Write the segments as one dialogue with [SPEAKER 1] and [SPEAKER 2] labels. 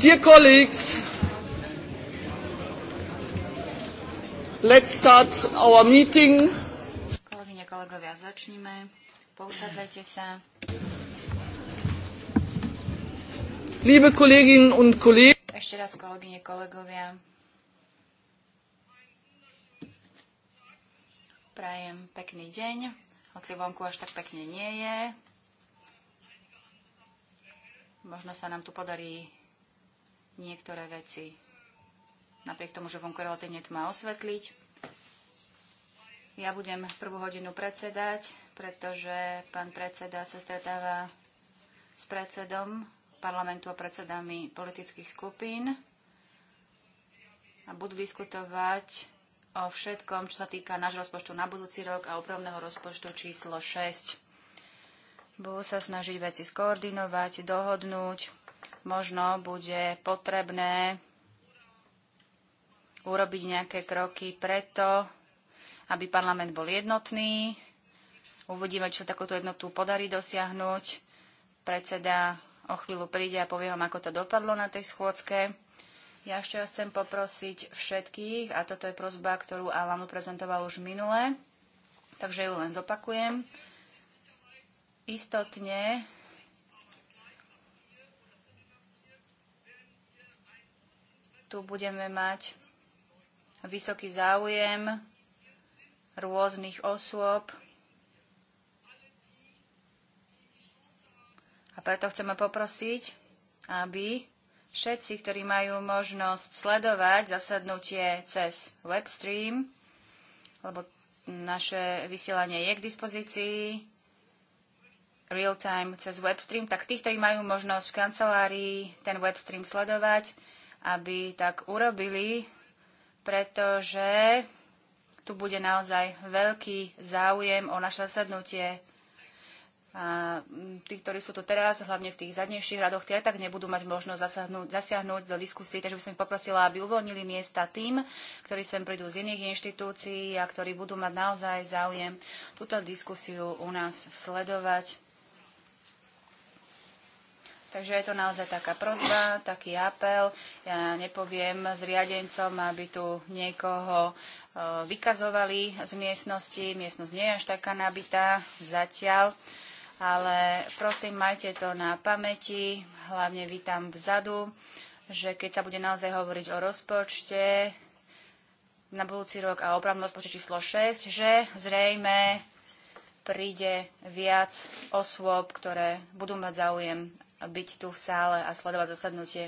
[SPEAKER 1] Dear colleagues, let's start our meeting.
[SPEAKER 2] Kolegyne, kolegovia, začníme. Pousadzajte sa.
[SPEAKER 1] Liebe Kolleginnen und Kollegen.
[SPEAKER 2] Ešte raz, kolegyne, kolegovia. Prajem pekný deň, hoci vonku až tak pekne nie je. Možno sa nám tu podarí niektoré veci, napriek tomu, že vonku relatívne tma osvetliť. Ja budem prvú hodinu predsedať, pretože pán predseda sa stretáva s predsedom parlamentu a predsedami politických skupín a budú diskutovať o všetkom, čo sa týka nášho rozpočtu na budúci rok a opravného rozpočtu číslo 6. Budú sa snažiť veci skoordinovať, dohodnúť. Možno bude potrebné urobiť nejaké kroky preto, aby parlament bol jednotný. Uvidíme, či sa takúto jednotu podarí dosiahnuť. Predseda o chvíľu príde a povie vám, ako to dopadlo na tej schôdzke. Ja ešte vás chcem poprosiť všetkých, a toto je prozba, ktorú Alanu prezentoval už minule, takže ju len zopakujem istotne tu budeme mať vysoký záujem rôznych osôb. A preto chceme poprosiť, aby všetci, ktorí majú možnosť sledovať zasadnutie cez webstream, lebo naše vysielanie je k dispozícii, real-time cez webstream, tak tí, ktorí majú možnosť v kancelárii ten webstream sledovať, aby tak urobili, pretože tu bude naozaj veľký záujem o naše zasadnutie. A tí, ktorí sú tu teraz, hlavne v tých zadnejších radoch, tie aj tak nebudú mať možnosť zasiahnuť, zasiahnuť do diskusie, takže by som ich poprosila, aby uvoľnili miesta tým, ktorí sem prídu z iných inštitúcií a ktorí budú mať naozaj záujem túto diskusiu u nás sledovať. Takže je to naozaj taká prozba, taký apel. Ja nepoviem s riadencom, aby tu niekoho e, vykazovali z miestnosti. Miestnosť nie je až taká nabitá zatiaľ ale prosím, majte to na pamäti, hlavne vy tam vzadu, že keď sa bude naozaj hovoriť o rozpočte na budúci rok a opravnom rozpočte číslo 6, že zrejme príde viac osôb, ktoré budú mať záujem byť tu v sále a sledovať zasadnutie.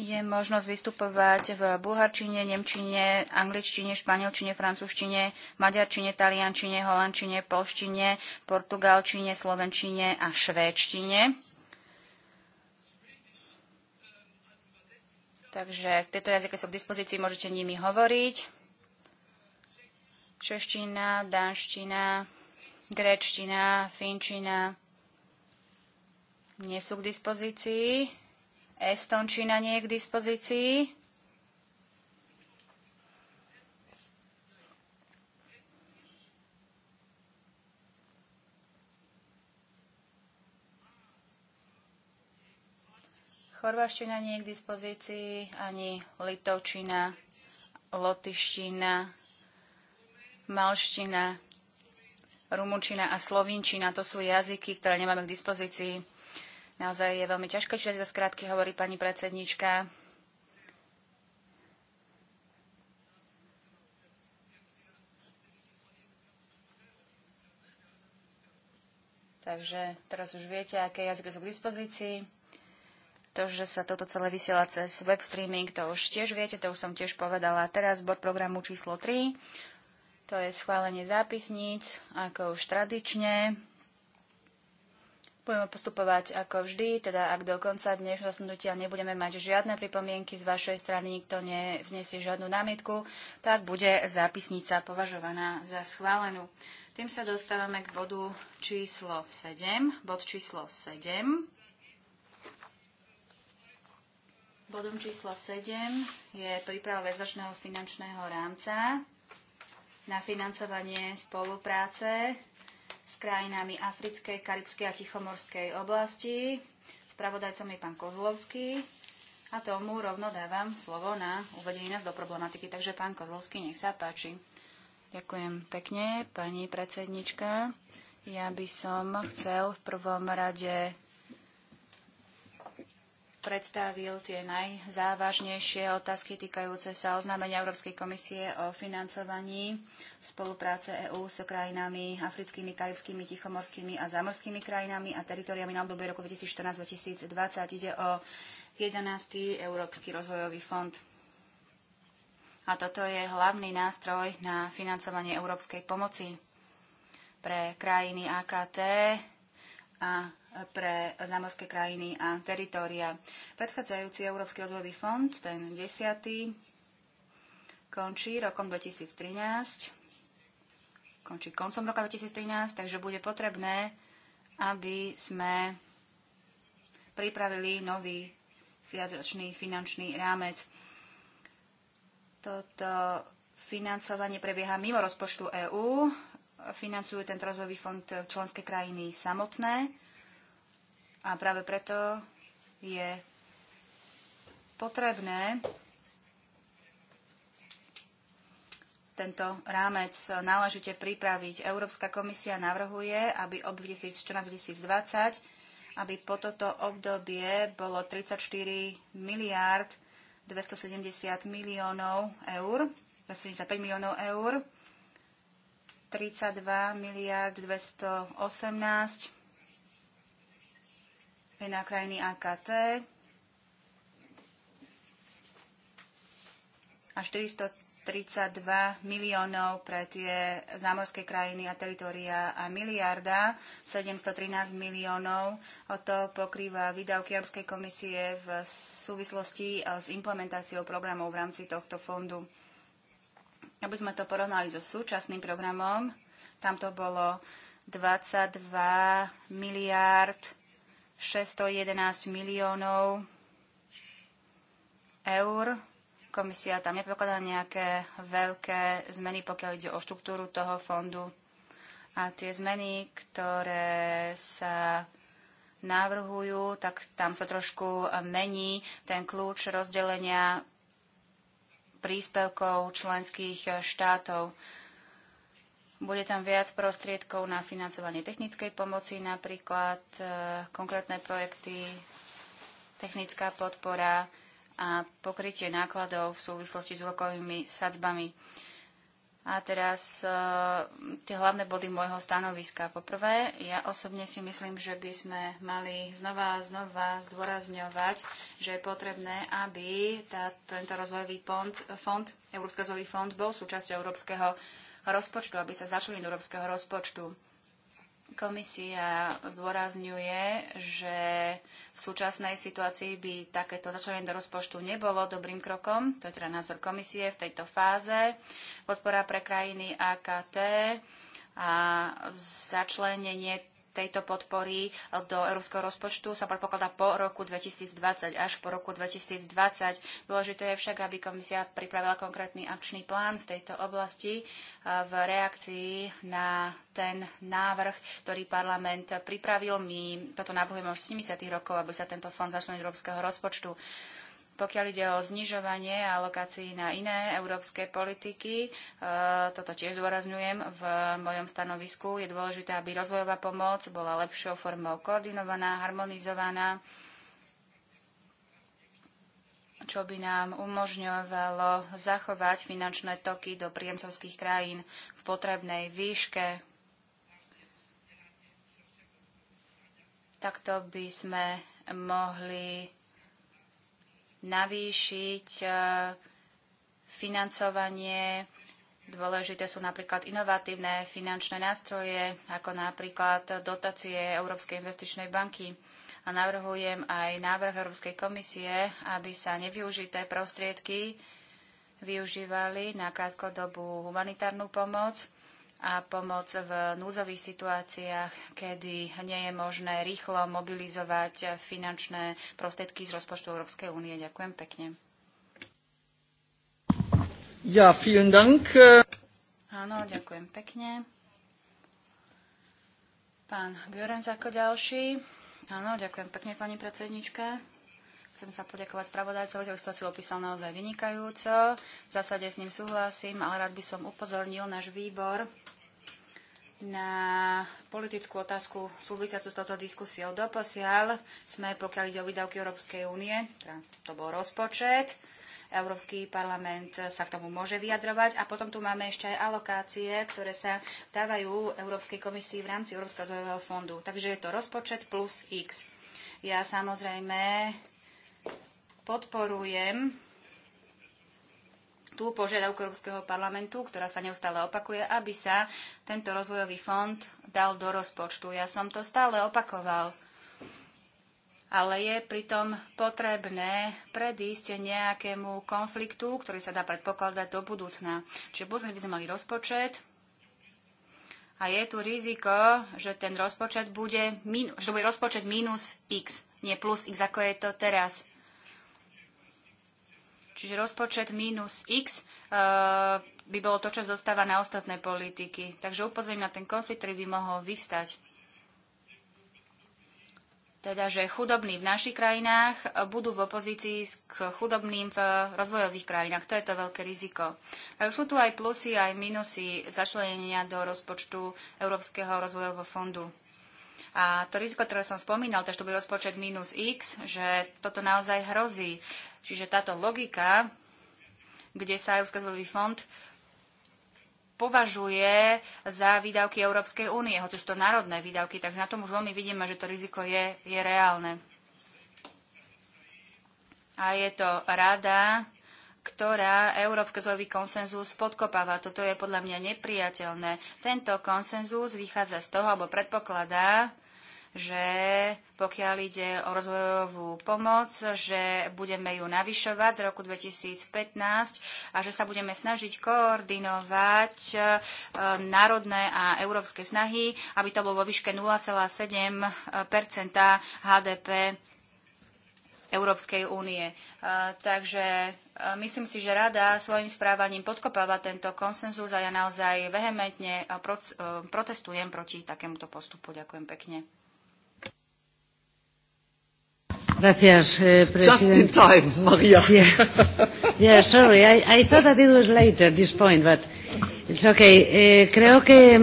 [SPEAKER 2] Je možnosť vystupovať v bulharčine, nemčine, angličtine, španielčine, francúzštine, maďarčine, taliančine, holandčine, polštine, portugalčine, slovenčine a švédštine. Takže tieto jazyky sú k dispozícii, môžete nimi hovoriť. Čeština, dánština, gréčtina, finčina nie sú k dispozícii. Estončina nie je k dispozícii. Chorvaština nie je k dispozícii, ani litovčina, lotiština, malština, rumunčina a slovinčina. To sú jazyky, ktoré nemáme k dispozícii. Naozaj je veľmi ťažké čítať za skrátky, hovorí pani predsednička. Takže teraz už viete, aké jazyky sú k dispozícii. To, že sa toto celé vysiela cez web streaming, to už tiež viete, to už som tiež povedala. Teraz bod programu číslo 3. To je schválenie zápisníc, ako už tradične. Budeme postupovať ako vždy, teda ak do konca dnešného zasnutia nebudeme mať žiadne pripomienky z vašej strany, nikto nevznesie žiadnu námietku, tak bude zápisnica považovaná za schválenú. Tým sa dostávame k bodu číslo 7. Bod číslo 7. Bodom číslo 7 je príprava väzočného finančného rámca na financovanie spolupráce s krajinami Africkej, Karibskej a Tichomorskej oblasti. Spravodajcom je pán Kozlovský a tomu rovno dávam slovo na uvedenie nás do problematiky. Takže pán Kozlovský, nech sa páči. Ďakujem pekne, pani predsednička. Ja by som chcel v prvom rade predstavil tie najzávažnejšie otázky týkajúce sa oznámenia Európskej komisie o financovaní spolupráce EÚ s krajinami africkými, karibskými, tichomorskými a zamorskými krajinami a teritoriami na obdobie roku 2014-2020. Ide o 11. Európsky rozvojový fond. A toto je hlavný nástroj na financovanie európskej pomoci pre krajiny AKT a pre zámorské krajiny a teritória. Predchádzajúci Európsky rozvojový fond, ten desiatý, končí rokom 2013. Končí koncom roka 2013, takže bude potrebné, aby sme pripravili nový viacročný finančný rámec. Toto financovanie prebieha mimo rozpočtu EÚ. Financujú tento rozvojový fond členské krajiny samotné a práve preto je potrebné tento rámec náležite pripraviť. Európska komisia navrhuje, aby ob 2020 aby po toto obdobie bolo 34 miliárd 270 miliónov eur, 275 miliónov eur, 32 miliárd 218 na krajiny AKT a 432 miliónov pre tie zámorské krajiny a teritoria a miliarda 713 miliónov. O to pokrýva výdavky Európskej komisie v súvislosti e, s implementáciou programov v rámci tohto fondu. Aby sme to porovnali so súčasným programom, tam to bolo 22 miliárd 611 miliónov eur. Komisia tam nepokladá nejaké veľké zmeny, pokiaľ ide o štruktúru toho fondu. A tie zmeny, ktoré sa navrhujú, tak tam sa trošku mení ten kľúč rozdelenia príspevkov členských štátov. Bude tam viac prostriedkov na financovanie technickej pomoci, napríklad e, konkrétne projekty, technická podpora a pokrytie nákladov v súvislosti s úrokovými sadzbami. A teraz uh, tie hlavné body môjho stanoviska. Poprvé, ja osobne si myslím, že by sme mali znova a znova zdôrazňovať, že je potrebné, aby tá, tento rozvojový fond, fond, Európsky rozvojový fond bol súčasťou Európskeho uh, rozpočtu, aby sa začlili do európskeho rozpočtu. Komisia zdôrazňuje, že v súčasnej situácii by takéto začlenie do rozpočtu nebolo dobrým krokom. To je teda názor komisie v tejto fáze. Podpora pre krajiny AKT a začlenenie tejto podpory do európskeho rozpočtu sa predpokladá po roku 2020, až po roku 2020. Dôležité je však, aby komisia pripravila konkrétny akčný plán v tejto oblasti e, v reakcii na ten návrh, ktorý parlament pripravil. My toto navrhujeme už 70. rokov, aby sa tento fond začlenil európskeho rozpočtu. Pokiaľ ide o znižovanie alokácií na iné európske politiky, e, toto tiež zdôrazňujem v mojom stanovisku, je dôležité, aby rozvojová pomoc bola lepšou formou koordinovaná, harmonizovaná, čo by nám umožňovalo zachovať finančné toky do príjemcovských krajín v potrebnej výške. Takto by sme mohli navýšiť e, financovanie. Dôležité sú napríklad inovatívne finančné nástroje, ako napríklad dotácie Európskej investičnej banky. A navrhujem aj návrh Európskej komisie, aby sa nevyužité prostriedky využívali na krátkodobú humanitárnu pomoc, a pomoc v núzových situáciách, kedy nie je možné rýchlo mobilizovať finančné prostriedky z rozpočtu Európskej únie. Ďakujem pekne.
[SPEAKER 1] Ja, vielen Dank.
[SPEAKER 2] Áno, ďakujem pekne. Pán Görenz ako ďalší. Áno, ďakujem pekne, pani predsednička. Chcem sa poďakovať spravodajcovi, ktorý situáciu opísal naozaj vynikajúco. V zásade s ním súhlasím, ale rád by som upozornil náš výbor na politickú otázku súvisiacu s touto diskusiou. Doposiaľ sme, pokiaľ ide o výdavky Európskej únie, teda to bol rozpočet, Európsky parlament sa k tomu môže vyjadrovať. A potom tu máme ešte aj alokácie, ktoré sa dávajú Európskej komisii v rámci Európskeho zvojového fondu. Takže je to rozpočet plus X. Ja samozrejme podporujem tú požiadavku Európskeho parlamentu, ktorá sa neustále opakuje, aby sa tento rozvojový fond dal do rozpočtu. Ja som to stále opakoval. Ale je pritom potrebné predísť nejakému konfliktu, ktorý sa dá predpokladať do budúcna. Čiže budúcne by sme mali rozpočet, a je tu riziko, že ten rozpočet bude, že bude rozpočet minus x, nie plus x, ako je to teraz. Čiže rozpočet minus x e, by bolo to, čo zostáva na ostatné politiky. Takže upozorím na ten konflikt, ktorý by mohol vyvstať. Teda, že chudobní v našich krajinách budú v opozícii k chudobným v rozvojových krajinách. To je to veľké riziko. už sú tu aj plusy, aj minusy začlenenia do rozpočtu Európskeho rozvojového fondu. A to riziko, ktoré som spomínal, takže to bude rozpočet minus x, že toto naozaj hrozí. Čiže táto logika, kde sa Európsky zbojový fond považuje za výdavky Európskej únie, hoci sú to národné výdavky, takže na tom už veľmi vidíme, že to riziko je, je reálne. A je to rada, ktorá Európsky zlový konsenzus podkopáva. Toto je podľa mňa nepriateľné. Tento konsenzus vychádza z toho, alebo predpokladá, že pokiaľ ide o rozvojovú pomoc, že budeme ju navyšovať v roku 2015 a že sa budeme snažiť koordinovať e, národné a európske snahy, aby to bolo vo výške 0,7 HDP Európskej únie. E, takže e, myslím si, že rada svojim správaním podkopáva tento konsenzus a ja naozaj vehementne protestujem proti takémuto postupu. Ďakujem pekne. Gracias, eh, Just in time, Maria. yeah, yeah sorry, I, I thought that it was later, this point, but it's okay. Eh, creo que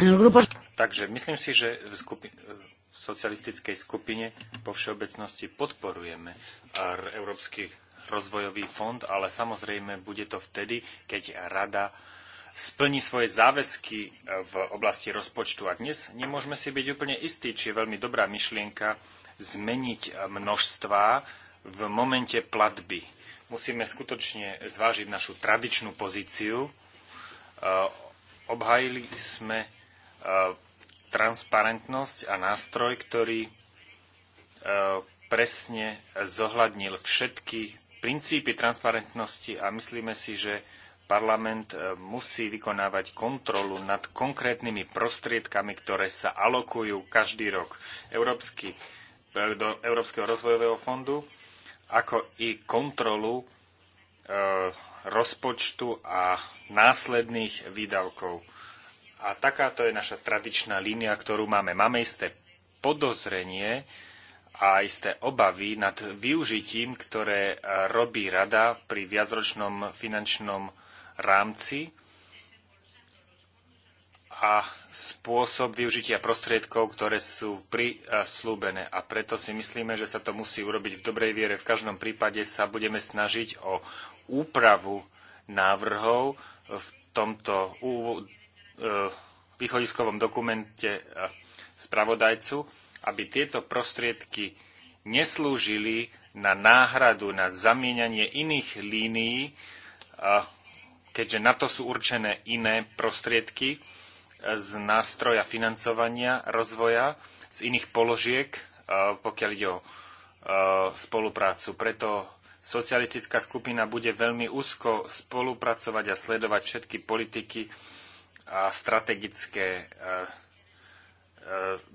[SPEAKER 2] el grupo...
[SPEAKER 3] Takže myslím si, že v, skupi- v socialistickej skupine po všeobecnosti podporujeme eh, Európsky rozvojový fond, ale samozrejme bude to vtedy, keď rada splní svoje záväzky eh, v oblasti rozpočtu. A dnes nemôžeme si byť úplne istí, či je veľmi dobrá myšlienka zmeniť množstva v momente platby. Musíme skutočne zvážiť našu tradičnú pozíciu. E, obhajili sme e, transparentnosť a nástroj, ktorý e, presne zohľadnil všetky princípy transparentnosti a myslíme si, že parlament musí vykonávať kontrolu nad konkrétnymi prostriedkami, ktoré sa alokujú každý rok. Európsky do Európskeho rozvojového fondu, ako i kontrolu e, rozpočtu a následných výdavkov. A takáto je naša tradičná línia, ktorú máme. Máme isté podozrenie a isté obavy nad využitím, ktoré e, robí rada pri viacročnom finančnom rámci a spôsob využitia prostriedkov, ktoré sú prislúbené. A preto si myslíme, že sa to musí urobiť v dobrej viere. V každom prípade sa budeme snažiť o úpravu návrhov v tomto e, východiskovom dokumente e, spravodajcu, aby tieto prostriedky neslúžili na náhradu, na zamieňanie iných línií, keďže na to sú určené iné prostriedky z nástroja financovania rozvoja, z iných položiek, e, pokiaľ ide o e, spoluprácu. Preto socialistická skupina bude veľmi úzko spolupracovať a sledovať všetky politiky a strategické e,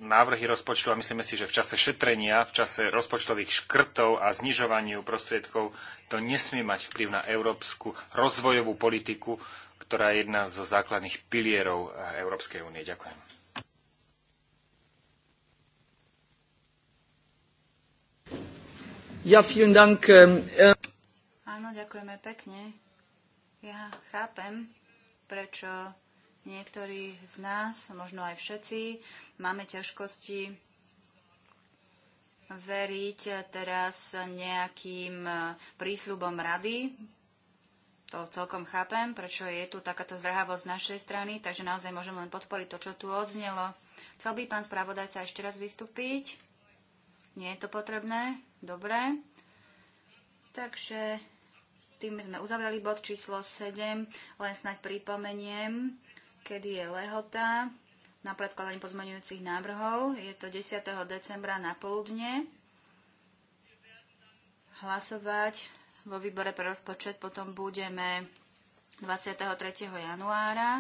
[SPEAKER 3] návrhy rozpočtu a myslíme si, že v čase šetrenia, v čase rozpočtových škrtov a znižovaniu prostriedkov to nesmie mať vplyv na európsku rozvojovú politiku, ktorá je jedna zo základných pilierov e, Európskej únie. Ďakujem.
[SPEAKER 1] Ja, vielen Dank. Ähm, äh,
[SPEAKER 2] Áno, ďakujeme pekne. Ja chápem, prečo niektorí z nás, možno aj všetci, máme ťažkosti veriť teraz nejakým e, prísľubom rady, to celkom chápem, prečo je tu takáto zdrhavosť z našej strany, takže naozaj môžem len podporiť to, čo tu odznelo. Chcel by pán spravodajca ešte raz vystúpiť? Nie je to potrebné? Dobre. Takže tým sme uzavreli bod číslo 7. Len snáď pripomeniem, kedy je lehota na predkladanie pozmeňujúcich návrhov. Je to 10. decembra na poludne. Hlasovať vo výbore pre rozpočet potom budeme 23. januára.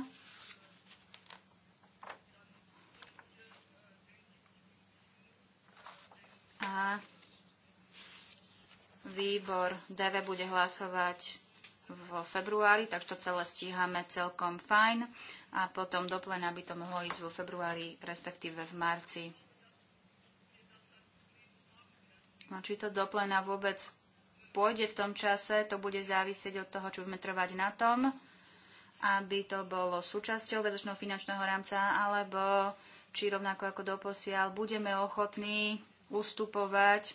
[SPEAKER 2] A výbor DV bude hlasovať vo februári, tak to celé stíhame celkom fajn a potom do plena by to mohlo ísť vo februári, respektíve v marci. No, či to do plena vôbec pôjde v tom čase, to bude závisieť od toho, či budeme trvať na tom, aby to bolo súčasťou väzečného finančného rámca, alebo či rovnako ako doposiaľ budeme ochotní ustupovať,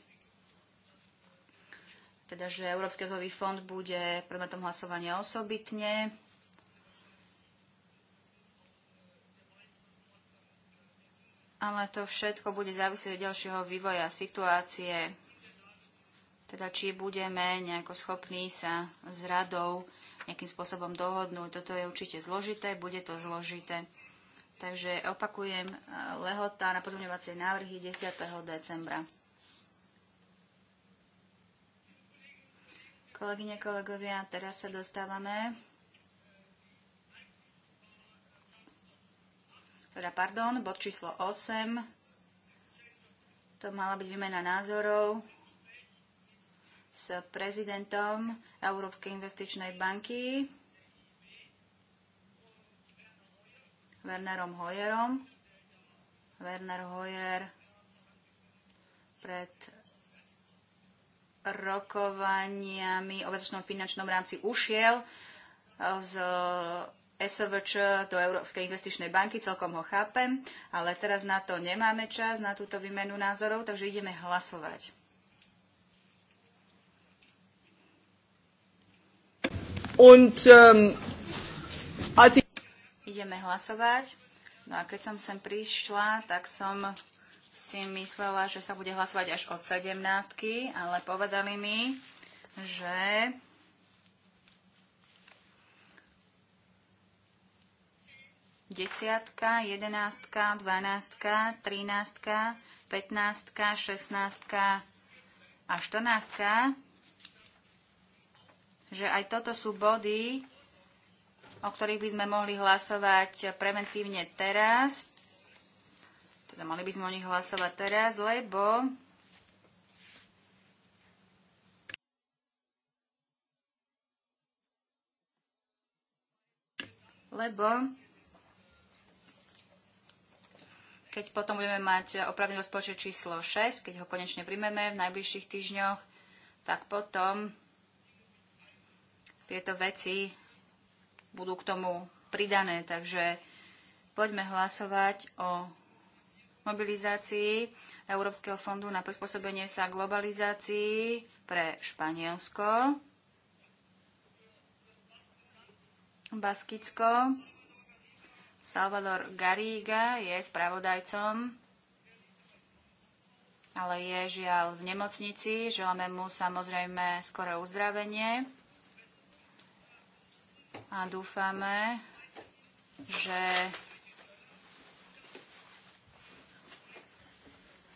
[SPEAKER 2] teda že Európsky zlový fond bude predmetom hlasovania osobitne, ale to všetko bude závisieť od ďalšieho vývoja situácie teda či budeme nejako schopní sa s radou nejakým spôsobom dohodnúť. Toto je určite zložité, bude to zložité. Takže opakujem, e, lehota na pozorňovacie návrhy 10. decembra. Kolegyne, kolegovia, teraz sa dostávame teda pardon, bod číslo 8, to mala byť výmena názorov s prezidentom Európskej investičnej banky Wernerom Hoyerom. Werner Hoyer pred rokovaniami o väzečnom finančnom rámci ušiel eh, z SVČ do Európskej investičnej banky, celkom ho chápem, ale teraz na to nemáme čas, na túto výmenu názorov, takže ideme hlasovať.
[SPEAKER 1] Und, ähm,
[SPEAKER 2] als ich... Ideme hlasovať. No a keď som sem prišla, tak som si myslela, že sa bude hlasovať až od 17, ale povedali mi, že desiatka, jedenástka, dvanástka, trináctka, pätnáctka, šestnáctka a štrnáctka že aj toto sú body, o ktorých by sme mohli hlasovať preventívne teraz. Teda mali by sme o nich hlasovať teraz, lebo lebo keď potom budeme mať opravný rozpočet číslo 6, keď ho konečne príjmeme v najbližších týždňoch, tak potom tieto veci budú k tomu pridané. Takže poďme hlasovať o mobilizácii Európskeho fondu na prispôsobenie sa globalizácii pre Španielsko, Baskicko. Salvador Garriga je spravodajcom, ale je žiaľ v nemocnici. Želáme mu samozrejme skoré uzdravenie a dúfame, že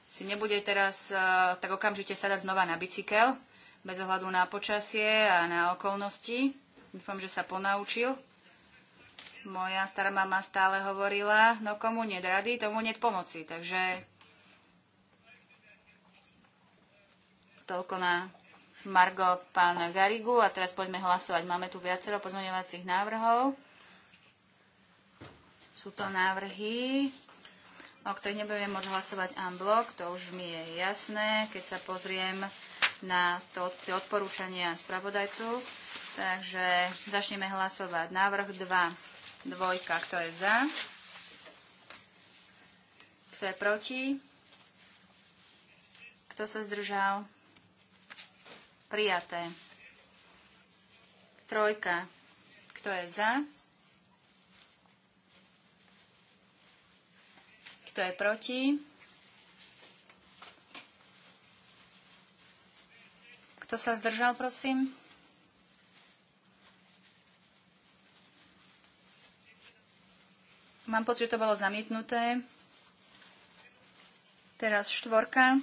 [SPEAKER 2] si nebude teraz e, tak okamžite sadať znova na bicykel, bez ohľadu na počasie a na okolnosti. Dúfam, že sa ponaučil. Moja stará mama stále hovorila, no komu ned rady, tomu nie pomoci. Takže toľko na Margo, pán Garigu a teraz poďme hlasovať. Máme tu viacero pozmeňovacích návrhov. Sú to návrhy, o ktorých nebudeme môcť hlasovať en blok, to už mi je jasné, keď sa pozriem na to, tie odporúčania spravodajcu. Takže začneme hlasovať. Návrh 2, dvojka, kto je za? Kto je proti? Kto sa zdržal? Prijaté. Trojka. Kto je za? Kto je proti? Kto sa zdržal, prosím? Mám pocit, že to bolo zamietnuté. Teraz štvorka.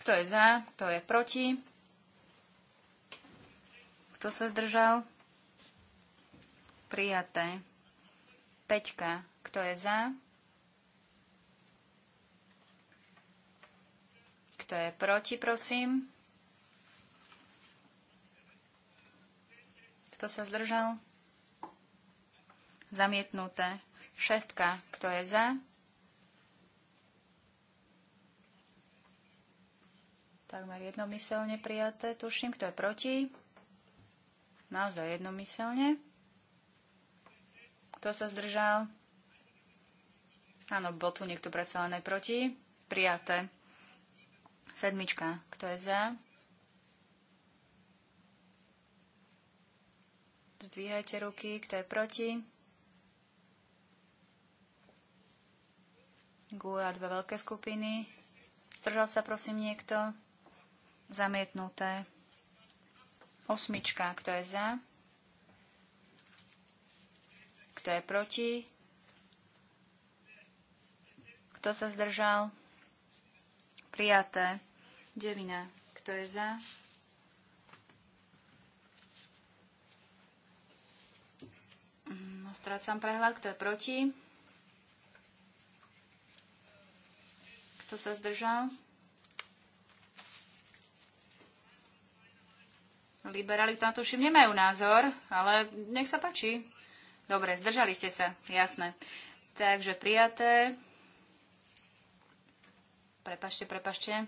[SPEAKER 2] Kto je za? Kto je proti? Kto sa zdržal? Prijaté. Peťka. Kto je za? Kto je proti, prosím? Kto sa zdržal? Zamietnuté. Šestka. Kto je za? Takmer jednomyselne prijaté, tuším. Kto je proti? Naozaj jednomyselne. Kto sa zdržal? Áno, bol tu niekto predsa len aj proti. Prijaté. Sedmička. Kto je za? Zdvíhajte ruky. Kto je proti? Gula, dve veľké skupiny. Zdržal sa prosím niekto? zamietnuté. Osmička, kto je za, kto je proti, kto sa zdržal, prijaté. Devina, kto je za, mm, no, Strácam prehľad, kto je proti. Kto sa zdržal? Liberáli tam tuším nemajú názor, ale nech sa páči. Dobre, zdržali ste sa, jasné. Takže prijaté. Prepašte, prepašte.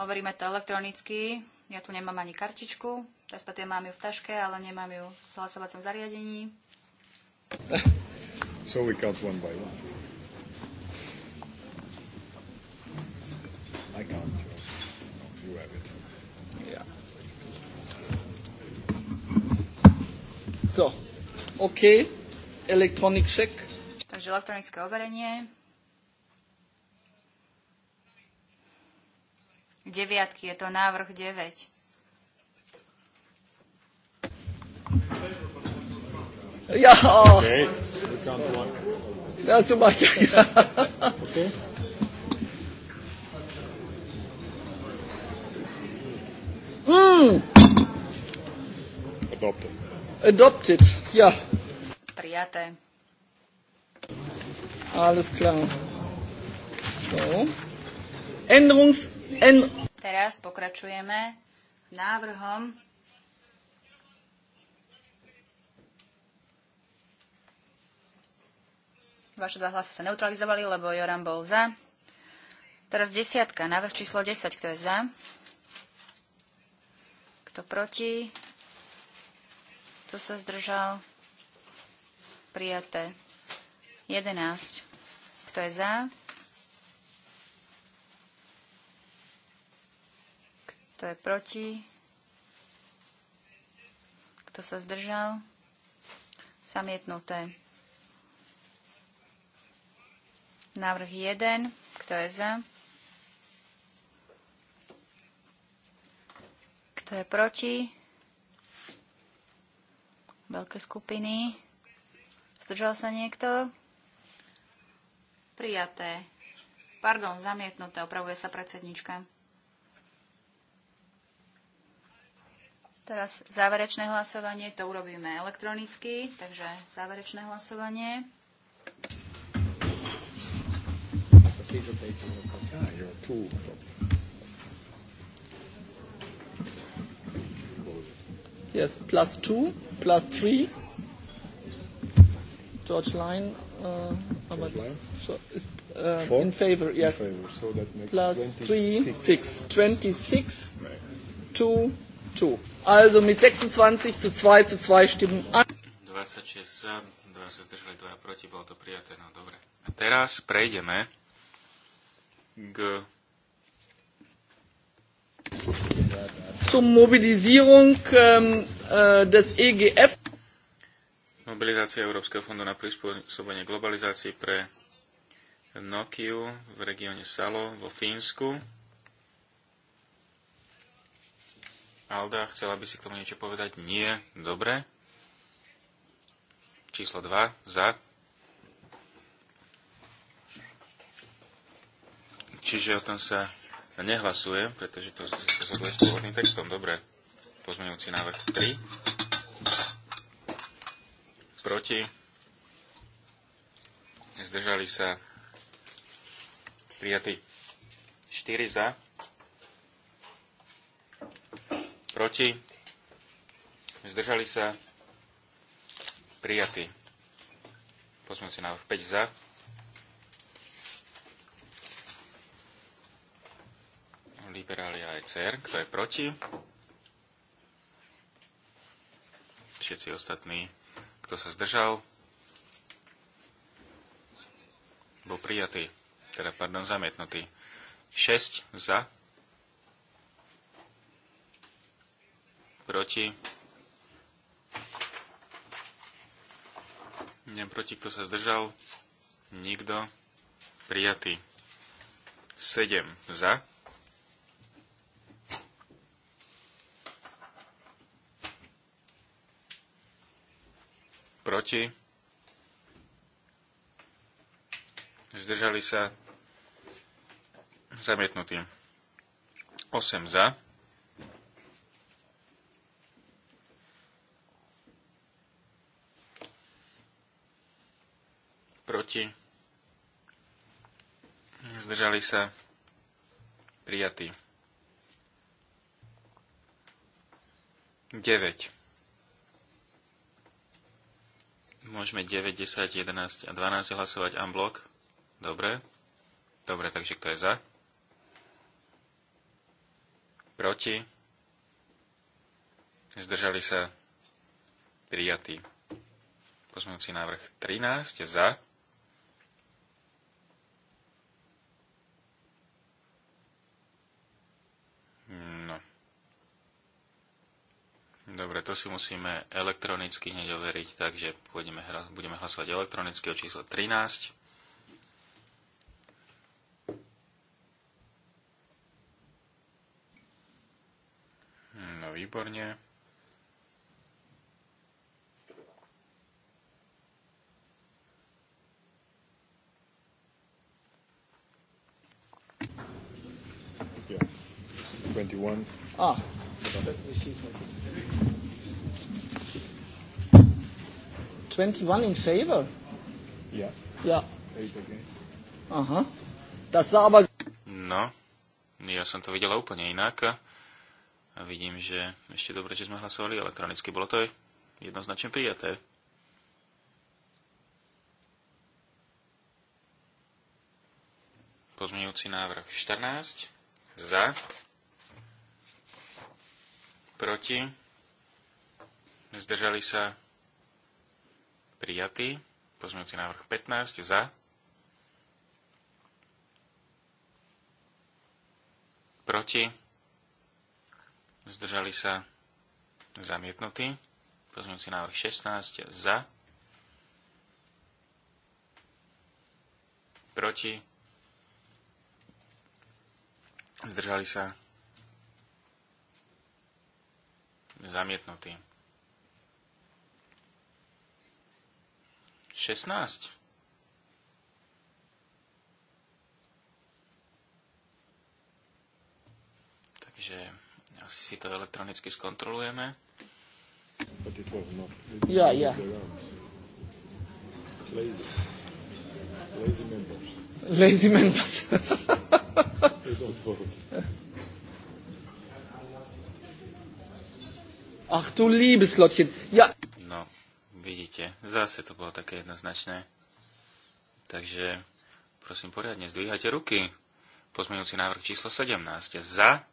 [SPEAKER 2] Overíme to elektronicky. Ja tu nemám ani kartičku. Teraz mám ju v taške, ale nemám ju v hlasovacom zariadení.
[SPEAKER 3] So we count one by one. I count
[SPEAKER 1] You have it. Yeah. So, OK. Electronic check.
[SPEAKER 2] Takže elektronické overenie. Deviatky, je to návrh 9.
[SPEAKER 1] Ja. Okay. Ja, so macht er. okay. Mm. Adopted. Adopted, ja. Prijaté. Alles klar. So. Änderungs... End
[SPEAKER 2] Teraz pokračujeme návrhom Vaše dva hlasy sa neutralizovali, lebo Joram bol za. Teraz desiatka, návrh číslo 10, kto je za? Kto proti? Kto sa zdržal? Prijaté. 11. Kto je za? Kto je proti? Kto sa zdržal? Zamietnuté. Návrh 1. Kto je za? Kto je proti? Veľké skupiny. Zdržal sa niekto? Prijaté. Pardon, zamietnuté. Opravuje sa predsednička. Teraz záverečné hlasovanie, to urobíme elektronicky, takže záverečné hlasovanie.
[SPEAKER 3] contrario, appunto.
[SPEAKER 1] Yes, plus two, plus three. George Line, uh, George Line? so is, uh, Four? in favor, yes. In favor, so that makes plus 26. three, six. 26 to two. Also mit 26 zu 2 zu 2 Stimmen an.
[SPEAKER 4] 26 za, 2 sa zdržali, 2 proti, bolo to prijaté, no dobre. A teraz prejdeme G.
[SPEAKER 1] Zum Mobilisierung ähm, äh, des EGF.
[SPEAKER 4] Mobilizácia Európskeho fondu na prispôsobenie globalizácii pre Nokiu v regióne Salo vo Fínsku. Alda, chcela by si k tomu niečo povedať? Nie. Dobre. Číslo 2. Za. Čiže o tom sa nehlasuje, pretože to sa zhoduje s pôvodným textom. Dobre. Pozmeňujúci návrh 3. Proti. Zdržali sa prijatí 4 za. Proti. Zdržali sa prijatí. Pozmeňujúci návrh 5 za liberáli a CR, Kto je proti? Všetci ostatní. Kto sa zdržal? Bol prijatý. Teda, pardon, zamietnutý. 6 za. Proti. neviem proti, kto sa zdržal? Nikto. Prijatý. 7 za. proti, zdržali sa zamietnutí. 8 za. Proti. Zdržali sa prijatí. 9. Môžeme 9, 10, 11 a 12 hlasovať unblock. Dobre. Dobre, takže kto je za? Proti? Zdržali sa prijatí. Pozmúci návrh 13 za. Dobre, to si musíme elektronicky hneď overiť, takže pôjdeme, budeme hlasovať elektronicky o číslo 13. Hm, no výborne.
[SPEAKER 1] Yeah. 21. Ah, 21 in favor? Ja. Ja. Aha. Das sah aber...
[SPEAKER 4] No, ja som to videla úplne inak. A vidím, že ešte dobre, že sme hlasovali elektronicky. Bolo to jednoznačne prijaté. Pozmeňujúci návrh 14. Za proti, zdržali sa prijatí, pozmeňujúci návrh 15 za, proti, zdržali sa zamietnutí, pozmeňujúci návrh 16 za, proti, zdržali sa Zamietnutý. 16. Takže asi si to elektronicky skontrolujeme. Ja, ja. Lazy. Lazy members.
[SPEAKER 1] Lazy members. Ach, tu liebes Lottchen. Ja.
[SPEAKER 4] No, vidíte, zase to bolo také jednoznačné. Takže, prosím, poriadne zdvíhajte ruky. Pozmeňujúci návrh číslo 17. Za.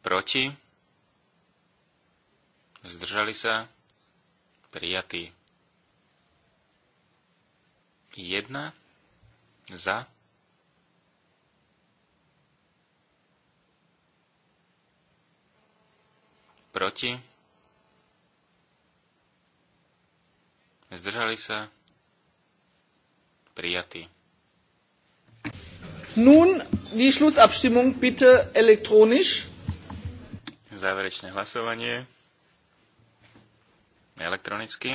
[SPEAKER 4] Proti. Zdržali sa. Prijatý. 1. Za proti, zdržali sa, prijatí.
[SPEAKER 1] Nun die Schlussabstimmung bitte elektronisch.
[SPEAKER 4] Záverečné hlasovanie elektronicky.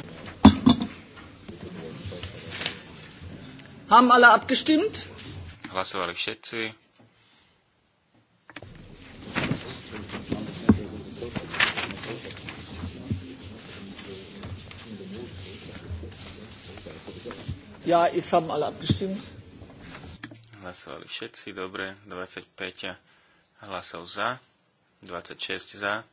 [SPEAKER 1] Haben alle abgestimmt?
[SPEAKER 4] Hlasovali všetci.
[SPEAKER 1] Ja, ale
[SPEAKER 4] Hlasovali všetci, dobre, 25 hlasov za, 26 za.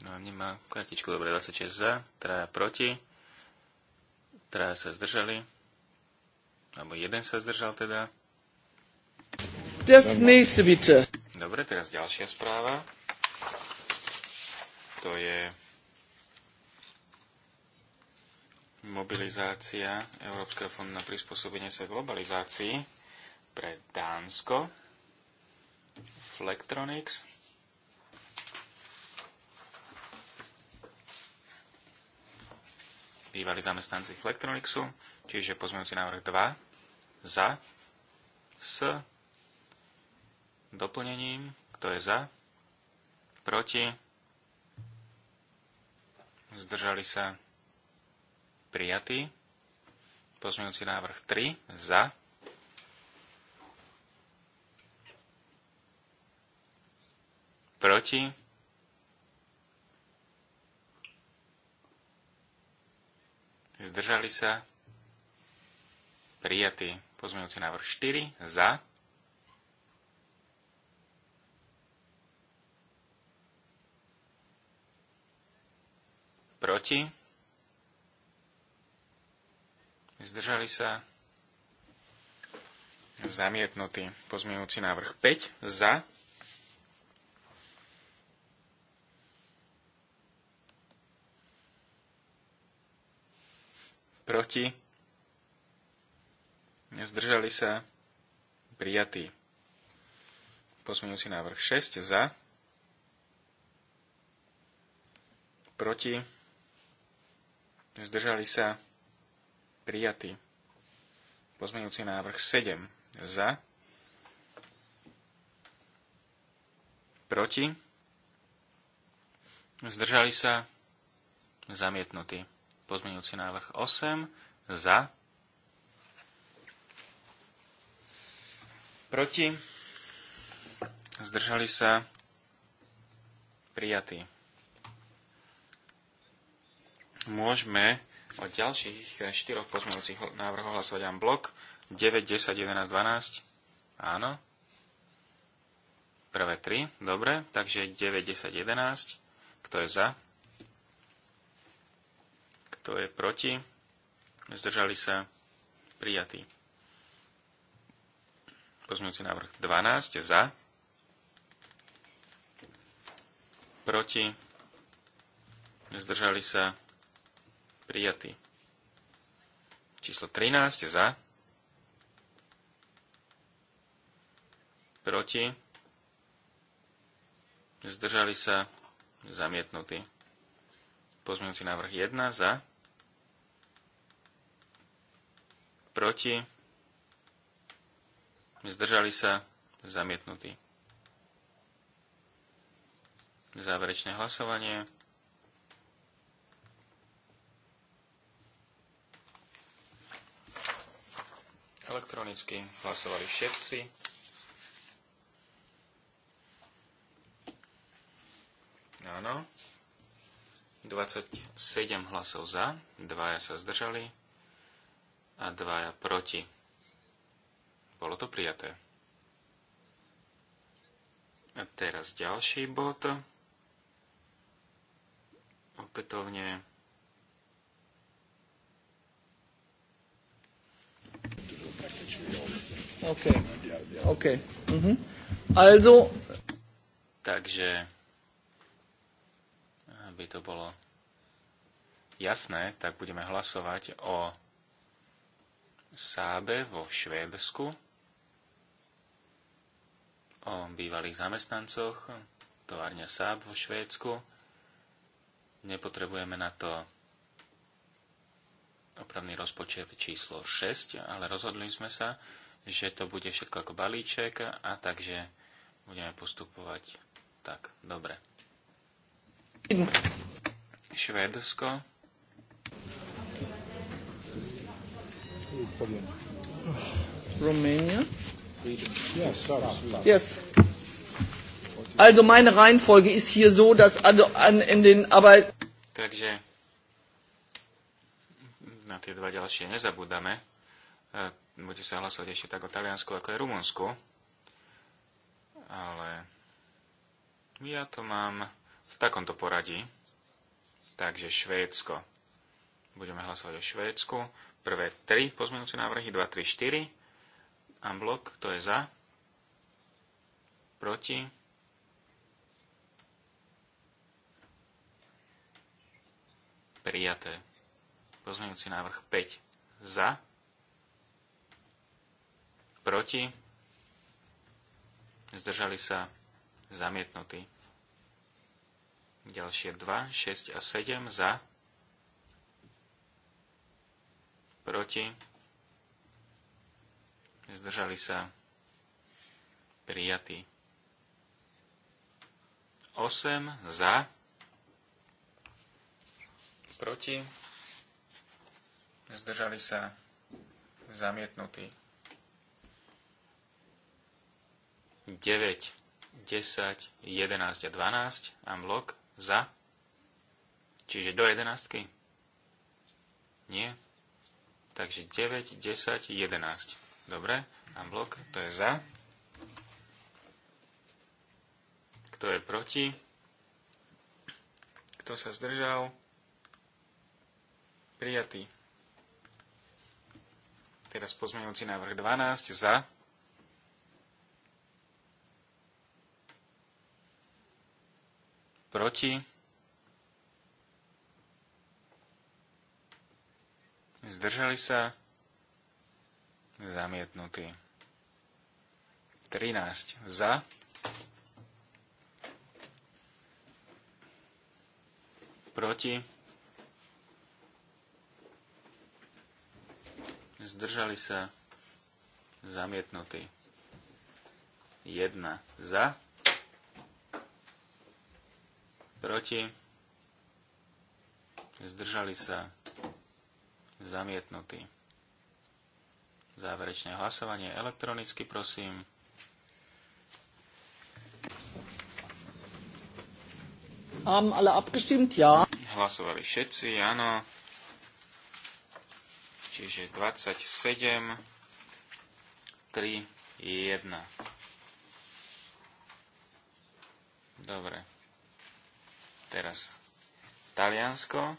[SPEAKER 4] No, nemá kartičku, dobre, 26 za, traja proti, traja sa zdržali, alebo jeden sa zdržal teda.
[SPEAKER 1] Das nächste bitte.
[SPEAKER 4] Dobre, teraz ďalšia správa to je mobilizácia Európskeho fondu na prispôsobenie sa globalizácii pre Dánsko, Flectronics, bývali zamestnanci Flectronicsu, čiže pozmeňujúci návrh 2, za, s doplnením, kto je za, proti, zdržali sa prijatý. Pozmeňujúci návrh 3 za. Proti. Zdržali sa Prijatý. Pozmeňujúci návrh 4 za. proti, zdržali sa, zamietnutý pozmienujúci návrh 5 za, proti, zdržali sa, prijatý. Pozmienujúci návrh 6 za, proti, zdržali sa, prijatý. Pozmeňujúci návrh 7 za, proti, zdržali sa, zamietnutý. Pozmeňujúci návrh 8 za, proti, zdržali sa, prijatý môžeme o ďalších eh, štyroch pozmeňujúcich návrhov hlasovať vám blok. 9, 10, 11, 12. Áno. Prvé tri. Dobre. Takže 9, 10, 11. Kto je za? Kto je proti? Zdržali sa prijatí. Pozmeňujúci návrh 12 za. Proti. Zdržali sa prijatý. Číslo 13 za, proti, zdržali sa, zamietnutý. Pozmeňujúci návrh 1 za, proti, zdržali sa, zamietnutý. Záverečné hlasovanie. Elektronicky hlasovali všetci. Áno. 27 hlasov za, dvaja sa zdržali a dvaja proti. Bolo to prijaté. A teraz ďalší bod. Opätovne Okay. Okay.
[SPEAKER 1] Mhm. Also.
[SPEAKER 4] Takže, aby to bolo jasné, tak budeme hlasovať o Sábe vo Švédsku, o bývalých zamestnancoch, továrňa Sáb vo Švédsku. Nepotrebujeme na to opravný rozpočet číslo 6, ale rozhodli sme sa, že to bude všetko ako balíček a takže budeme postupovať tak. Dobre. Švédsko. Romania. Yes.
[SPEAKER 1] Also meine Reihenfolge ist hier so, dass an, an in den Arbeit.
[SPEAKER 4] Takže tie dva ďalšie nezabúdame. E, bude sa hlasovať ešte tak o Taliansku, ako aj Rumunsku. Ale ja to mám v takomto poradí. Takže Švédsko. Budeme hlasovať o Švédsku. Prvé tri pozmenujúce návrhy, 2, 3, 4. Unblock, to je za? Proti? Prijaté. Pozmeňujúci návrh 5 za, proti, zdržali sa zamietnutí. Ďalšie 2, 6 a 7 za, proti, zdržali sa prijatí. 8 za, proti, zdržali sa, zamietnutí. 9, 10, 11 a 12 blok za. Čiže do 11. Nie. Takže 9, 10, 11. Dobre, blok, to je za. Kto je proti? Kto sa zdržal? Prijatý. Teraz pozmeňujúci návrh 12 za. Proti. Zdržali sa. Zamietnutý. 13 za. Proti. zdržali sa, zamietnutý. 1 za, proti, zdržali sa, zamietnutý. Záverečné hlasovanie elektronicky, prosím.
[SPEAKER 1] Haben alle abgestimmt? Ja.
[SPEAKER 4] Hlasovali všetci, áno. Čiže 27, 3, 1. Dobre. Teraz Taliansko.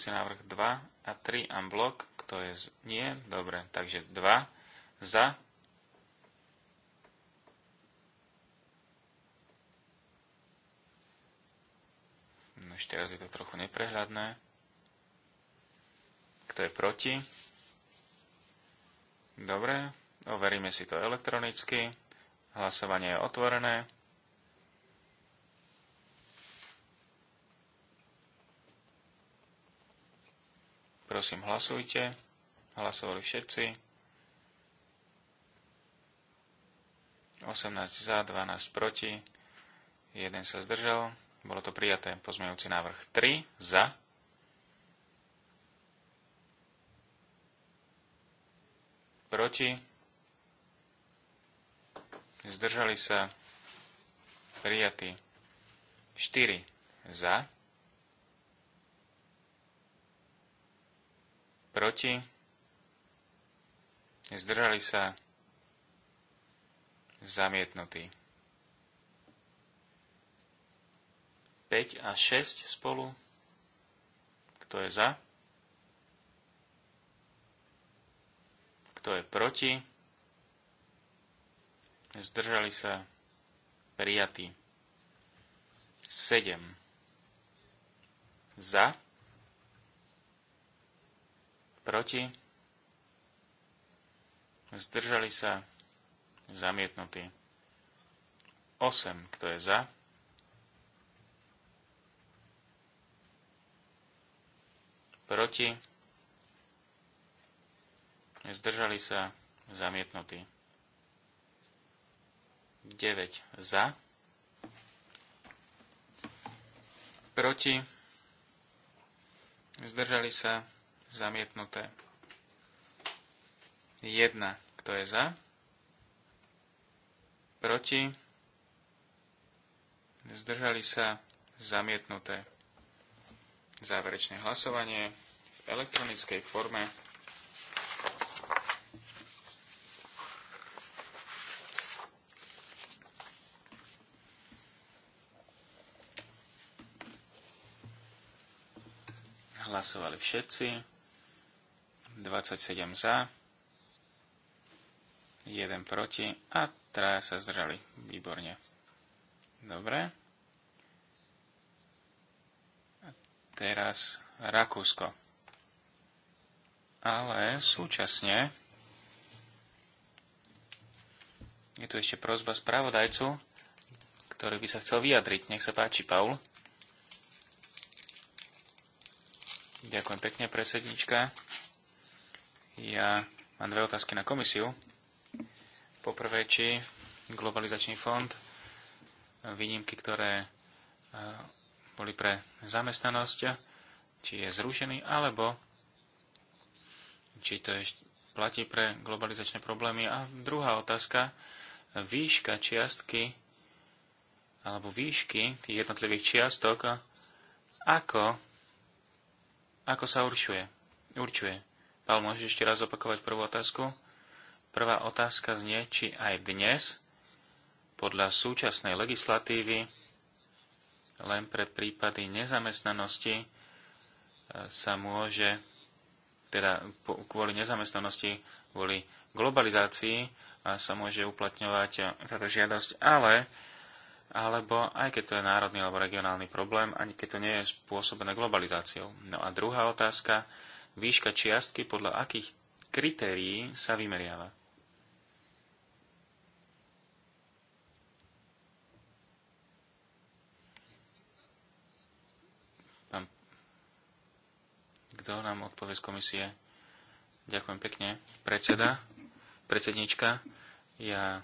[SPEAKER 4] si návrh 2 a 3 unblock. Kto je z... Nie? Dobre. Takže 2 za, Ešte raz je to trochu neprehľadné. Kto je proti? Dobre, overíme si to elektronicky. Hlasovanie je otvorené. Prosím, hlasujte. Hlasovali všetci. 18 za, 12 proti. Jeden sa zdržal. Bolo to prijaté. Pozmejúci návrh 3 za. Proti. Zdržali sa. Prijatí. 4 za. Proti. Zdržali sa. Zamietnutý. 5 a 6 spolu. Kto je za? Kto je proti? Zdržali sa prijatí. 7 za, proti, zdržali sa, zamietnutí. 8, kto je za, proti, zdržali sa zamietnutí. 9 za, proti, zdržali sa zamietnuté. 1, kto je za, proti, zdržali sa zamietnuté záverečné hlasovanie v elektronickej forme. Hlasovali všetci. 27 za, 1 proti a traja sa zdržali. Výborne. Dobre. teraz Rakúsko. Ale súčasne je tu ešte prozba spravodajcu, ktorý by sa chcel vyjadriť. Nech sa páči, Paul. Ďakujem pekne, predsednička. Ja mám dve otázky na komisiu. Poprvé, či globalizačný fond výnimky, ktoré boli pre zamestnanosť, či je zrušený, alebo či to ešte platí pre globalizačné problémy. A druhá otázka, výška čiastky alebo výšky tých jednotlivých čiastok, ako, ako sa určuje. určuje. Pál, môžeš ešte raz opakovať prvú otázku? Prvá otázka znie, či aj dnes podľa súčasnej legislatívy len pre prípady nezamestnanosti e, sa môže, teda kvôli nezamestnanosti, kvôli globalizácii e, sa môže uplatňovať táto žiadosť, ale alebo aj keď to je národný alebo regionálny problém, ani keď to nie je spôsobené globalizáciou. No a druhá otázka, výška čiastky podľa akých kritérií sa vymeriava. Kto nám odpovie z komisie? Ďakujem pekne. Predseda, predsednička, ja...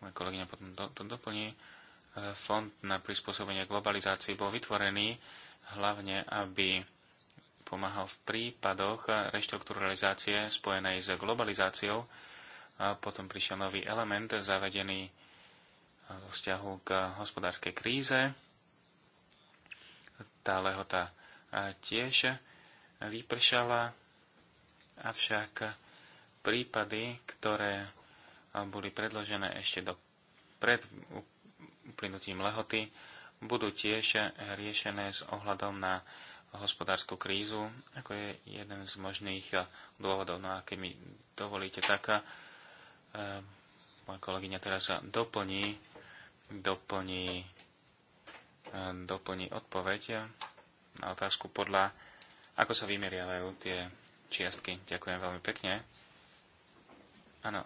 [SPEAKER 4] Moja kolegyňa potom do, to doplní. E, fond na prispôsobenie globalizácii bol vytvorený hlavne, aby pomáhal v prípadoch reštrukturalizácie spojenej s globalizáciou. A potom prišiel nový element zavedený vo vzťahu k hospodárskej kríze tá lehota tiež vypršala, avšak prípady, ktoré boli predložené ešte do pred uplynutím lehoty, budú tiež riešené s ohľadom na hospodárskú krízu, ako je jeden z možných dôvodov. No a keď mi dovolíte tak, moja kolegyňa teraz doplní, doplní doplní odpoveď na otázku podľa, ako sa vymeriavajú tie čiastky. Ďakujem veľmi pekne. Áno,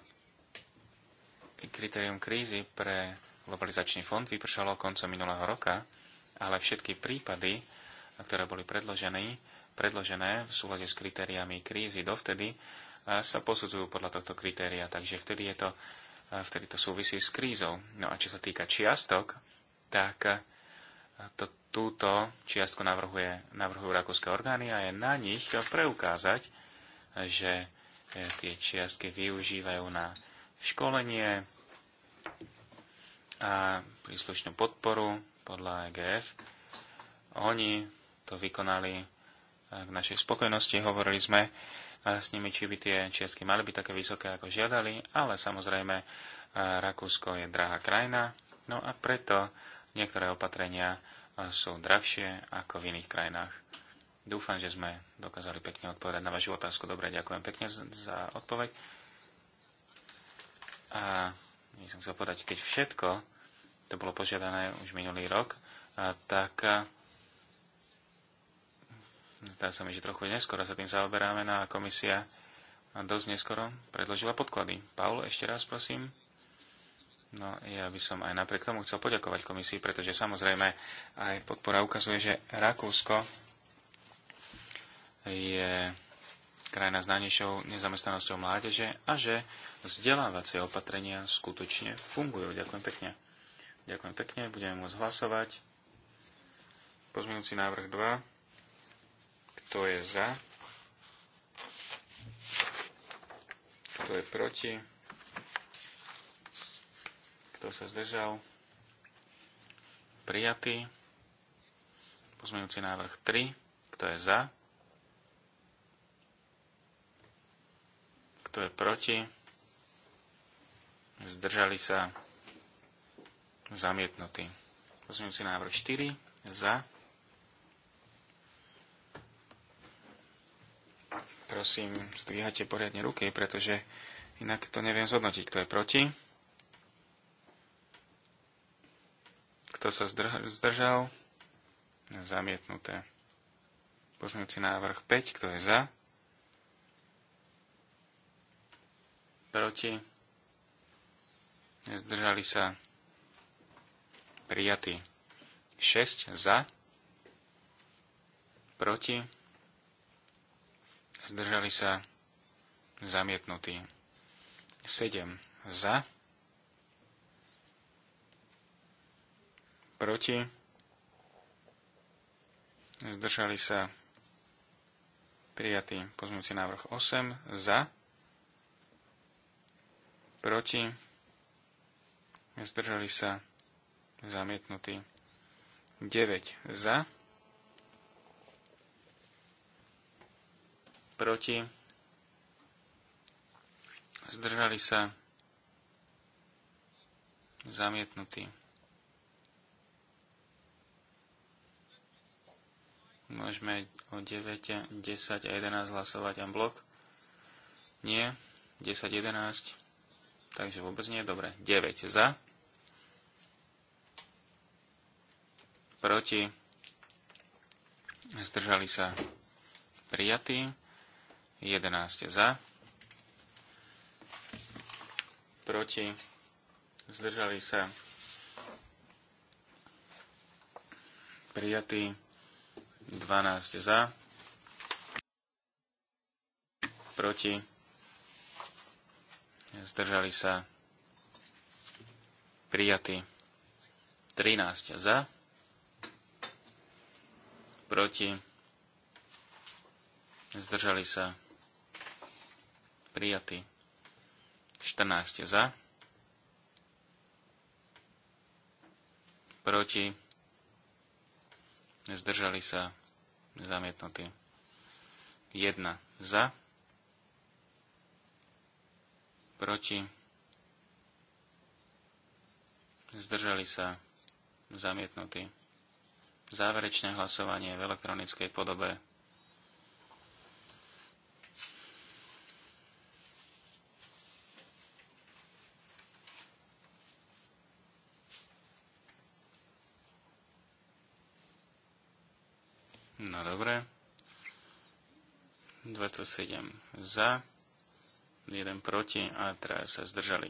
[SPEAKER 4] kritérium krízy pre globalizačný fond vypršalo koncom minulého roka, ale všetky prípady, ktoré boli predložené, predložené v súlade s kritériami krízy dovtedy, sa posudzujú podľa tohto kritéria, takže vtedy, je to, vtedy to súvisí s krízou. No a čo sa týka čiastok, tak to, túto čiastku navrhuje, navrhujú rakúske orgány a je na nich preukázať, že e, tie čiastky využívajú na školenie a príslušnú podporu podľa EGF. Oni to vykonali k e, našej spokojnosti, hovorili sme e, s nimi, či by tie čiastky mali byť také vysoké, ako žiadali, ale samozrejme Rakúsko je drahá krajina, no a preto niektoré opatrenia sú drahšie ako v iných krajinách. Dúfam, že sme dokázali pekne odpovedať na vašu otázku. Dobre, ďakujem pekne za odpoveď. A my som chcel povedať, keď všetko, to bolo požiadané už minulý rok, a tak a, zdá sa mi, že trochu neskoro sa tým zaoberáme na no komisia a dosť neskoro predložila podklady. Paul, ešte raz prosím. No, ja by som aj napriek tomu chcel poďakovať komisii, pretože samozrejme aj podpora ukazuje, že Rakúsko je krajina s najnižšou nezamestnanosťou mládeže a že vzdelávacie opatrenia skutočne fungujú. Ďakujem pekne. Ďakujem pekne, budeme môcť hlasovať. Pozmenujúci návrh 2. Kto je za? Kto je proti? Kto sa zdržal? Prijatý. Pozmeňujúci návrh 3. Kto je za? Kto je proti? Zdržali sa zamietnutí. Pozmeňujúci návrh 4. Za. Prosím, zdvíhate poriadne ruky, pretože inak to neviem zhodnotiť, kto je proti. Kto sa zdržal? Zamietnuté. Pozmeňujúci návrh 5. Kto je za? Proti? Zdržali sa? Prijatý. 6 za, proti, zdržali sa zamietnutí. 7 za, proti, zdržali sa prijatý pozmeňujúci návrh 8 za, proti, zdržali sa zamietnutý 9 za, proti, zdržali sa zamietnutý Môžeme o 9, 10 a 11 hlasovať en blok. Nie. 10, 11. Takže vôbec nie. Dobre. 9 za. Proti. Zdržali sa prijatí. 11 za. Proti. Zdržali sa prijatí. 12 za, proti, zdržali sa prijatí 13 za, proti, zdržali sa prijatí 14 za, proti, zdržali sa, zamietnutí. 1 za, proti, zdržali sa, zamietnutí. Záverečné hlasovanie v elektronickej podobe No dobre. 27 za, 1 proti a teraz sa zdržali.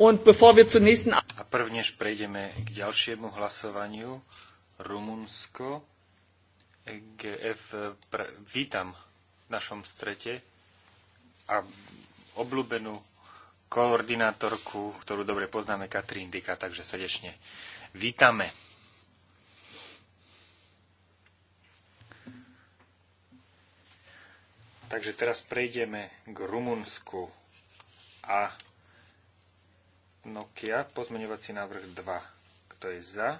[SPEAKER 1] A
[SPEAKER 4] prvnež prejdeme k
[SPEAKER 3] ďalšiemu hlasovaniu. Rumunsko. E GF vítam v našom strete a obľúbenú koordinátorku, ktorú dobre poznáme, Katrín Dika, takže srdečne vítame. Takže teraz prejdeme k Rumunsku a Nokia, pozmeňovací návrh 2. Kto je za?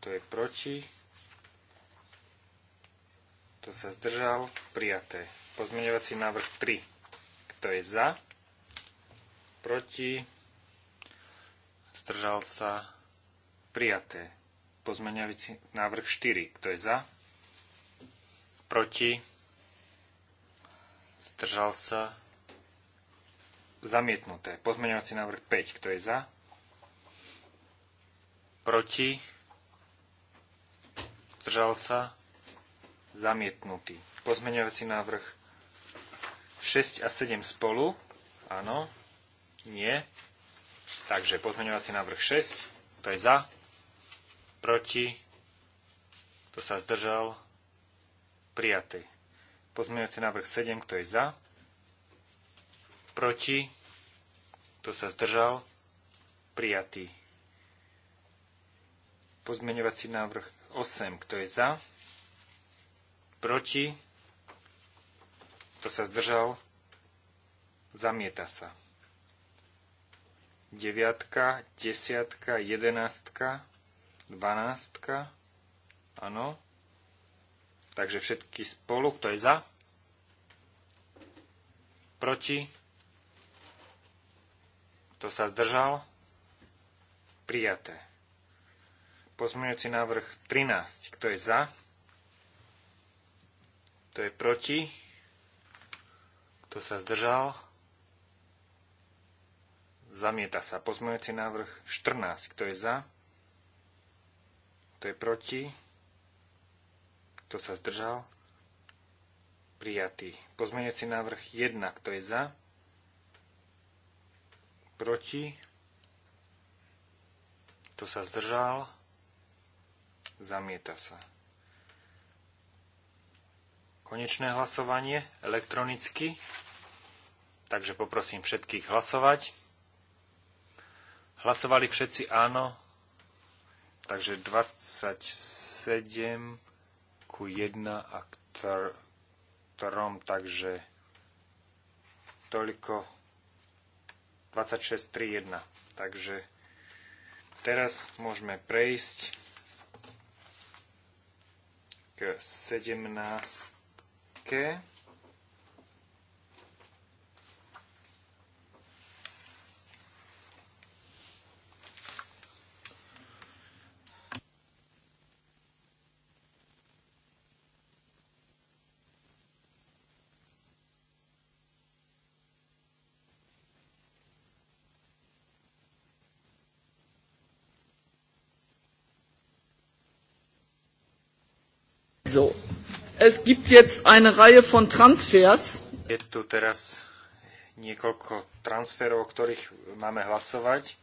[SPEAKER 3] Kto je proti? Kto sa zdržal? Prijaté. Pozmeňovací návrh 3. Kto je za? Proti? Zdržal sa? Prijaté. Pozmeňovací návrh 4. Kto je za? proti, zdržal sa, zamietnuté. Pozmeňovací návrh 5, kto je za, proti, zdržal sa, zamietnutý. Pozmeňovací návrh 6 a 7 spolu, áno, nie. Takže pozmeňovací návrh 6, kto je za, proti, to sa zdržal, prijaté. Pozmeňujúci návrh 7, kto je za? Proti? Kto sa zdržal? Prijatý. Pozmeňovací návrh 8, kto je za? Proti? Kto sa zdržal? Zamieta sa. 9, 10, 11, 12, áno, Takže všetky spolu, kto je za? Proti? Kto sa zdržal? Prijaté. Pozmeňujúci návrh 13. Kto je za? Kto je proti? Kto sa zdržal? Zamieta sa. Pozmeňujúci návrh 14. Kto je za? Kto je proti? Kto sa zdržal? Prijatý. Pozmeňujúci návrh 1. Kto je za? Proti? Kto sa zdržal? Zamieta sa. Konečné hlasovanie elektronicky. Takže poprosím všetkých hlasovať. Hlasovali všetci áno. Takže 27 odseku 1 a k 3, takže toľko 26.3.1. Takže teraz môžeme prejsť k 17.
[SPEAKER 1] So. Es gibt jetzt eine Reihe von Transfers.
[SPEAKER 3] Je tu teraz niekoľko transferov, o ktorých máme hlasovať,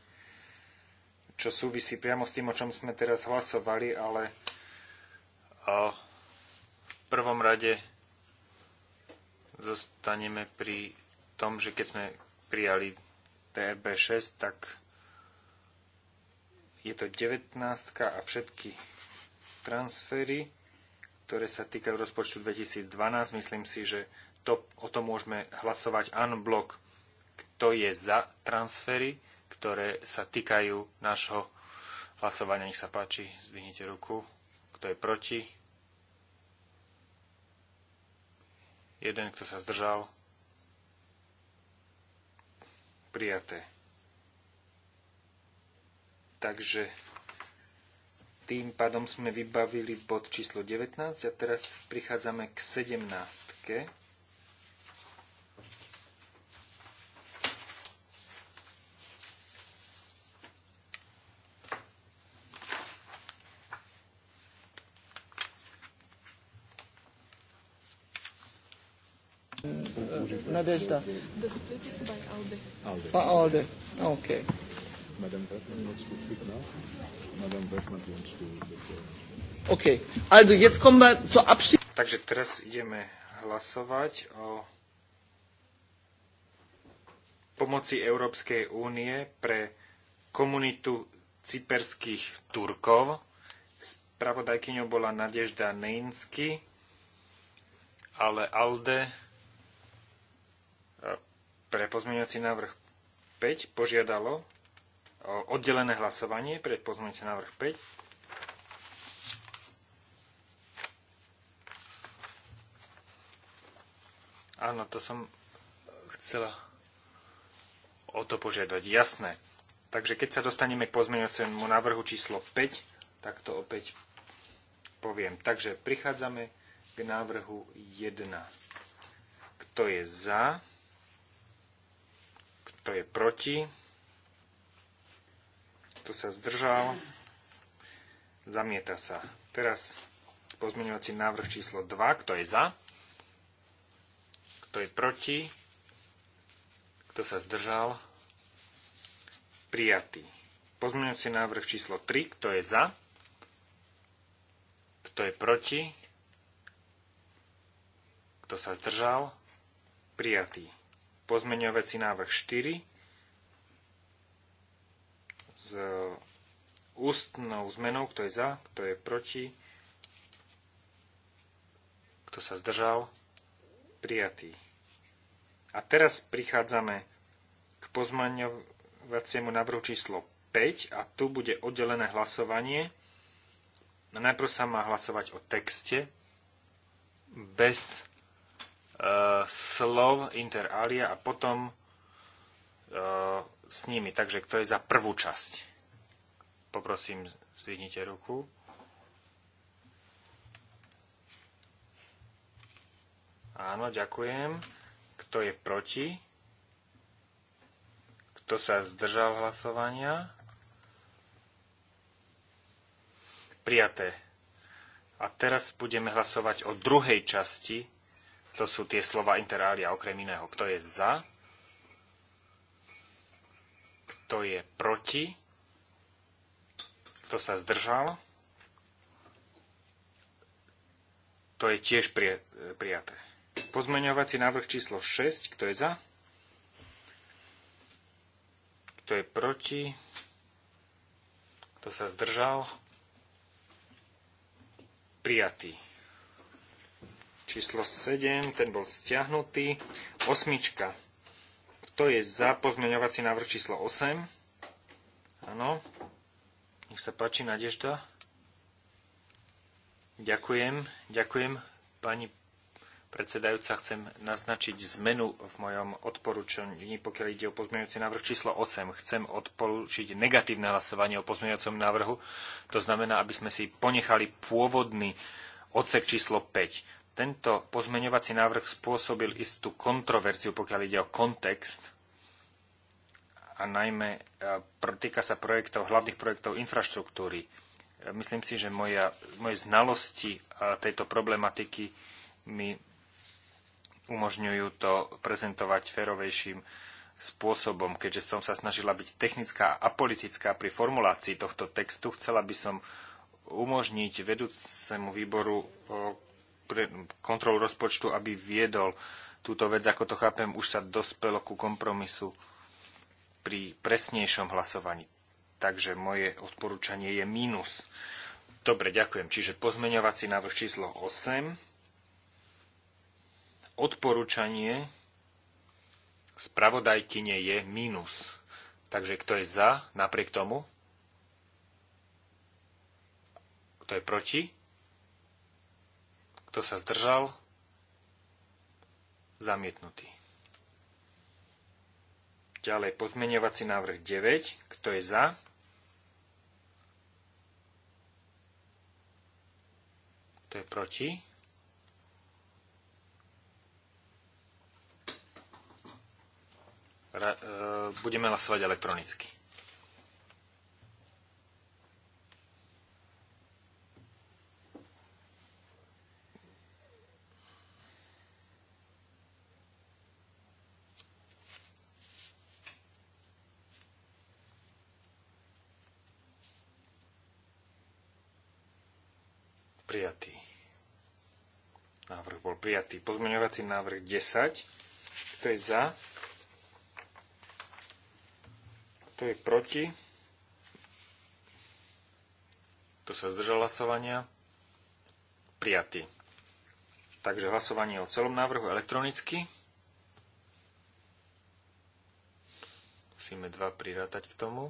[SPEAKER 3] čo súvisí priamo s tým, o čom sme teraz hlasovali, ale v prvom rade zostaneme pri tom, že keď sme prijali TRB6, tak je to 19 a všetky transfery ktoré sa týkajú rozpočtu 2012. Myslím si, že to, o tom môžeme hlasovať unblock, kto je za transfery, ktoré sa týkajú nášho hlasovania. Nech sa páči, zvinite ruku. Kto je proti? Jeden, kto sa zdržal. Prijaté. Takže tým pádom sme vybavili bod číslo 19 a teraz prichádzame k 17.
[SPEAKER 1] Nadežda. The split is by Alde. Alde. By Alde. Okay.
[SPEAKER 3] Madame Madame Also jetzt kommen wir zur Abstimmung. Takže teraz ideme hlasovať o pomoci Európskej únie pre komunitu cyperských Turkov. Spravodajkyňou bola Nadežda Nejnsky, ale Alde e, pre pozmeňovací návrh 5 požiadalo oddelené hlasovanie pre návrh 5. Áno, to som chcela o to požiadať. Jasné. Takže keď sa dostaneme k pozmeňujúcemu návrhu číslo 5, tak to opäť poviem. Takže prichádzame k návrhu 1. Kto je za? Kto je proti? Kto sa zdržal? Zamieta sa. Teraz pozmeňovací návrh číslo 2. Kto je za? Kto je proti? Kto sa zdržal? Prijatý. Pozmeňovací návrh číslo 3. Kto je za? Kto je proti? Kto sa zdržal? Prijatý. Pozmeňovací návrh 4 s e, ústnou zmenou, kto je za, kto je proti, kto sa zdržal, prijatý. A teraz prichádzame k pozmaňovaciemu návrhu číslo 5 a tu bude oddelené hlasovanie. Najprv sa má hlasovať o texte bez e, slov inter alia a potom e, s nimi. Takže kto je za prvú časť? Poprosím, zdvihnite ruku. Áno, ďakujem. Kto je proti? Kto sa zdržal hlasovania? Prijaté. A teraz budeme hlasovať o druhej časti. To sú tie slova interália okrem iného. Kto je za? Kto je proti? Kto sa zdržal? To je tiež prijaté. Pozmeňovací návrh číslo 6. Kto je za? Kto je proti? Kto sa zdržal? Prijatý. Číslo 7, ten bol stiahnutý. Osmička. To je za pozmeňovací návrh číslo 8? Áno. Nech sa páči, Nadežda. Ďakujem, ďakujem. Pani predsedajúca, chcem naznačiť zmenu v mojom odporúčaní, pokiaľ ide o pozmeňujúci návrh číslo 8. Chcem odporúčiť negatívne hlasovanie o pozmeňujúcom návrhu. To znamená, aby sme si ponechali pôvodný odsek číslo 5 tento pozmeňovací návrh spôsobil istú kontroverziu, pokiaľ ide o kontext a najmä e, týka sa projektov, hlavných projektov infraštruktúry. E, myslím si, že moja, moje znalosti e, tejto problematiky mi umožňujú to prezentovať férovejším spôsobom. Keďže som sa snažila byť technická a politická pri formulácii tohto textu, chcela by som umožniť vedúcemu výboru kontrolu rozpočtu, aby viedol túto vec, ako to chápem, už sa dospelo ku kompromisu pri presnejšom hlasovaní. Takže moje odporúčanie je mínus. Dobre, ďakujem. Čiže pozmeňovací návrh číslo 8. Odporúčanie spravodajkyne je mínus. Takže kto je za napriek tomu? Kto je proti? Kto sa zdržal? Zamietnutý. Ďalej pozmeňovací návrh 9. Kto je za? Kto je proti? Ra- e, budeme hlasovať elektronicky. Prijatý. Návrh bol prijatý. Pozmeňovací návrh 10. Kto je za? Kto je proti? Kto sa zdržal hlasovania? Prijatý. Takže hlasovanie o celom návrhu elektronicky. Musíme dva prirátať k tomu.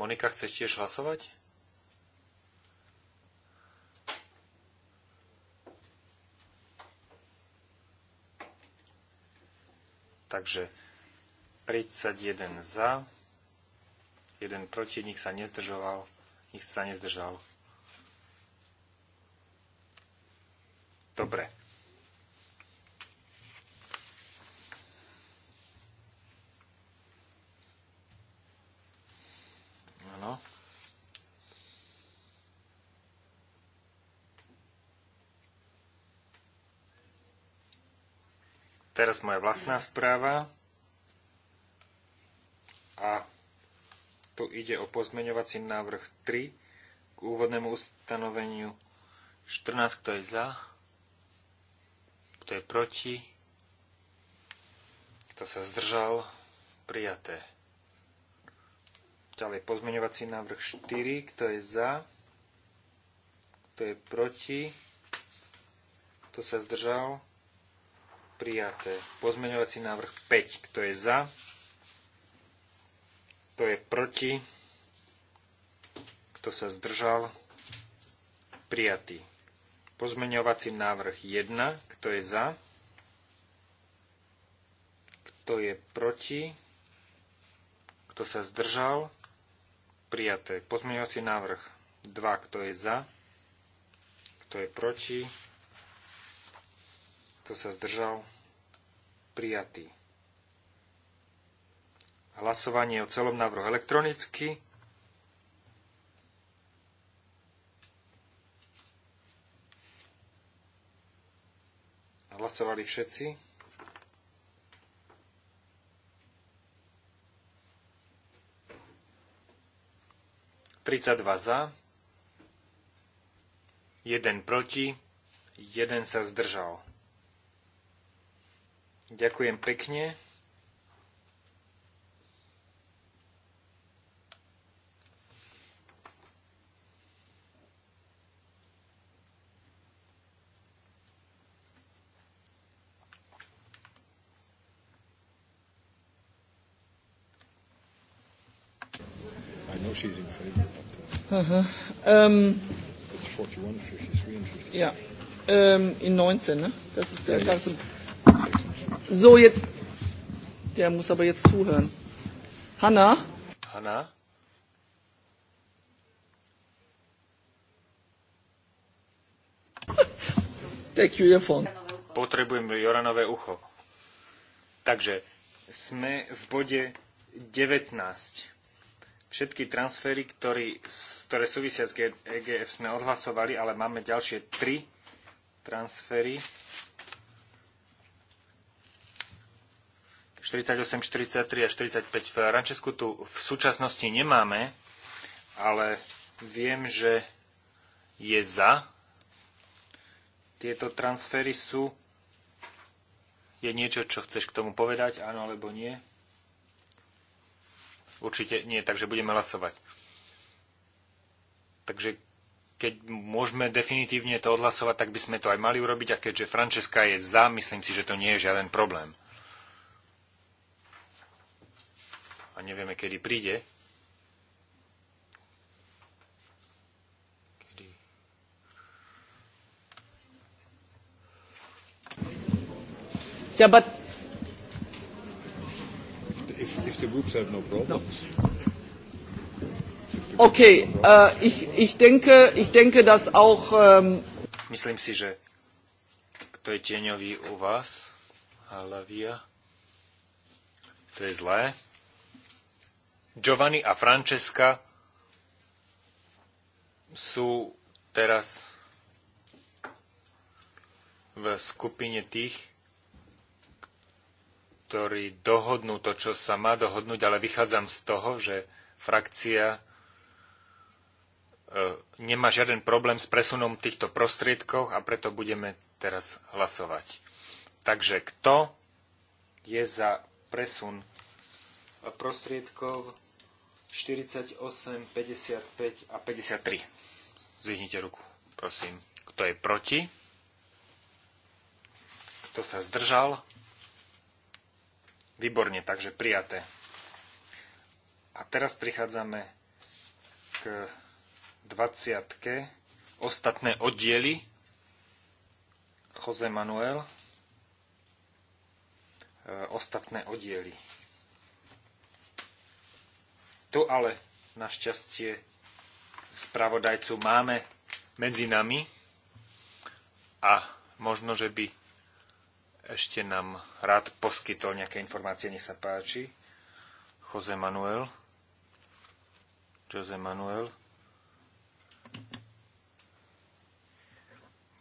[SPEAKER 3] Monika, chceš tiež hlasovať? Takže 31 za, 1 proti, nikto sa nezdržoval, nikto sa nezdržal. Dobre. Áno. Teraz moja vlastná správa. A tu ide o pozmeňovací návrh 3 k úvodnému ustanoveniu 14, kto je za, kto je proti, kto sa zdržal, prijaté. Ďalej pozmeňovací návrh 4, kto je za, kto je proti, kto sa zdržal, prijaté. Pozmeňovací návrh 5, kto je za, kto je proti, kto sa zdržal, prijatý. Pozmeňovací návrh 1, kto je za, kto je proti, kto sa zdržal, Prijaté. Pozmeňovací návrh 2. Kto je za? Kto je proti? Kto sa zdržal? Prijatý. Hlasovanie o celom návrhu elektronicky. Hlasovali všetci? 32 za, 1 proti, 1 sa zdržal. Ďakujem pekne.
[SPEAKER 1] Ähm, 41, 53 53. Ja, ähm, in 19, ne? Das ist der ja, Carsten. So, jetzt. Der muss aber jetzt zuhören. Hanna?
[SPEAKER 3] Hanna? Take your phone. Potrebujem Joranové ucho. Takže sme v bode 19 Všetky transfery, ktorý, ktoré súvisia s EGF, sme odhlasovali, ale máme ďalšie tri transfery. 48, 43 a 45 v Rančesku tu v súčasnosti nemáme, ale viem, že je za. Tieto transfery sú. Je niečo, čo chceš k tomu povedať, áno alebo nie? Určite nie, takže budeme hlasovať. Takže keď môžeme definitívne to odhlasovať, tak by sme to aj mali urobiť a keďže Francesca je za, myslím si, že to nie je žiaden problém. A nevieme, kedy príde. Kedy...
[SPEAKER 1] Ja, but if, if the groups have no problems. No. Okay, uh, ich, ich, denke, ich denke, dass auch... Um...
[SPEAKER 3] Myslím si, že to je tieňový u vás, Alavia. To je zlé. Giovanni a Francesca sú teraz v skupine tých, ktorí dohodnú to, čo sa má dohodnúť, ale vychádzam z toho, že frakcia e, nemá žiaden problém s presunom týchto prostriedkov a preto budeme teraz hlasovať. Takže kto je za presun prostriedkov 48, 55 a 53? Zvihnite ruku, prosím. Kto je proti? Kto sa zdržal? Výborne, takže prijaté. A teraz prichádzame k 20. Ostatné oddiely. Jose Manuel. E, ostatné oddiely. Tu ale našťastie spravodajcu máme medzi nami a možno, že by ešte nám rád poskytol nejaké informácie, nech sa páči. Jose Manuel. Jose Manuel.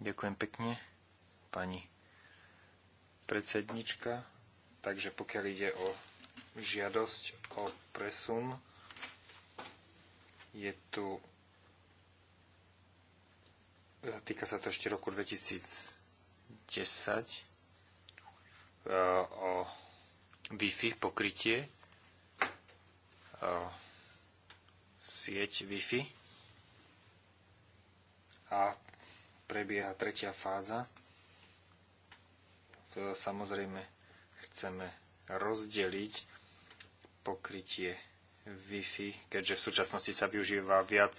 [SPEAKER 3] Ďakujem pekne, pani predsednička. Takže pokiaľ ide o žiadosť o presun, je tu týka sa to ešte roku 2010 Eh, o Wi-Fi pokrytie, eh, sieť Wi-Fi a prebieha tretia fáza. Samozrejme chceme rozdeliť pokrytie Wi-Fi, keďže v súčasnosti sa využíva viac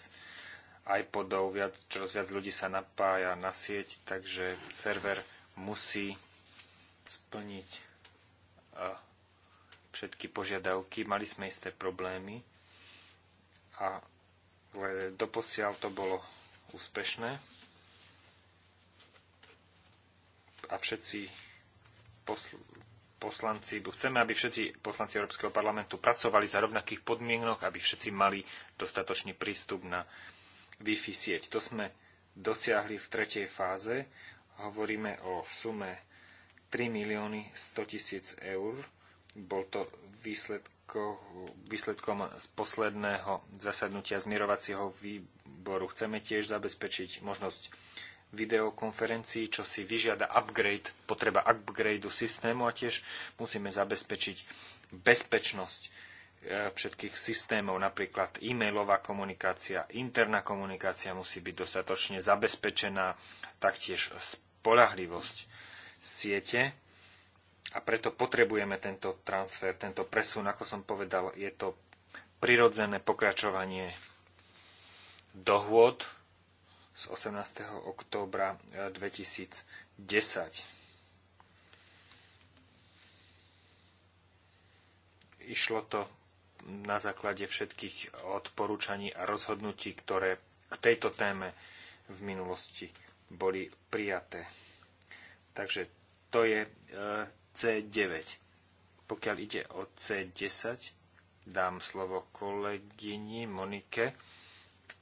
[SPEAKER 3] iPodov, viac, čoraz viac ľudí sa napája na sieť, takže server musí splniť všetky požiadavky. Mali sme isté problémy, a, doposiaľ to bolo úspešné a všetci posl- poslanci, chceme, aby všetci poslanci Európskeho parlamentu pracovali za rovnakých podmienok, aby všetci mali dostatočný prístup na Wi-Fi sieť. To sme dosiahli v tretej fáze. Hovoríme o sume 3 milióny 100 tisíc eur. Bol to výsledko, výsledkom z posledného zasadnutia zmierovacieho výboru. Chceme tiež zabezpečiť možnosť videokonferencií, čo si vyžiada upgrade, potreba upgradeu systému a tiež musíme zabezpečiť bezpečnosť e, všetkých systémov, napríklad e-mailová komunikácia, interná komunikácia musí byť dostatočne zabezpečená, taktiež spolahlivosť siete a preto potrebujeme tento transfer, tento presun. Ako som povedal, je to prirodzené pokračovanie dohôd z 18. októbra 2010. Eh, Išlo to na základe všetkých odporúčaní a rozhodnutí, ktoré k tejto téme v minulosti boli prijaté. Takže to je e, C9. Pokiaľ ide o C10, dám slovo kolegyni Monike,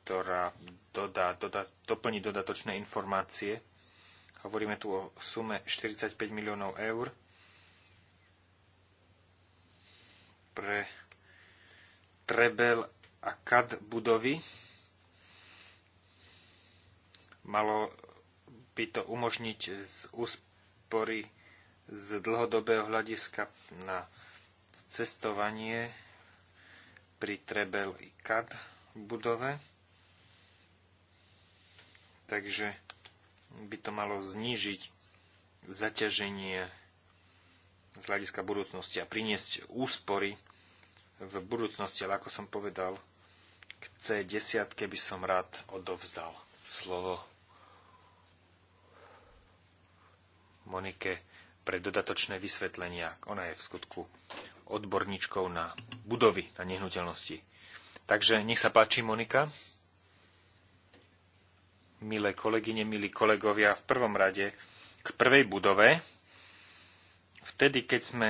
[SPEAKER 3] ktorá dodá, dodá, doplní dodatočné informácie. Hovoríme tu o sume 45 miliónov eur pre Trebel a Kad budovy. Malo by to umožniť z úsp- podpory z dlhodobého hľadiska na cestovanie pri Trebel i Kad budove. Takže by to malo znížiť zaťaženie z hľadiska budúcnosti a priniesť úspory v budúcnosti. Ale ako som povedal, k C10 by som rád odovzdal slovo Monike pre dodatočné vysvetlenia. Ona je v skutku odborníčkou na budovy, na nehnuteľnosti. Takže nech sa páči, Monika. Milé kolegyne, milí kolegovia, v prvom rade k prvej budove. Vtedy, keď sme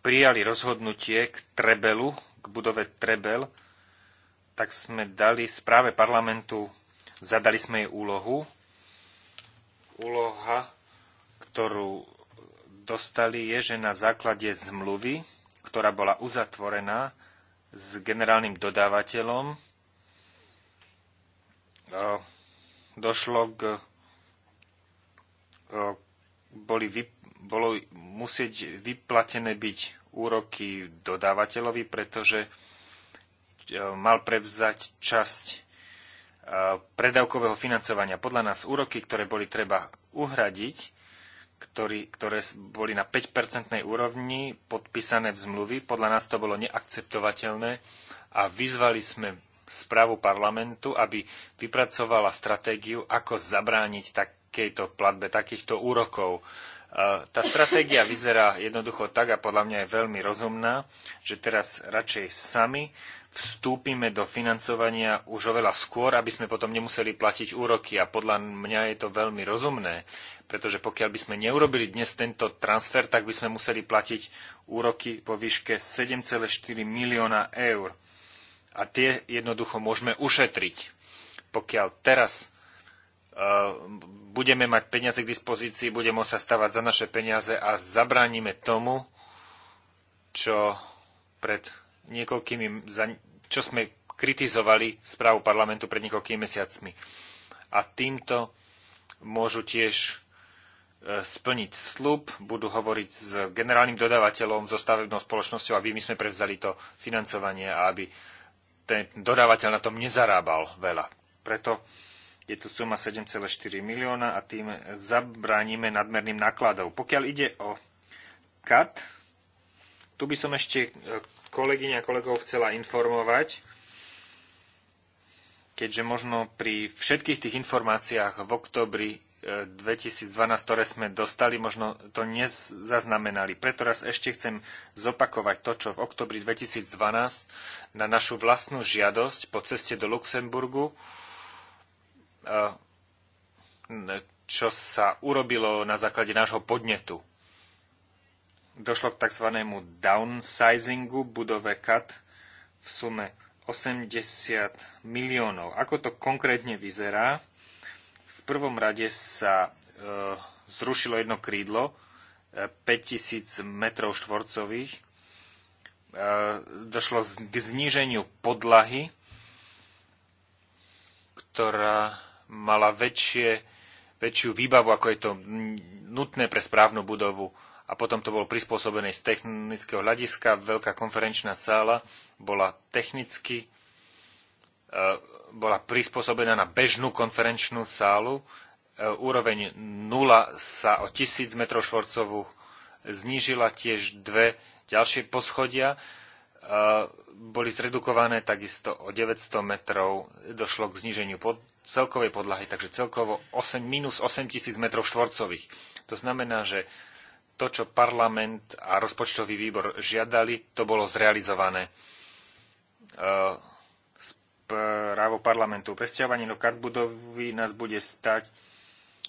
[SPEAKER 3] prijali rozhodnutie k Trebelu, k budove Trebel, tak sme dali správe parlamentu, zadali sme jej úlohu. Úloha ktorú dostali, je, že na základe zmluvy, ktorá bola uzatvorená s generálnym dodávateľom, eh, došlo k eh, boli bolo musieť vyplatené byť úroky dodávateľovi, pretože eh, mal prevzať časť predávkového financovania. Podľa nás úroky, ktoré boli treba uhradiť, ktorý, ktoré boli na 5-percentnej úrovni podpísané v zmluvy. Podľa nás to bolo neakceptovateľné a vyzvali sme správu parlamentu, aby vypracovala stratégiu, ako zabrániť takejto platbe, takýchto úrokov. Tá stratégia vyzerá jednoducho tak a podľa mňa je veľmi rozumná, že teraz radšej sami vstúpime do financovania už oveľa skôr, aby sme potom nemuseli platiť úroky. A podľa mňa je to veľmi rozumné, pretože pokiaľ by sme neurobili dnes tento transfer, tak by sme museli platiť úroky po výške 7,4 milióna eur. A tie jednoducho môžeme ušetriť. Pokiaľ teraz Eh, budeme mať peniaze k dispozícii, budeme sa stavať za naše peniaze a zabránime tomu, čo pred niekoľkými, čo sme kritizovali správu parlamentu pred niekoľkými mesiacmi. A týmto môžu tiež eh, splniť slub, budú hovoriť s generálnym dodávateľom, so stavebnou spoločnosťou, aby my sme prevzali to financovanie a aby ten dodávateľ na tom nezarábal veľa. Preto je tu suma 7,4 milióna a tým zabránime nadmerným nákladov. Pokiaľ ide o kat, tu by som ešte e, kolegyňa a kolegov chcela informovať, keďže možno pri všetkých tých informáciách v oktobri 2012, e, ktoré sme dostali, možno to nezaznamenali. Preto raz ešte chcem zopakovať to, čo v oktobri 2012 na našu vlastnú žiadosť po ceste do Luxemburgu Eh, čo sa urobilo na základe nášho podnetu. Došlo k tzv. downsizingu budove Kat v sume 80 miliónov. Ako to konkrétne vyzerá? V prvom rade sa e, zrušilo jedno krídlo, 5000 eh, metrov štvorcových. Došlo k zníženiu podlahy, ktorá mala väčšie, väčšiu výbavu, ako je to nutné pre správnu budovu. A potom to bolo prispôsobené z technického hľadiska. Veľká konferenčná sála bola technicky e, bola prispôsobená na bežnú konferenčnú sálu. E, úroveň 0 sa o 1000 m 2 znížila tiež dve ďalšie poschodia. E, boli zredukované takisto o 900 metrov. Došlo k zníženiu celkovej podlahy, takže celkovo 8, minus 8 tisíc metrov štvorcových. To znamená, že to, čo parlament a rozpočtový výbor žiadali, to bolo zrealizované. E, Právo parlamentu presťahovanie do budovy nás bude stať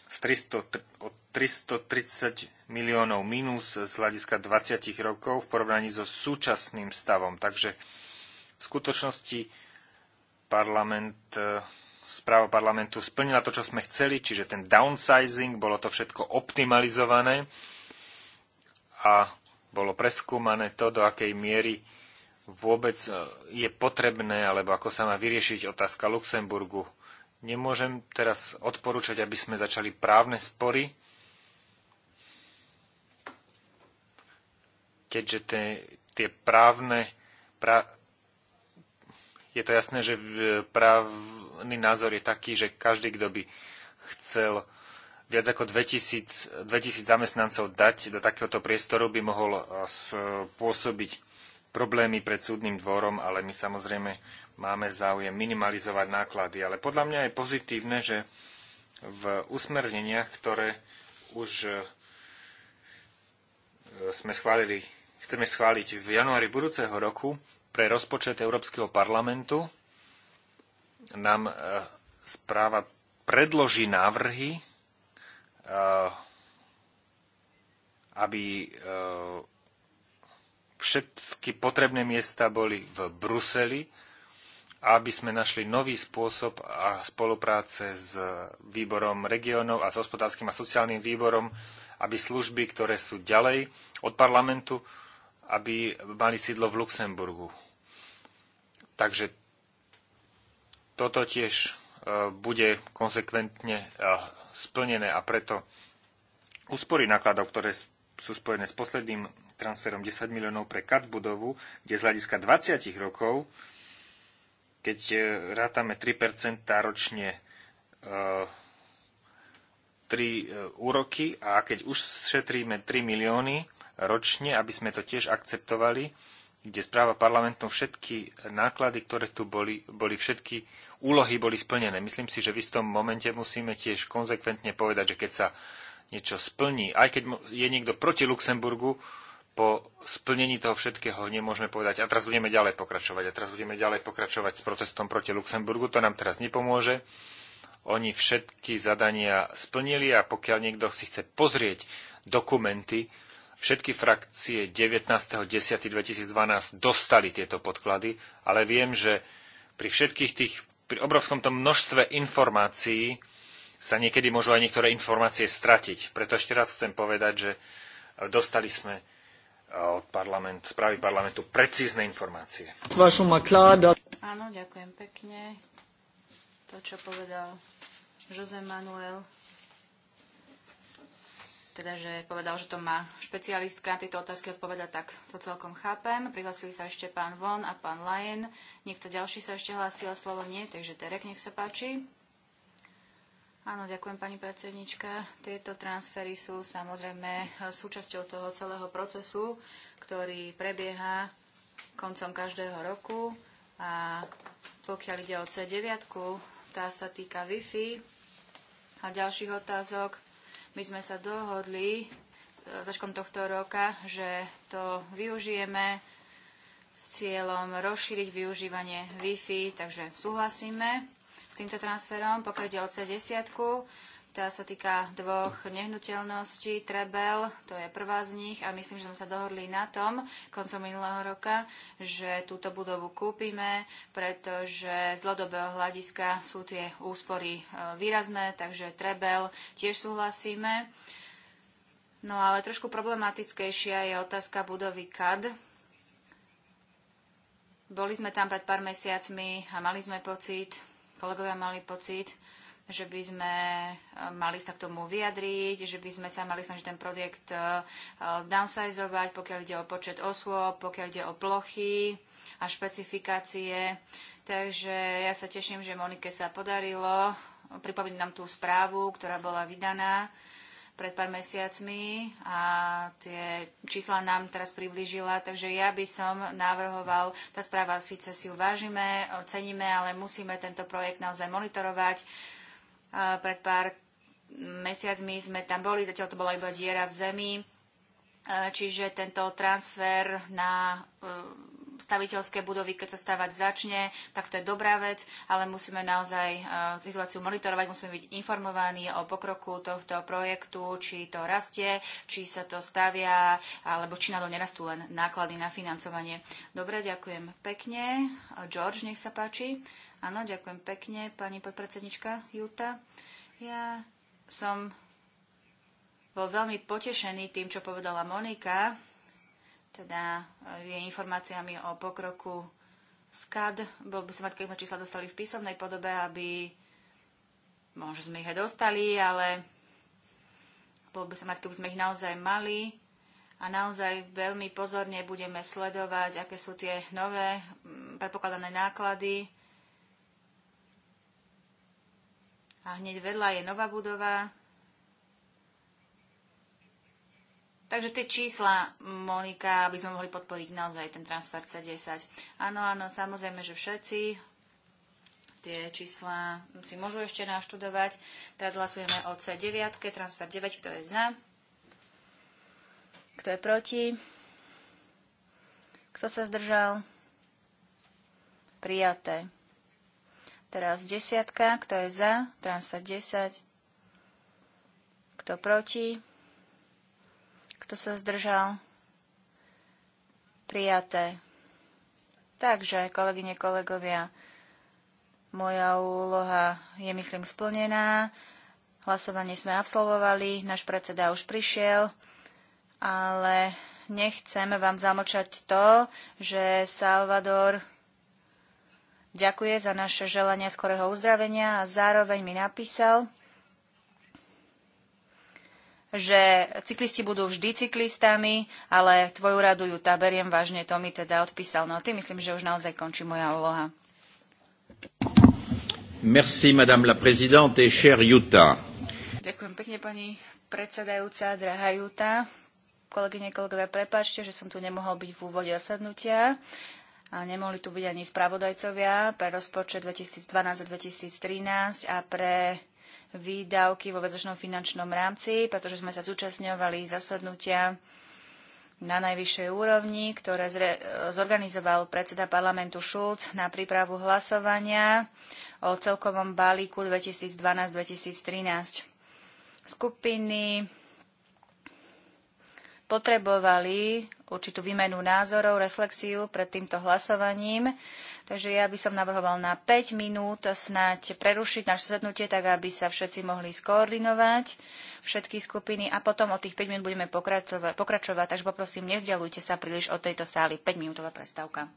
[SPEAKER 3] z 300, od 330 miliónov minus z hľadiska 20 rokov v porovnaní so súčasným stavom. Takže v skutočnosti parlament e, správa parlamentu splnila to, čo sme chceli, čiže ten downsizing, bolo to všetko optimalizované a bolo preskúmané to, do akej miery vôbec e, je potrebné, alebo ako sa má vyriešiť otázka Luxemburgu. Nemôžem teraz odporúčať, aby sme začali právne spory, keďže tie, tie právne, pra, je to jasné, že právny názor je taký, že každý, kto by chcel viac ako 2000, 2000 zamestnancov dať do takéhoto priestoru, by mohol eh, spôsobiť problémy pred súdnym dvorom, ale my samozrejme máme záujem minimalizovať náklady. Ale podľa mňa je pozitívne, že v usmerneniach, ktoré už eh, sme schválili, chceme schváliť v januári budúceho roku, pre rozpočet Európskeho parlamentu nám e, správa predloží návrhy, e, aby e, všetky potrebné miesta boli v Bruseli, aby sme našli nový spôsob a spolupráce s výborom regionov a s hospodárskym a sociálnym výborom, aby služby, ktoré sú ďalej od parlamentu, aby mali sídlo v Luxemburgu. Takže toto tiež e, bude konsekventne e, splnené a preto úspory nákladov, ktoré sú spojené s posledným transferom 10 miliónov pre kat budovu, kde z hľadiska 20 rokov, keď e, rátame 3% ročne 3 úroky a keď už šetríme 3 milióny ročne, aby sme to tiež akceptovali, kde správa parlamentom všetky náklady, ktoré tu boli, boli všetky úlohy boli splnené. Myslím si, že v istom momente musíme tiež konzekventne povedať, že keď sa niečo splní, aj keď je niekto proti Luxemburgu, po splnení toho všetkého nemôžeme povedať, a teraz budeme ďalej pokračovať, a teraz budeme ďalej pokračovať s protestom proti Luxemburgu, to nám teraz nepomôže. Oni všetky zadania splnili a pokiaľ niekto si chce pozrieť dokumenty, Všetky frakcie 19.10.2012 dostali tieto podklady, ale viem, že pri všetkých tých, pri obrovskom tom množstve informácií sa niekedy môžu aj niektoré informácie stratiť. Preto ešte raz chcem povedať, že dostali sme eh, od parlament, správy parlamentu precízne informácie.
[SPEAKER 2] Áno, ďakujem pekne. To, čo povedal Jose Manuel teda, že povedal, že to má špecialistka na tieto otázky odpovedať tak to celkom chápem. Prihlasili sa ešte pán Von a pán Lajen. Niekto ďalší sa ešte hlásil a slovo nie, takže Terek, nech sa páči. Áno, ďakujem pani predsednička. Tieto transfery sú samozrejme súčasťou toho celého procesu, ktorý prebieha koncom každého roku. A pokiaľ ide o C9, tá sa týka Wi-Fi a ďalších otázok my sme sa dohodli e, začkom tohto roka, že to využijeme s cieľom rozšíriť využívanie Wi-Fi, takže súhlasíme s týmto transferom, pokiaľ ide o C10. Tá sa týka dvoch nehnuteľností. Trebel, to je prvá z nich a myslím, že sme sa dohodli na tom koncom minulého roka, že túto budovu kúpime, pretože z dlhodobého hľadiska sú tie úspory e, výrazné, takže Trebel tiež súhlasíme. No ale trošku problematickejšia je otázka budovy CAD. Boli sme tam pred pár mesiacmi a mali sme pocit, kolegovia mali pocit, že by sme e, mali sa k tomu vyjadriť, že by sme sa mali snažiť ten projekt e, downsizovať, pokiaľ ide o počet osôb, pokiaľ ide o plochy a špecifikácie. Takže ja sa teším, že Monike sa podarilo pripomenúť nám tú správu, ktorá bola vydaná pred pár mesiacmi a tie čísla nám teraz priblížila, takže ja by som navrhoval, tá správa síce si ju vážime, ceníme, ale musíme tento projekt naozaj monitorovať pred pár mesiacmi sme tam boli, zatiaľ to bola iba diera v zemi. E, čiže tento transfer na e, staviteľské budovy, keď sa stavať začne, tak to je dobrá vec, ale musíme naozaj e, situáciu monitorovať, musíme byť informovaní o pokroku tohto projektu, či to rastie, či sa to stavia, alebo či na to nerastú len náklady na financovanie. Dobre, ďakujem pekne. George, nech sa páči. Áno, ďakujem pekne, pani podpredsednička Juta. Ja som bol veľmi potešený tým, čo povedala Monika, teda eh, jej informáciami o pokroku SCAD. Bol by som rád, keď sme čísla dostali v písomnej podobe, aby možno sme ich aj dostali, ale bol by som rád, keby sme ich naozaj mali. A naozaj veľmi pozorne budeme sledovať, aké sú tie nové mm, predpokladané náklady a hneď vedľa je nová budova. Takže tie čísla, Monika, aby sme mohli podporiť naozaj ten transfer C10. Áno, áno, samozrejme, že všetci tie čísla si môžu ešte naštudovať. Teraz hlasujeme o C9, transfer 9, kto je za, kto je proti, kto sa zdržal, prijaté. Teraz desiatka, kto je za, transfer 10, kto proti, kto sa zdržal, prijaté. Takže, kolegyne, kolegovia, moja úloha je, myslím, splnená. Hlasovanie sme absolvovali, náš predseda už prišiel, ale nechcem vám zamočať to, že Salvador ďakuje za naše želania skorého uzdravenia a zároveň mi napísal, že cyklisti budú vždy cyklistami, ale tvoju radu ju tá beriem vážne, to mi teda odpísal. No a ty myslím, že už naozaj končí moja úloha.
[SPEAKER 1] Merci, madame la présidente et cher Jutta.
[SPEAKER 2] Ďakujem pekne, pani predsedajúca, drahá Juta. Kolegyne, kolegovia, prepáčte, že som tu nemohol byť v úvode osadnutia a nemohli tu byť ani spravodajcovia pre rozpočet 2012-2013 a pre výdavky vo väzočnom finančnom rámci, pretože sme sa zúčastňovali zasadnutia na najvyššej úrovni, ktoré zorganizoval predseda parlamentu Schulz na prípravu hlasovania o celkovom balíku 2012-2013. Skupiny potrebovali určitú výmenu názorov, reflexiu pred týmto hlasovaním. Takže ja by som navrhoval na 5 minút snáď prerušiť naše sednutie, tak aby sa všetci mohli skoordinovať, všetky skupiny a potom o tých 5 minút budeme pokračovať. pokračovať takže poprosím, nezdialujte sa príliš od tejto sály. 5 minútová prestávka.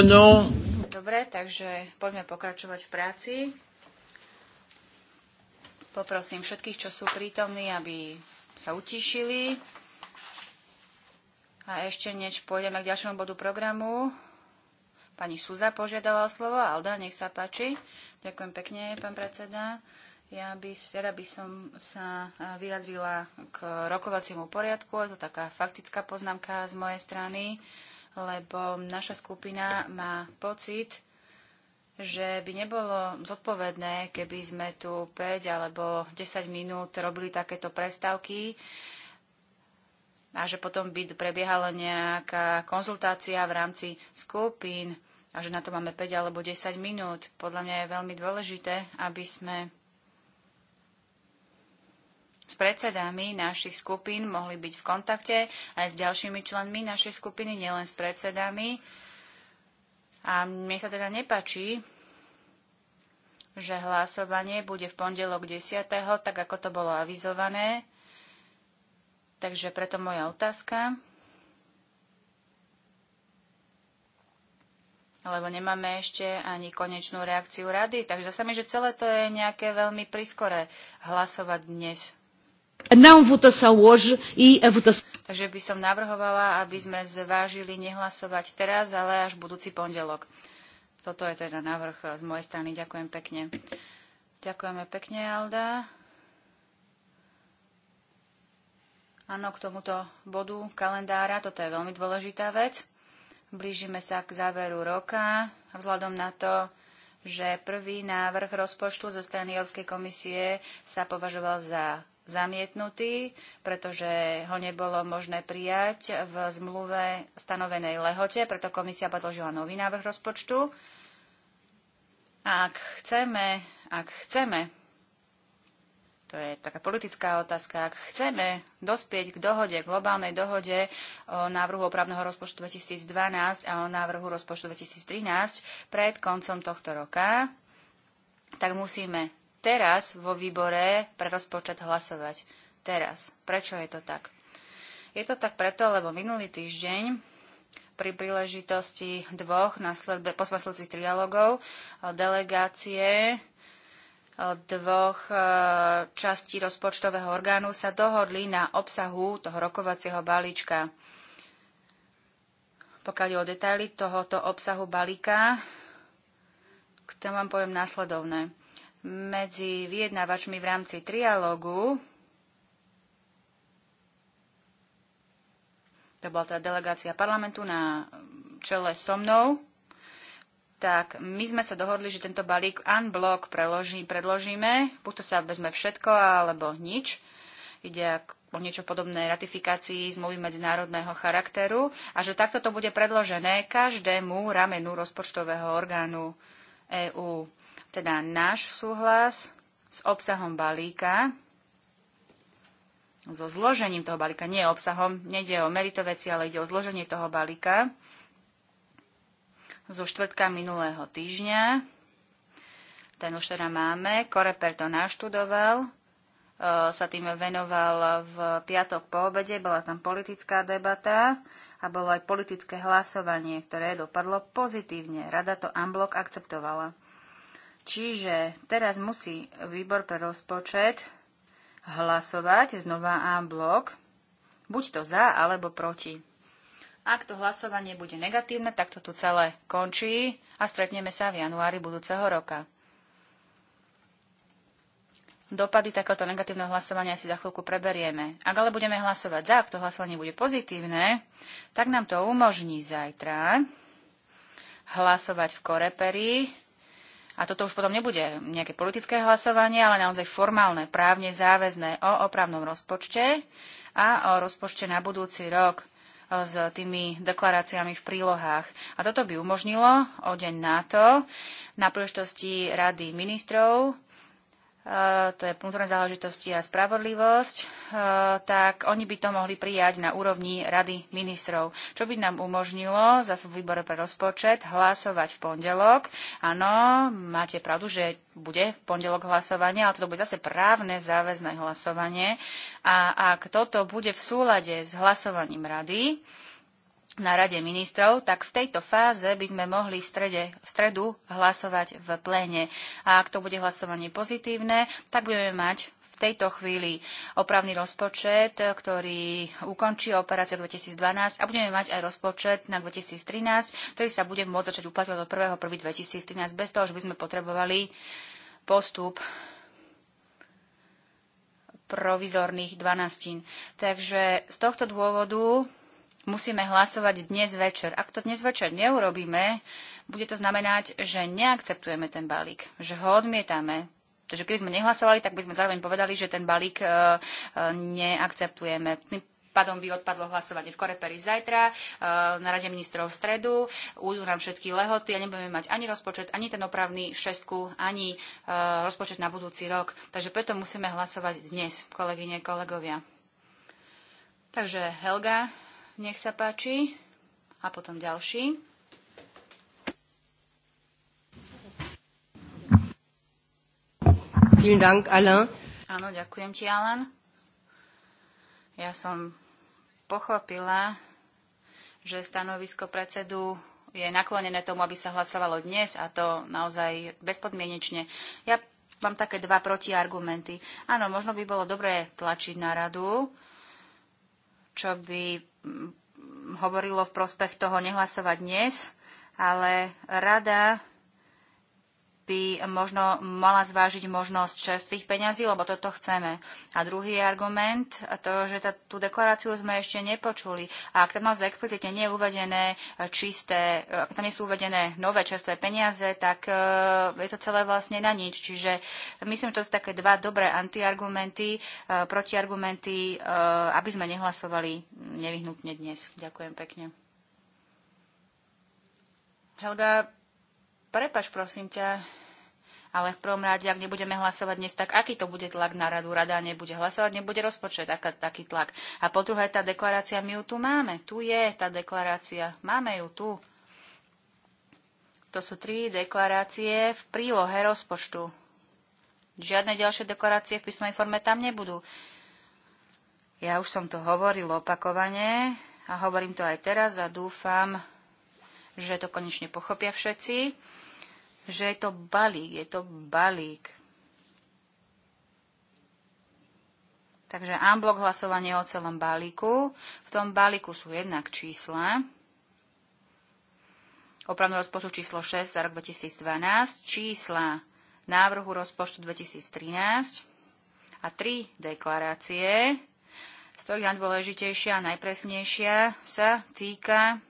[SPEAKER 1] Dobre,
[SPEAKER 2] takže poďme pokračovať v práci. Poprosím všetkých, čo sú prítomní, aby sa utišili. A ešte než pôjdeme k ďalšiemu bodu programu, pani Suza požiadala o slovo. Alda, nech sa páči. Ďakujem pekne, pán predseda. Ja by, teda by som sa vyjadrila k rokovaciemu poriadku. Je to taká faktická poznámka z mojej strany. Uh, lebo naša skupina má pocit, že by nebolo zodpovedné, keby sme tu 5 alebo 10 minút robili takéto prestávky a že potom by prebiehala nejaká konzultácia v rámci skupín a že na to máme 5 alebo 10 minút. Podľa mňa je veľmi dôležité, aby sme s predsedami našich skupín mohli byť v kontakte aj s ďalšími členmi našej skupiny, nielen s predsedami. A mne sa teda nepačí, že hlasovanie bude v pondelok 10., tak ako to bolo avizované. Takže preto moja otázka. lebo nemáme ešte ani konečnú reakciu rady. Takže zase mi, že celé to je nejaké veľmi priskore hlasovať dnes não votação hoje e a votação... Takže by som navrhovala, aby sme zvážili nehlasovať teraz, ale až budúci pondelok. Toto je teda návrh eh, z mojej strany. Ďakujem pekne. Ďakujeme pekne, Alda. Áno, k tomuto bodu kalendára, toto je veľmi dôležitá vec. Blížime sa k záveru roka vzhľadom na to, že prvý návrh rozpočtu zo strany Európskej komisie sa považoval za zamietnutý, pretože ho nebolo možné prijať v zmluve stanovenej lehote, preto komisia predložila nový návrh rozpočtu. A ak chceme, ak chceme, to je taká politická otázka, ak chceme dospieť k dohode, k globálnej dohode o návrhu opravného rozpočtu 2012 a o návrhu rozpočtu 2013 pred koncom tohto roka, tak musíme teraz vo výbore pre rozpočet hlasovať. Teraz. Prečo je to tak? Je to tak preto, lebo minulý týždeň pri príležitosti dvoch nasledbe, posledných trialogov eh, delegácie eh, dvoch eh, častí rozpočtového orgánu sa dohodli na obsahu toho rokovacieho balíčka. Pokiaľ je o detaily tohoto obsahu balíka, k tomu vám poviem následovné medzi vyjednávačmi v rámci trialógu. To bola tá teda delegácia parlamentu na čele so mnou tak my sme sa dohodli, že tento balík unblock preloží, predložíme, buď to sa vezme všetko, alebo nič. Ide o niečo podobné ratifikácii zmluvy medzinárodného charakteru a že takto to bude predložené každému ramenu rozpočtového orgánu EÚ teda náš súhlas s obsahom balíka, so zložením toho balíka, nie obsahom, nejde o merito veci, ale ide o zloženie toho balíka, zo štvrtka minulého týždňa. Ten už teda máme. Koreper to naštudoval, e, sa tým venoval v piatok po obede, bola tam politická debata a bolo aj politické hlasovanie, ktoré dopadlo pozitívne. Rada to Amblok akceptovala. Čiže teraz musí výbor pre rozpočet hlasovať znova a blok, buď to za alebo proti. Ak to hlasovanie bude negatívne, tak to tu celé končí a stretneme sa v januári budúceho roka. Dopady takéhoto negatívneho hlasovania si za chvíľku preberieme. Ak ale budeme hlasovať za, ak to hlasovanie bude pozitívne, tak nám to umožní zajtra hlasovať v Koreperi a toto už potom nebude nejaké politické hlasovanie, ale naozaj formálne, právne záväzné o opravnom rozpočte a o rozpočte na budúci rok e, s tými deklaráciami v prílohách. A toto by umožnilo o deň na to na príležitosti Rady ministrov to je vnútorné záležitosti a spravodlivosť, tak oni by to mohli prijať na úrovni Rady ministrov, čo by nám umožnilo zase v výbore pre rozpočet hlasovať v pondelok. Áno, máte pravdu, že bude v pondelok hlasovanie, ale toto bude zase právne záväzné hlasovanie. A ak toto bude v súlade s hlasovaním Rady, na Rade ministrov, tak v tejto fáze by sme mohli v, strede, v stredu hlasovať v pléne. A ak to bude hlasovanie pozitívne, tak budeme mať tejto chvíli opravný rozpočet, ktorý ukončí operáciu 2012 a budeme mať aj rozpočet na 2013, ktorý sa bude môcť začať uplatňovať od 1.1.2013 bez toho, že by sme potrebovali postup provizorných dvanastín. Takže z tohto dôvodu musíme hlasovať dnes večer. Ak to dnes večer neurobíme, bude to znamenať, že neakceptujeme ten balík, že ho odmietame. Takže keby sme nehlasovali, tak by sme zároveň povedali, že ten balík e, e, neakceptujeme. Pádom by odpadlo hlasovanie v Koreperi zajtra, e, na Rade ministrov v stredu, ujdú nám všetky lehoty a nebudeme mať ani rozpočet, ani ten opravný šestku, ani rozpočet na budúci rok. Takže preto musíme hlasovať dnes, kolegyne, kolegovia. Takže Helga, nech sa páči. A potom ďalší. Vielen Dank, Alain. Áno, ďakujem ti, Alan. Ja som pochopila, že stanovisko predsedu je naklonené tomu, aby sa hlasovalo dnes a to naozaj bezpodmienečne. Ja mám také dva protiargumenty. Áno, možno by bolo dobré tlačiť na radu, čo by mm, hovorilo v prospech toho nehlasovať dnes, ale rada by možno mala zvážiť možnosť čerstvých peňazí, lebo toto chceme. A druhý argument, to, že tá, tú deklaráciu sme ešte nepočuli. A ak tam naozaj explicitne nie je uvedené eh, čisté, eh, ak tam nie sú uvedené nové čerstvé peniaze, tak uh, je to celé vlastne na nič. Čiže myslím, že to sú také dva dobré antiargumenty, uh, protiargumenty, uh, aby sme nehlasovali nevyhnutne dnes. Ďakujem pekne. Helga, Prepač, prosím ťa, ale v prvom rade, ak nebudeme hlasovať dnes, tak aký to bude tlak na radu? Rada nebude hlasovať, nebude rozpočet, aká, taký tlak. A po druhé, tá deklarácia, my ju tu máme. Tu je tá deklarácia. Máme ju tu. To sú tri deklarácie v prílohe rozpočtu. Žiadne ďalšie deklarácie v písmovej forme tam nebudú. Ja už som to hovoril opakovane a hovorím to aj teraz a dúfam, že to konečne pochopia všetci že je to balík, je to balík. Takže unblock hlasovanie o celom balíku. V tom balíku sú jednak čísla. Opravnú rozpočtu číslo 6 za rok 2012, čísla návrhu rozpočtu 2013 a tri deklarácie, z ktorých najdôležitejšia a najpresnejšia sa týka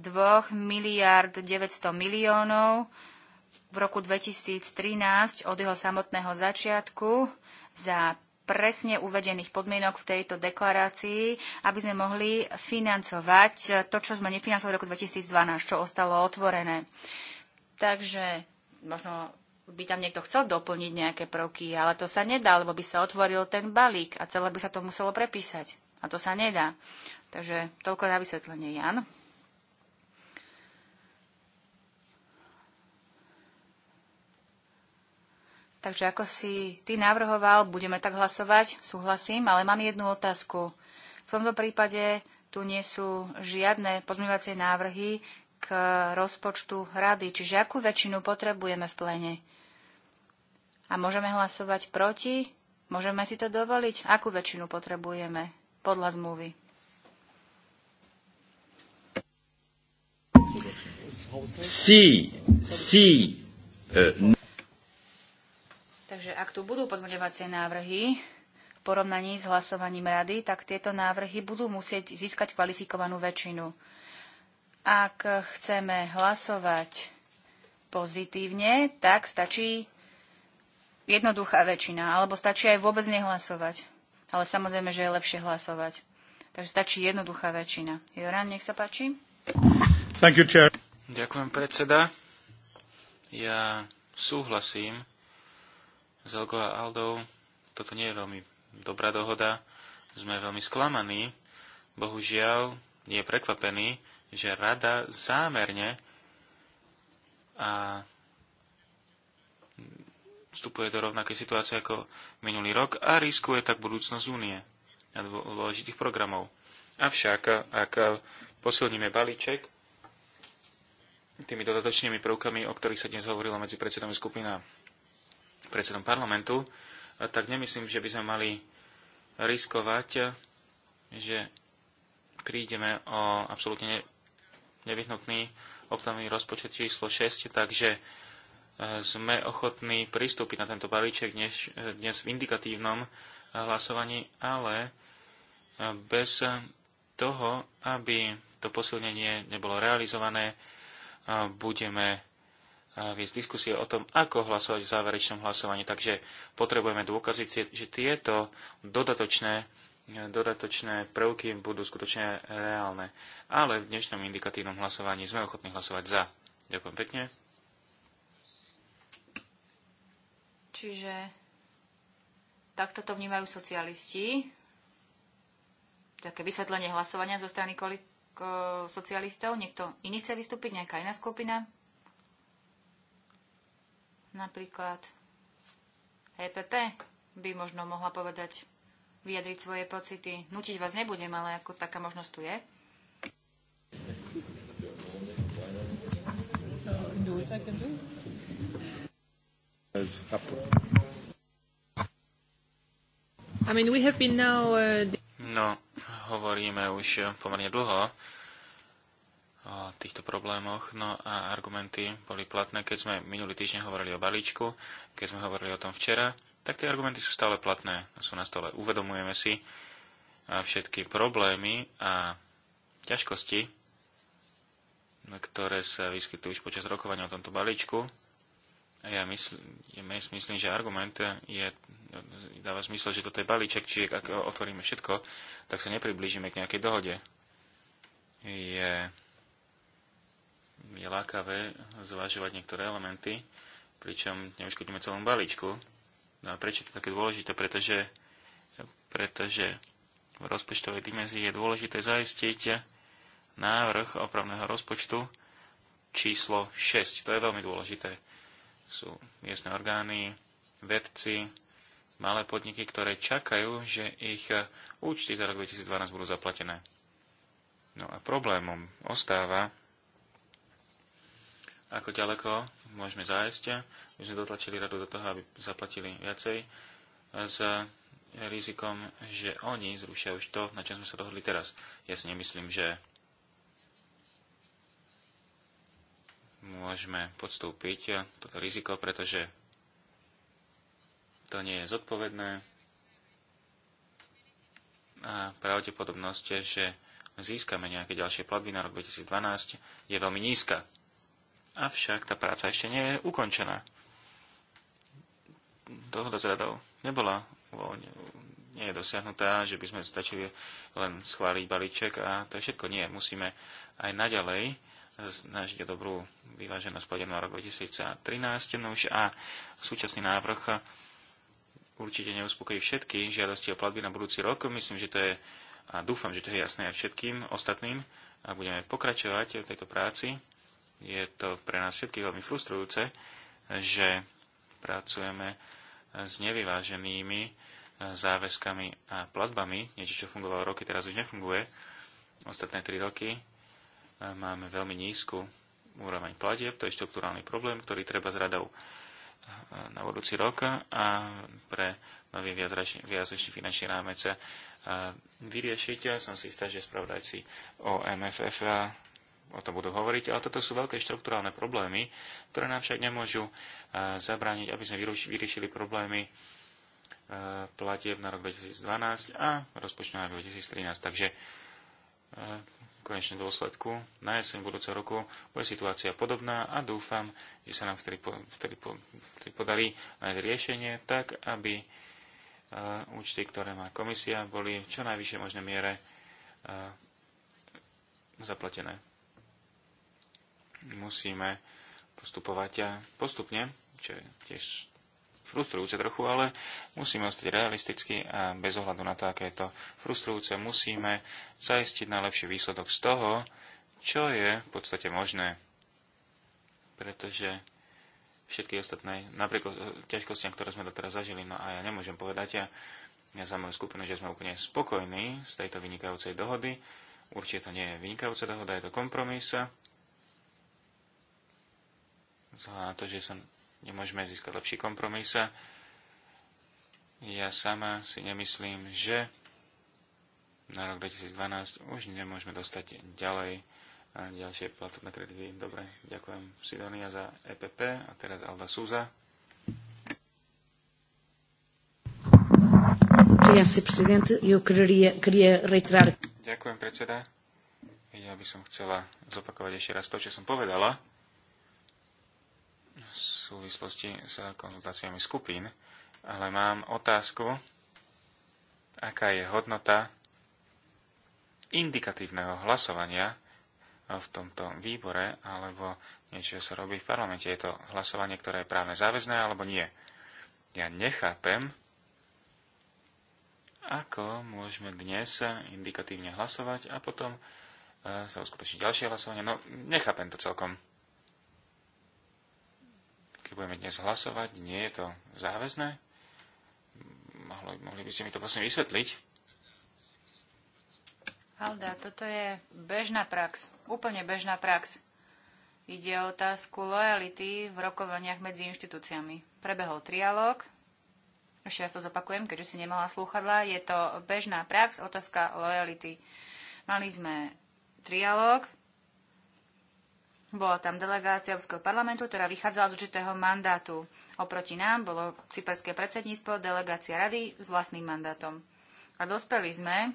[SPEAKER 2] 2 miliard 900 miliónov v roku 2013 od jeho samotného začiatku za presne uvedených podmienok v tejto deklarácii, aby sme mohli financovať to, čo sme nefinancovali v roku 2012, čo ostalo otvorené. Takže možno by tam niekto chcel doplniť nejaké prvky, ale to sa nedá, lebo by sa otvoril ten balík a celé by sa to muselo prepísať. A to sa nedá. Takže toľko na vysvetlenie, Jan. Takže ako si ty navrhoval, budeme tak hlasovať, súhlasím, ale mám jednu otázku. V tomto prípade tu nie sú žiadne pozmývacie návrhy k rozpočtu rady, čiže akú väčšinu potrebujeme v plene? A môžeme hlasovať proti? Môžeme si to dovoliť? Akú väčšinu potrebujeme podľa zmluvy?
[SPEAKER 1] Si, si, uh,
[SPEAKER 2] že ak tu budú pozmeňovacie návrhy v porovnaní s hlasovaním rady, tak tieto návrhy budú musieť získať kvalifikovanú väčšinu. Ak chceme hlasovať pozitívne, tak stačí jednoduchá väčšina, alebo stačí aj vôbec nehlasovať. Ale samozrejme, že je lepšie hlasovať. Takže stačí jednoduchá väčšina. Joran, nech sa páči.
[SPEAKER 4] Thank you, chair. Ďakujem, predseda. Ja súhlasím s Elgo a Aldou. Toto nie je veľmi dobrá dohoda. Sme veľmi sklamaní. Bohužiaľ, je prekvapený, že rada zámerne a vstupuje do rovnakej situácie ako minulý rok a riskuje tak budúcnosť únie a dôležitých programov. Avšak, ak posilníme balíček tými dodatočnými prvkami, o ktorých sa dnes hovorilo medzi predsedami skupina predsedom parlamentu, tak nemyslím, že by sme mali riskovať, že prídeme o absolútne nevyhnutný obnovný rozpočet číslo 6, takže e, sme ochotní pristúpiť na tento balíček dnes, dnes v indikatívnom hlasovaní, ale e, bez toho, aby to posilnenie nebolo realizované, e, budeme viesť diskusie o tom, ako hlasovať v záverečnom hlasovaní. Takže potrebujeme dôkazy, že tieto dodatočné, dodatočné prvky budú skutočne reálne. Ale v dnešnom indikatívnom hlasovaní sme ochotní hlasovať za. Ďakujem pekne.
[SPEAKER 2] Čiže takto to vnímajú socialisti. Také vysvetlenie hlasovania zo strany kolik socialistov. Niekto iný chce vystúpiť? Nejaká iná skupina? Napríklad EPP by možno mohla povedať, vyjadriť svoje pocity. Nutiť vás nebudem, ale ako taká možnosť tu je.
[SPEAKER 3] Uh,
[SPEAKER 4] no, hovoríme už pomerne dlho o týchto problémoch. No a argumenty boli platné, keď sme minulý týždeň hovorili o balíčku, keď sme hovorili o tom včera, tak tie argumenty sú stále platné, sú na stole. Uvedomujeme si všetky problémy a ťažkosti, ktoré sa vyskytujú už počas rokovania o tomto balíčku. A ja, mysl, ja myslím, že argument je, dáva zmysel, že toto je balíček, či ak otvoríme všetko, tak sa nepriblížime k nejakej dohode. Je je lákavé zvažovať niektoré elementy, pričom neuškodíme celom balíčku. No a prečo to také dôležité? Pretože, pretože v rozpočtovej dimenzii je dôležité zaistiť návrh opravného rozpočtu číslo 6. To je veľmi dôležité. Sú miestne orgány, vedci, malé podniky, ktoré čakajú, že ich účty za rok 2012 budú zaplatené. No a problémom ostáva, ako ďaleko môžeme zájsť. my sme dotlačili radu do toho, aby zaplatili viacej s rizikom, že oni zrušia už to, na čom sme sa dohodli teraz. Ja si nemyslím, že môžeme podstúpiť toto riziko, pretože to nie je zodpovedné a pravdepodobnosť, že získame nejaké ďalšie platby na rok 2012, je veľmi nízka. Avšak tá práca ešte nie je ukončená. Dohoda s radou nebola nie je dosiahnutá, že by sme stačili len schváliť balíček a to je všetko. Nie, musíme aj naďalej snažiť o dobrú vyváženosť plodinu rok 2013. už a súčasný návrh určite neuspokojí všetky žiadosti o platby na budúci rok. Myslím, že to je a dúfam, že to je jasné aj všetkým ostatným a budeme pokračovať v tejto práci je to pre nás všetkých veľmi frustrujúce, že pracujeme s nevyváženými eh, záväzkami a platbami. Niečo, čo fungovalo roky, teraz už nefunguje. Ostatné tri roky eh, máme veľmi nízku úroveň platieb. To je štruktúrálny problém, ktorý treba s radou eh, na budúci rok a pre nový viacročný finančný rámec vyriešiť. Som si istá, že spravodajci o MFF o tom budú hovoriť, ale toto sú veľké štruktúrálne problémy, ktoré nám však nemôžu e, zabrániť, aby sme vyriešili problémy e, platieb na rok 2012 a rozpočtu na rok 2013. Takže e, v konečnom dôsledku na jeseň budúceho roku bude situácia podobná a dúfam, že sa nám vtedy, po, vtedy, po, vtedy podarí nájsť riešenie tak, aby účty, ktoré má komisia, boli v čo najvyššej možnej miere zaplatené musíme postupovať eh, postupne, čo je tiež frustrujúce trochu, ale musíme ostať realisticky a bez ohľadu na to, aké je to frustrujúce, musíme zaistiť najlepší výsledok z toho, čo je v podstate možné. Pretože všetky ostatné, napríklad eh, ťažkostiam, ktoré sme doteraz zažili, no a ja nemôžem povedať, ja, ja za moju skupinu, že sme úplne spokojní z tejto vynikajúcej dohody. Určite to nie je vynikajúca dohoda, je to kompromis vzhľadom na to, že sa nemôžeme získať lepší kompromis. Ja sama si nemyslím, že na rok 2012 už nemôžeme dostať ďalej a ďalšie platobné kredity. Dobre, ďakujem Sidonia za EPP a teraz Alda Súza. Ďakujem, predseda. Ja by som chcela zopakovať ešte raz to, čo som povedala súvislosti s konzultáciami skupín, ale mám otázku, aká je hodnota indikatívneho hlasovania v tomto výbore, alebo niečo sa robí v parlamente. Je to hlasovanie, ktoré je právne záväzné, alebo nie. Ja nechápem, ako môžeme dnes indikatívne hlasovať a potom eh, sa uskutoční ďalšie hlasovanie. No, nechápem to celkom keď budeme dnes hlasovať, nie je to záväzné? Mohli, mohli by ste mi to prosím vysvetliť?
[SPEAKER 2] Alda, toto je bežná prax, úplne bežná prax. Ide o otázku lojality v rokovaniach medzi inštitúciami. Prebehol trialog, ešte raz to zopakujem, keďže si nemala slúchadla, je to bežná prax, otázka lojality. Mali sme trialog, bola tam delegácia Európskeho parlamentu, ktorá vychádzala z určitého mandátu. Oproti nám bolo cyperské predsedníctvo, delegácia rady s vlastným mandátom. A dospeli sme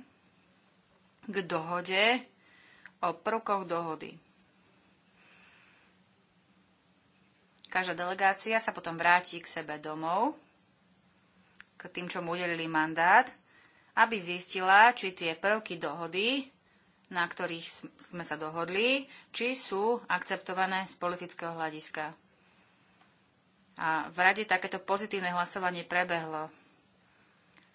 [SPEAKER 2] k dohode o prvkoch dohody. Každá delegácia sa potom vráti k sebe domov, k tým, čo mu udelili mandát, aby zistila, či tie prvky dohody na ktorých sme sa dohodli, či sú akceptované z politického hľadiska. A v rade takéto pozitívne hlasovanie prebehlo.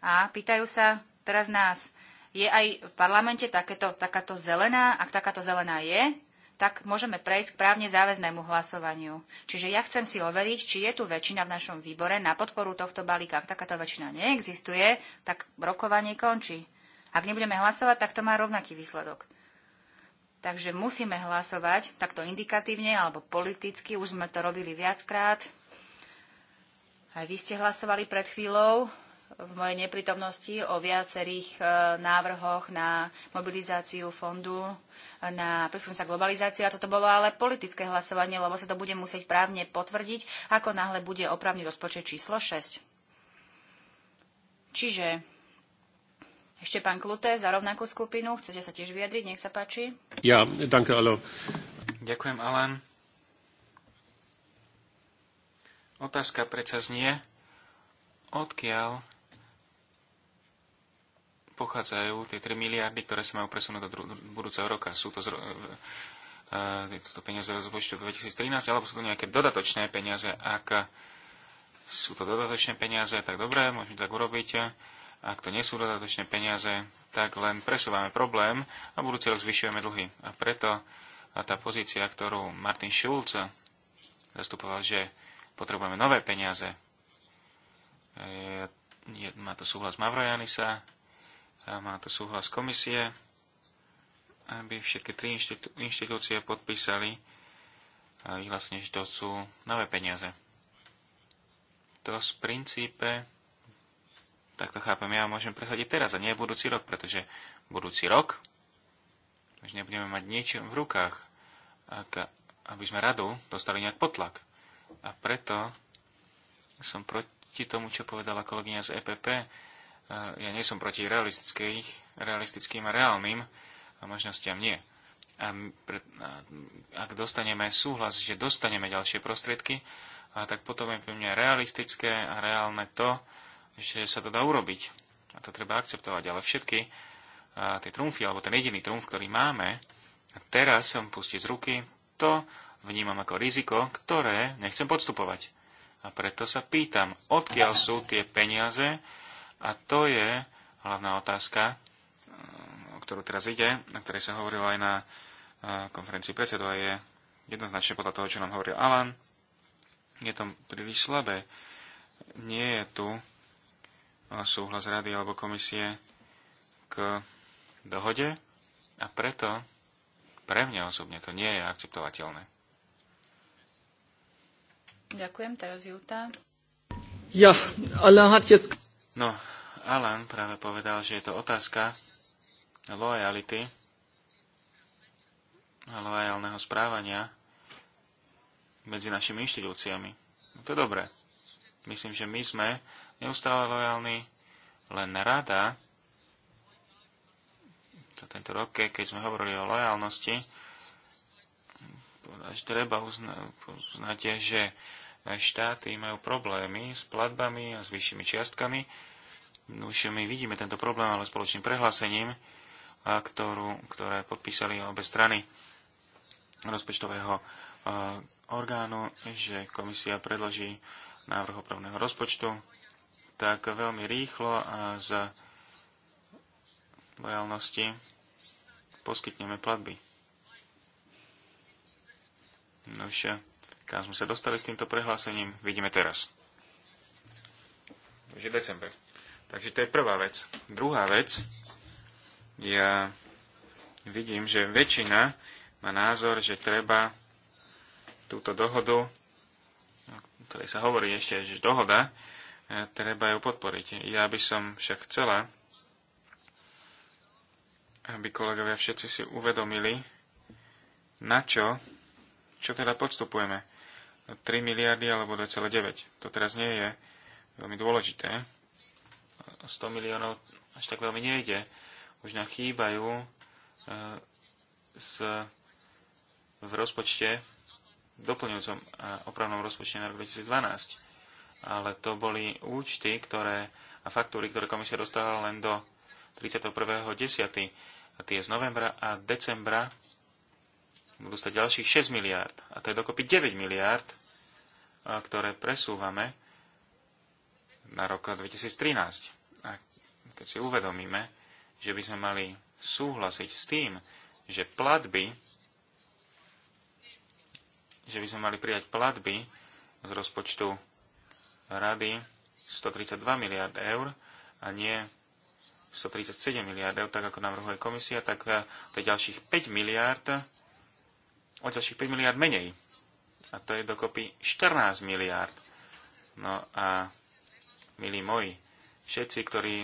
[SPEAKER 2] A pýtajú sa teraz nás, je aj v parlamente takéto, takáto zelená, ak takáto zelená je, tak môžeme prejsť k právne záväznému hlasovaniu. Čiže ja chcem si overiť, či je tu väčšina v našom výbore na podporu tohto balíka. Ak takáto väčšina neexistuje, tak rokovanie končí. Ak nebudeme hlasovať, tak to má rovnaký výsledok. Takže musíme hlasovať takto indikatívne alebo politicky. Už sme to robili viackrát. Aj vy ste hlasovali pred chvíľou v mojej neprítomnosti o viacerých e, návrhoch na mobilizáciu fondu na prichom sa globalizáciu. A toto bolo ale politické hlasovanie, lebo sa to bude musieť právne potvrdiť, ako náhle bude opravný rozpočet číslo 6. Čiže ešte pán Klute za rovnakú skupinu. Chcete sa tiež vyjadriť? Nech sa páči.
[SPEAKER 4] Ja, danke, Alo. Ďakujem, Alan. Otázka predsa znie, odkiaľ pochádzajú tie 3 miliardy, ktoré sa majú presunúť do budúceho roka. Sú to, zro- uh, to peniaze z rozpočtu 2013, alebo sú to nejaké dodatočné peniaze? Ak sú to dodatočné peniaze, tak dobré, môžeme tak urobiť ak to nie sú dodatočné peniaze, tak len presúvame problém a budúci rok zvyšujeme dlhy. A preto a tá pozícia, ktorú Martin Schulz zastupoval, že potrebujeme nové peniaze, je, je, má to súhlas Mavrojanisa, a má to súhlas komisie, aby všetky tri inštitú, inštitúcie podpísali vyhlasne, že to sú nové peniaze. To z princípe tak to chápem ja, môžem presadiť teraz a nie budúci rok, pretože budúci rok už nebudeme mať niečo v rukách, ak, aby sme radu dostali nejak potlak. A preto som proti tomu, čo povedala kolegyňa z EPP. Ja nie som proti realistickým a reálnym a možnostiam nie. A, pre, a ak dostaneme súhlas, že dostaneme ďalšie prostriedky, a tak potom je pre mňa realistické a reálne to, že sa to dá urobiť. A to treba akceptovať. Ale všetky eh, tie trumfy, alebo ten jediný trumf, ktorý máme, a teraz som pustí z ruky, to vnímam ako riziko, ktoré nechcem podstupovať. A preto sa pýtam, odkiaľ sú tie peniaze? A to je hlavná otázka, eh, o ktorú teraz ide, na ktorej sa hovorilo aj na eh, konferencii predsedov a je jednoznačne podľa toho, čo nám hovoril Alan. Je to príliš slabé. Nie je tu súhlas rady alebo komisie k dohode a preto pre mňa osobne to nie je akceptovateľné.
[SPEAKER 2] Ďakujem, teraz Juta.
[SPEAKER 1] Ja, Alan hat jetzt...
[SPEAKER 4] No, Alan práve povedal, že je to otázka lojality a loajálneho správania medzi našimi inštitúciami. No to je dobré. Myslím, že my sme neustále lojálni. Len rada, za tento rok, keď sme hovorili o lojálnosti, až treba uznať, že štáty majú problémy s platbami a s vyššími čiastkami. No už my vidíme tento problém, ale spoločným prehlásením, a ktorú, ktoré podpísali obe strany rozpočtového e, orgánu, že komisia predloží návrh opravného rozpočtu tak veľmi rýchlo a z lojalnosti poskytneme platby. No už, kam sme sa dostali s týmto prehlásením, vidíme teraz. Už je december. Takže to je prvá vec. Druhá vec, ja vidím, že väčšina má názor, že treba túto dohodu, o ktorej sa hovorí ešte, že dohoda treba ju podporiť. Ja by som však chcela, aby kolegovia všetci si uvedomili, na čo, čo teda podstupujeme. 3 miliardy alebo 2,9. To teraz nie je veľmi dôležité. 100 miliónov až tak veľmi nejde. Už nám chýbajú e, z, v rozpočte doplňujúcom a opravnom rozpočte na rok 2012 ale to boli účty, ktoré a faktúry, ktoré komisia dostala len do 31.10. Tie z novembra a decembra budú stať ďalších 6 miliárd. A to je dokopy 9 miliárd, ktoré presúvame na rok 2013. A keď si uvedomíme, že by sme mali súhlasiť s tým, že platby, že by sme mali prijať platby z rozpočtu rady 132 miliard eur a nie 137 miliard eur, tak ako navrhuje komisia, tak eh, to je ďalších 5 miliard, o ďalších 5 miliard menej. A to je dokopy 14 miliard. No a, milí moji, všetci, ktorí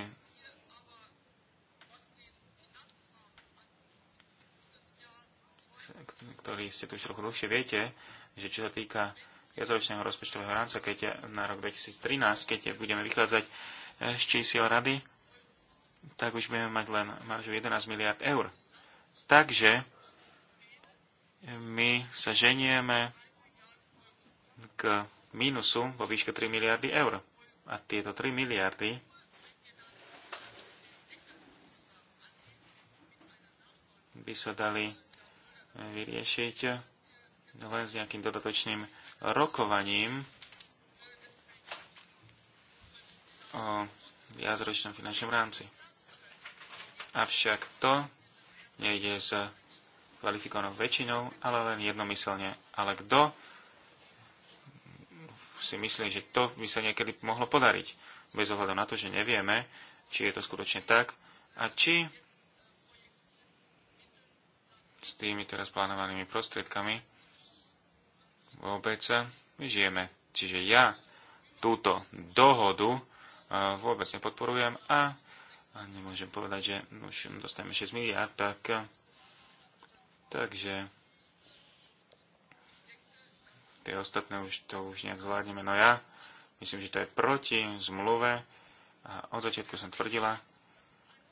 [SPEAKER 4] ktorí ste tu už trochu dlhšie viete, že čo sa týka viacročného rozpočtového rámca, keď je na rok 2013, keď je budeme vychádzať eh, z čísiel rady, tak už budeme mať len maržu 11 miliard eur. Takže eh, my sa ženieme k mínusu vo výške 3 miliardy eur. A tieto 3 miliardy by sa dali eh, vyriešiť len s nejakým dodatočným rokovaním o viacročnom finančnom rámci. Avšak to nejde s kvalifikovanou väčšinou, ale len jednomyselne. Ale kto si myslí, že to by sa niekedy mohlo podariť, bez ohľadu na to, že nevieme, či je to skutočne tak a či s tými teraz plánovanými prostriedkami vôbec eh, žijeme. Čiže ja túto dohodu eh, vôbec nepodporujem a nemôžem povedať, že už dostaneme 6 miliard, tak eh, takže tie ostatné už to už nejak zvládneme. No ja myslím, že to je proti zmluve a od začiatku som tvrdila,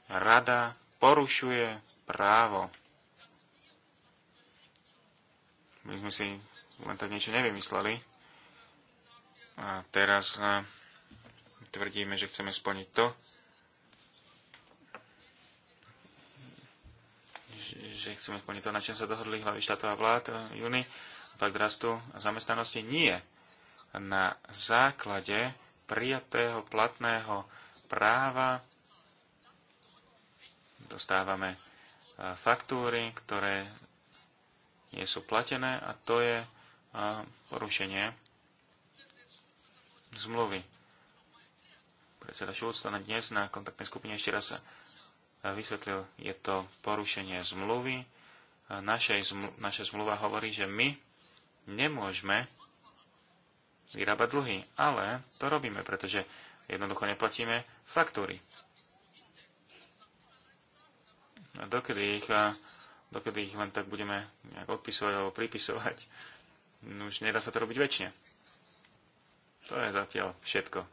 [SPEAKER 4] rada porušuje právo. My sme si len tak niečo nevymysleli. A teraz tvrdíme, že chceme splniť to, že chceme splniť to, na čom sa dohodli hlavy štátov a vlád v júni, tak rastu a zamestnanosti. Nie. Na základe prijatého platného práva dostávame faktúry, ktoré nie sú platené a to je a porušenie zmluvy. Predseda Šulc to dnes na kontaktnej skupine ešte raz vysvetlil, je to porušenie zmluvy. Našej zmlu, naša zmluva hovorí, že my nemôžeme vyrábať dlhy, ale to robíme, pretože jednoducho neplatíme faktúry. A dokedy ich, dokedy ich len tak budeme nejak odpisovať alebo pripisovať, No už nedá sa to robiť väčšine. To je zatiaľ všetko.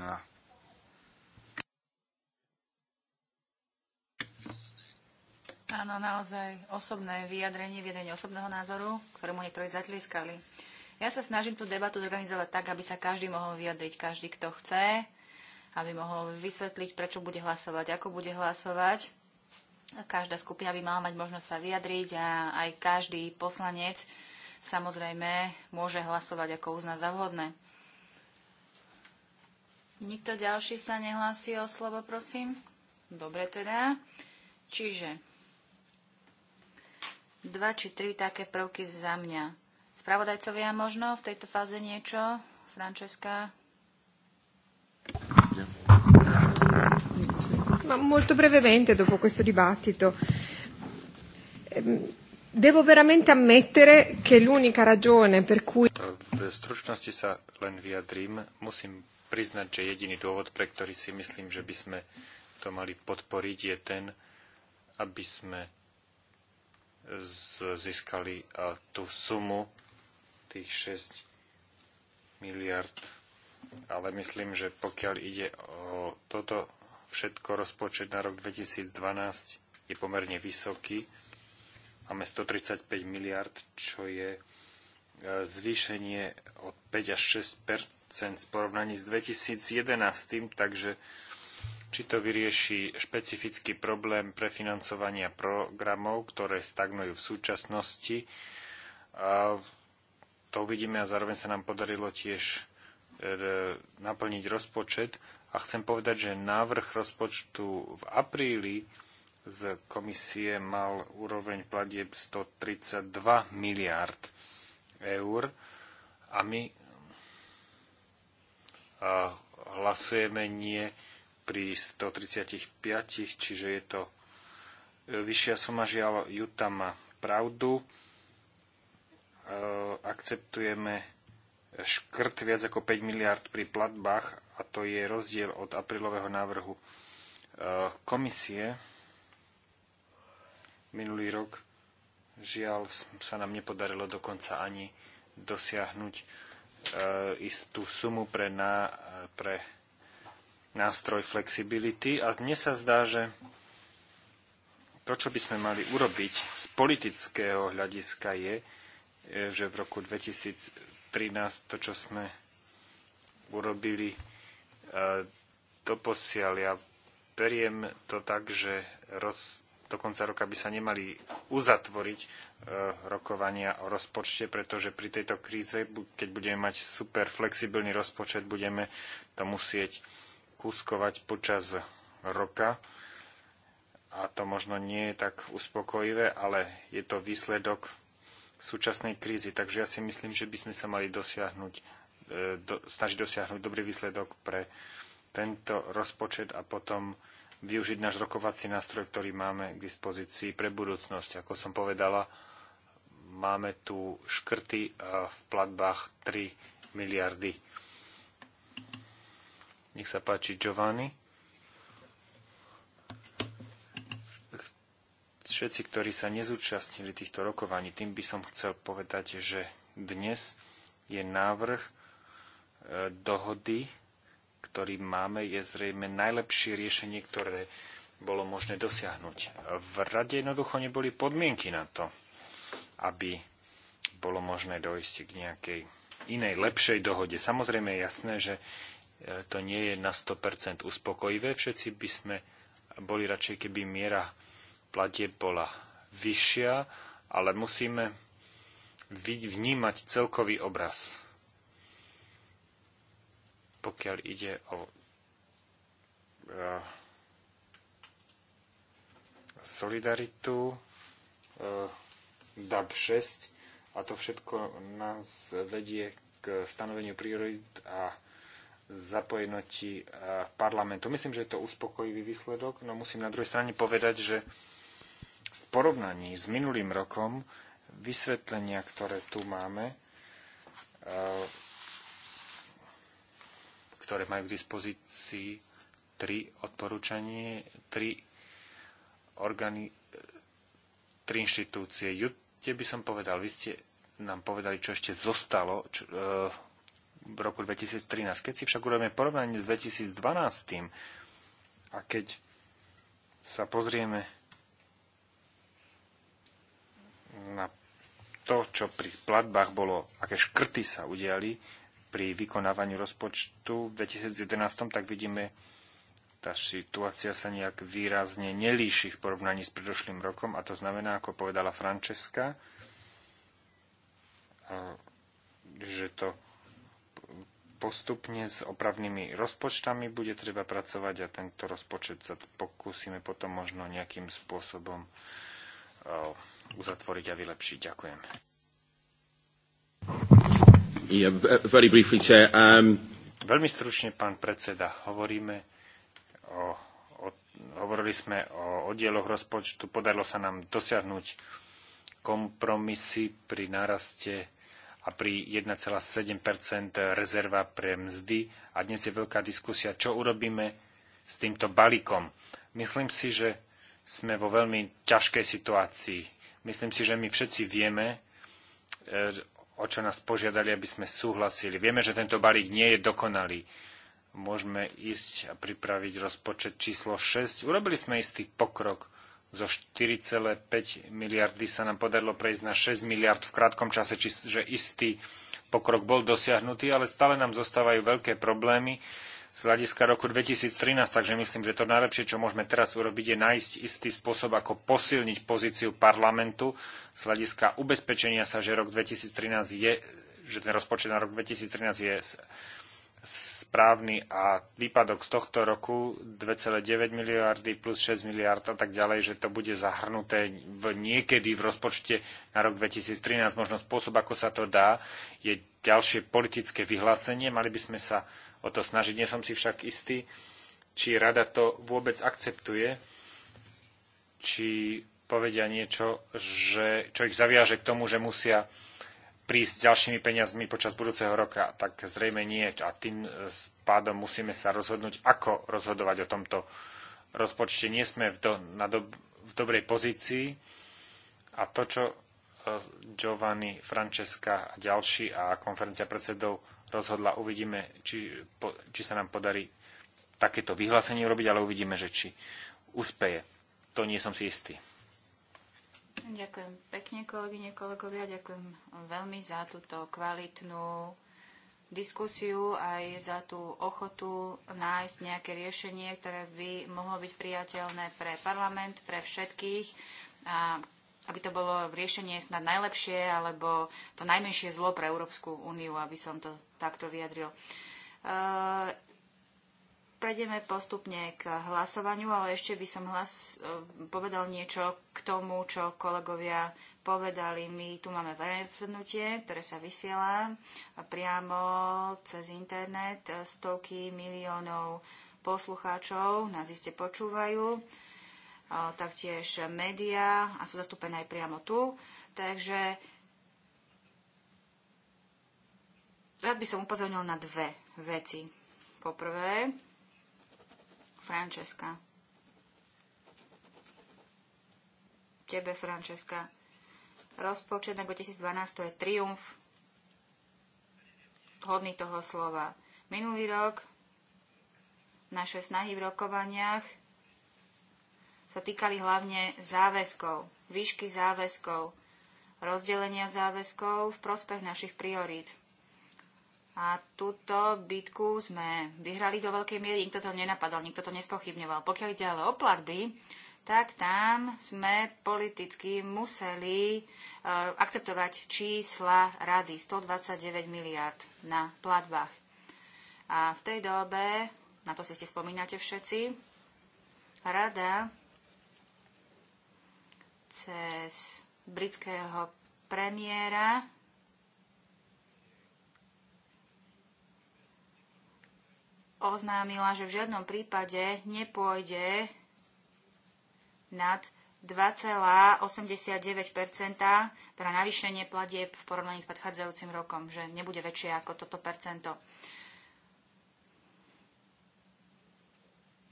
[SPEAKER 4] No.
[SPEAKER 2] Áno, naozaj osobné vyjadrenie, vyjadrenie osobného názoru, ktorému niektorí zatliskali. Ja sa snažím tú debatu zorganizovať tak, aby sa každý mohol vyjadriť, každý, kto chce, aby mohol vysvetliť, prečo bude hlasovať, ako bude hlasovať. Každá skupina by mala mať možnosť sa vyjadriť a aj každý poslanec samozrejme môže hlasovať, ako uzná za vhodné. Nikto ďalší sa nehlási o slovo, prosím? Dobre teda. Čiže dva či tri také prvky za mňa. Spravodajcovia možno v tejto fáze niečo? Francesca? ma molto brevemente dopo questo dibattito. Ehm, devo veramente ammettere che l'unica ragione per cui...
[SPEAKER 3] V stručnosti sa len vyjadrím. Musím priznať, že jediný dôvod, pre ktorý si myslím, že by sme to mali podporiť, je ten, aby sme získali tú sumu tých 6 miliard. Ale myslím, že pokiaľ ide o toto všetko rozpočet na rok 2012 je pomerne vysoký. Máme 135 miliard, čo je e, zvýšenie od 5 až 6 v porovnaní s 2011, takže či to vyrieši špecifický problém prefinancovania programov, ktoré stagnujú v súčasnosti. A to uvidíme a zároveň sa nám podarilo tiež e, naplniť rozpočet a chcem povedať, že návrh rozpočtu v apríli z komisie mal úroveň platieb 132 miliárd eur a my hlasujeme nie pri 135, čiže je to e, vyššia suma, žiaľ, Juta má pravdu. E, akceptujeme škrt viac ako 5 miliard pri platbách a to je rozdiel od aprílového návrhu e, komisie. Minulý rok žiaľ sa nám nepodarilo dokonca ani dosiahnuť e, istú sumu pre, na, pre nástroj flexibility a mne sa zdá, že to, čo by sme mali urobiť z politického hľadiska je, e, že v roku 2013 to, čo sme urobili Doposiaľ ja beriem to tak, že roz, do konca roka by sa nemali uzatvoriť e, rokovania o rozpočte, pretože pri tejto kríze, keď budeme mať super flexibilný rozpočet, budeme to musieť kúskovať počas roka. A to možno nie je tak uspokojivé, ale je to výsledok súčasnej krízy. Takže ja si myslím, že by sme sa mali dosiahnuť E, do, snažiť dosiahnuť dobrý výsledok pre tento rozpočet a potom využiť náš rokovací nástroj, ktorý máme k dispozícii pre budúcnosť. Ako som povedala, máme tu škrty e, v platbách 3 miliardy. Nech sa páči Giovanni. Všetci, ktorí sa nezúčastnili týchto rokovaní, tým by som chcel povedať, že dnes je návrh dohody, ktorý máme, je zrejme najlepšie riešenie, ktoré bolo možné dosiahnuť. V rade jednoducho neboli podmienky na to, aby bolo možné dojsť k nejakej inej, lepšej dohode. Samozrejme je jasné, že e, to nie je na 100% uspokojivé. Všetci by sme boli radšej, keby miera platie bola vyššia, ale musíme vnímať celkový obraz pokiaľ ide o eh, solidaritu, eh, DAB 6 a to všetko nás vedie k stanoveniu priorit a zapojenoti eh, parlamentu. Myslím, že je to uspokojivý výsledok, no musím na druhej strane povedať, že v porovnaní s minulým rokom vysvetlenia, ktoré tu máme, ktoré majú k dispozícii tri odporúčanie, tri orgány, tri inštitúcie. Jute by som povedal, vy ste nám povedali, čo ešte zostalo čo, e, v roku 2013. Keď si však urobíme porovnanie s 2012 a keď sa pozrieme na to, čo pri platbách bolo, aké škrty sa udiali, pri vykonávaniu rozpočtu v 2011, tak vidíme, tá situácia sa nejak výrazne nelíši v porovnaní s predošlým rokom a to znamená, ako povedala Francesca, eh, že to postupne s opravnými rozpočtami bude treba pracovať a tento rozpočet sa pokúsime potom možno nejakým spôsobom eh, uzatvoriť a vylepšiť. Ďakujem. Um, veľmi stručne, pán predseda, hovoríme o, o, hovorili sme o oddieloch rozpočtu, podarilo sa nám dosiahnuť kompromisy pri náraste a pri 1,7 rezerva pre mzdy. A dnes je veľká diskusia, čo urobíme s týmto balíkom. Myslím si, že sme vo veľmi ťažkej situácii. Myslím si, že my všetci vieme, e, o čo nás požiadali, aby sme súhlasili. Vieme, že tento balík nie je dokonalý. Môžeme ísť a pripraviť rozpočet číslo 6. Urobili sme istý pokrok. Zo 4,5 miliardy sa nám podarilo prejsť na 6 miliard v krátkom čase, čiže istý pokrok bol dosiahnutý, ale stále nám zostávajú veľké problémy z hľadiska roku 2013, takže myslím, že to najlepšie, čo môžeme teraz urobiť, je nájsť istý spôsob, ako posilniť pozíciu parlamentu z hľadiska ubezpečenia sa, že rok 2013 je, že ten rozpočet na rok 2013 je správny a výpadok z tohto roku 2,9 miliardy plus 6 miliard a tak ďalej, že to bude zahrnuté v niekedy v rozpočte na rok 2013. Možno spôsob, ako sa to dá, je ďalšie politické vyhlásenie. Mali by sme sa o to snažiť. Nie som si však istý, či rada to vôbec akceptuje, či povedia niečo, že, čo ich zaviaže k tomu, že musia prísť s ďalšími peniazmi počas budúceho roka, tak zrejme nie. A tým e, pádom musíme sa rozhodnúť, ako rozhodovať o tomto rozpočte. Nie sme v, do, na do, v dobrej pozícii a to, čo e, Giovanni, Francesca a ďalší a konferencia predsedov rozhodla. Uvidíme, či, po, či sa nám podarí takéto vyhlásenie urobiť, ale uvidíme, že či úspeje. To nie som si istý.
[SPEAKER 2] Ďakujem pekne, kolegyne, kolegovia. Ďakujem veľmi za túto kvalitnú diskusiu, aj za tú ochotu nájsť nejaké riešenie, ktoré by mohlo byť priateľné pre parlament, pre všetkých a aby to bolo riešenie snad najlepšie alebo to najmenšie zlo pre Európsku úniu, aby som to takto vyjadril. E, prejdeme postupne k hlasovaniu, ale ešte by som hlas, e, povedal niečo k tomu, čo kolegovia povedali. My tu máme verejné ktoré sa vysiela priamo cez internet. Stovky miliónov poslucháčov nás iste počúvajú. Uh, taktiež médiá a sú zastúpené aj priamo tu. Takže rád by som upozornil na dve veci. Poprvé, Francesca. Tebe, Francesca. Rozpočet na 2012 to je triumf hodný toho slova. Minulý rok naše snahy v rokovaniach sa týkali hlavne záväzkov, výšky záväzkov, rozdelenia záväzkov v prospech našich priorít. A túto bitku sme vyhrali do veľkej miery, nikto to nenapadal, nikto to nespochybňoval. Pokiaľ ide ale o platby, tak tam sme politicky museli uh, akceptovať čísla rady 129 miliard na platbách. A v tej dobe, na to si ste spomínate všetci, rada cez britského premiéra. Oznámila, že v žiadnom prípade nepôjde nad 2,89 pre navýšenie platieb v porovnaní s predchádzajúcim rokom, že nebude väčšie ako toto percento.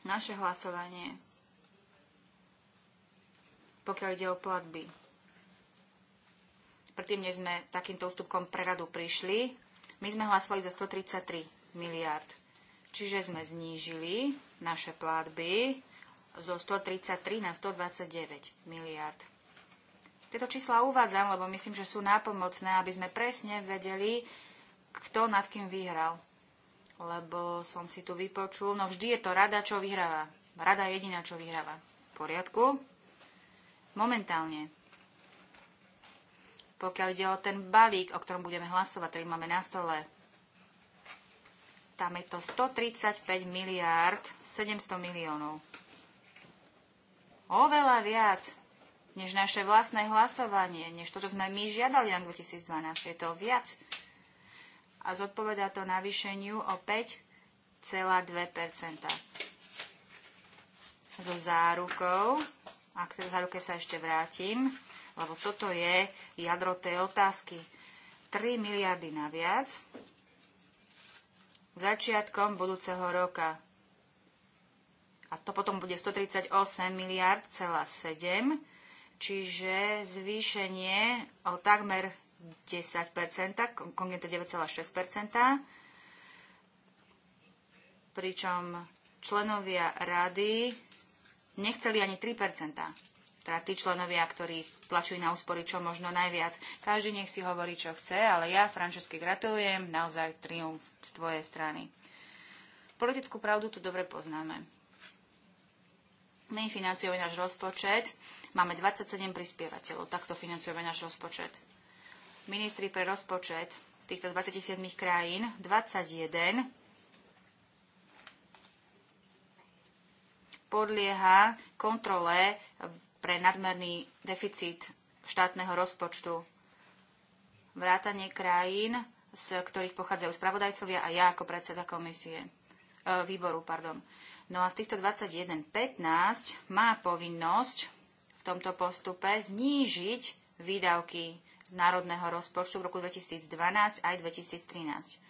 [SPEAKER 2] Naše hlasovanie pokiaľ ide o platby. Predtým, než sme takýmto ústupkom pre radu prišli, my sme hlasovali za 133 miliard. Čiže sme znížili naše platby zo 133 na 129 miliard. Tieto čísla uvádzam, lebo myslím, že sú nápomocné, aby sme presne vedeli, kto nad kým vyhral. Lebo som si tu vypočul, no vždy je to rada, čo vyhráva. Rada jediná, čo vyhráva. V poriadku momentálne. Pokiaľ ide o ten balík, o ktorom budeme hlasovať, ktorý máme na stole, tam je to 135 miliárd 700 miliónov. Oveľa viac než naše vlastné hlasovanie, než to, čo sme my žiadali na 2012. Je to viac. A zodpovedá to navýšeniu o 5,2 so zárukou, a k tej teda záruke sa ešte vrátim, lebo toto je jadro tej otázky. 3 miliardy naviac začiatkom budúceho roka. A to potom bude 138 miliard celá 7, čiže zvýšenie o takmer 10%, konkrétne 9,6%, pričom členovia rady nechceli ani 3 teda tí členovia, ktorí plačujú na úspory čo možno najviac. Každý nech si hovorí, čo chce, ale ja, Frančeske, gratulujem, naozaj triumf z tvojej strany. Politickú pravdu tu dobre poznáme. My financujeme náš rozpočet, máme 27 prispievateľov, takto financujeme náš rozpočet. Ministri pre rozpočet z týchto 27 krajín, 21 podlieha kontrole pre nadmerný deficit štátneho rozpočtu. Vrátanie krajín, z ktorých pochádzajú spravodajcovia a ja ako predseda komisie, e, výboru. Pardon. No a z týchto 21, 15 má povinnosť v tomto postupe znížiť výdavky z národného rozpočtu v roku 2012 aj 2013.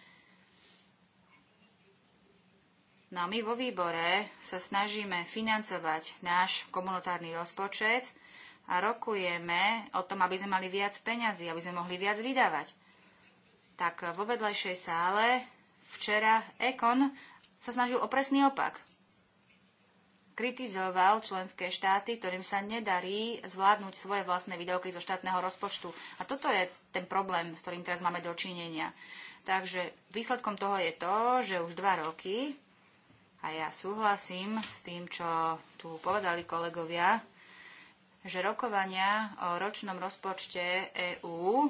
[SPEAKER 2] No my vo výbore sa snažíme financovať náš komunitárny rozpočet a rokujeme o tom, aby sme mali viac peňazí, aby sme mohli viac vydávať. Tak vo vedľajšej sále včera Ekon sa snažil o presný opak kritizoval členské štáty, ktorým sa nedarí zvládnuť svoje vlastné výdavky zo štátneho rozpočtu. A toto je ten problém, s ktorým teraz máme dočinenia. Takže výsledkom toho je to, že už dva roky a ja súhlasím s tým, čo tu povedali kolegovia, že rokovania o ročnom rozpočte EÚ,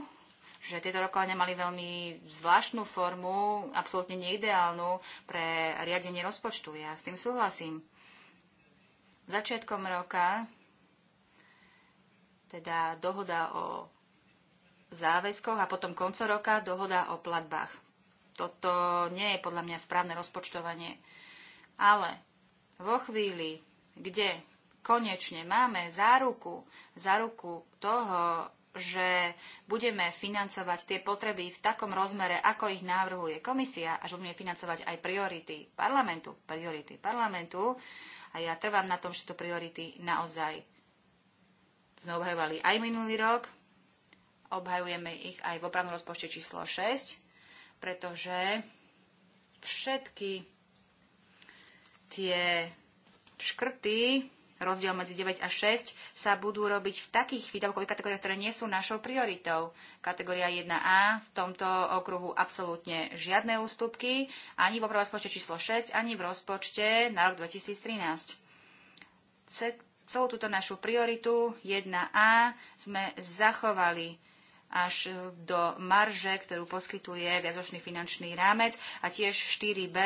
[SPEAKER 2] že tieto rokovania mali veľmi zvláštnu formu, absolútne neideálnu pre riadenie rozpočtu. Ja s tým súhlasím. Začiatkom roka, teda dohoda o záväzkoch a potom koncom roka dohoda o platbách. Toto nie je podľa mňa správne rozpočtovanie. Ale vo chvíli, kde konečne máme záruku, záruku toho, že budeme financovať tie potreby v takom rozmere, ako ich návrhuje komisia a že budeme financovať aj priority parlamentu, priority parlamentu a ja trvám na tom, že to priority naozaj sme obhajovali aj minulý rok, obhajujeme ich aj v opravnom rozpočte číslo 6, pretože všetky tie škrty, rozdiel medzi 9 a 6, sa budú robiť v takých výdavkových kategóriách, ktoré nie sú našou prioritou. Kategória 1a v tomto okruhu absolútne žiadne ústupky, ani v rozpočte číslo 6, ani v rozpočte na rok 2013. Celú túto našu prioritu 1a sme zachovali až e, do marže, ktorú poskytuje viazočný finančný rámec a tiež 4B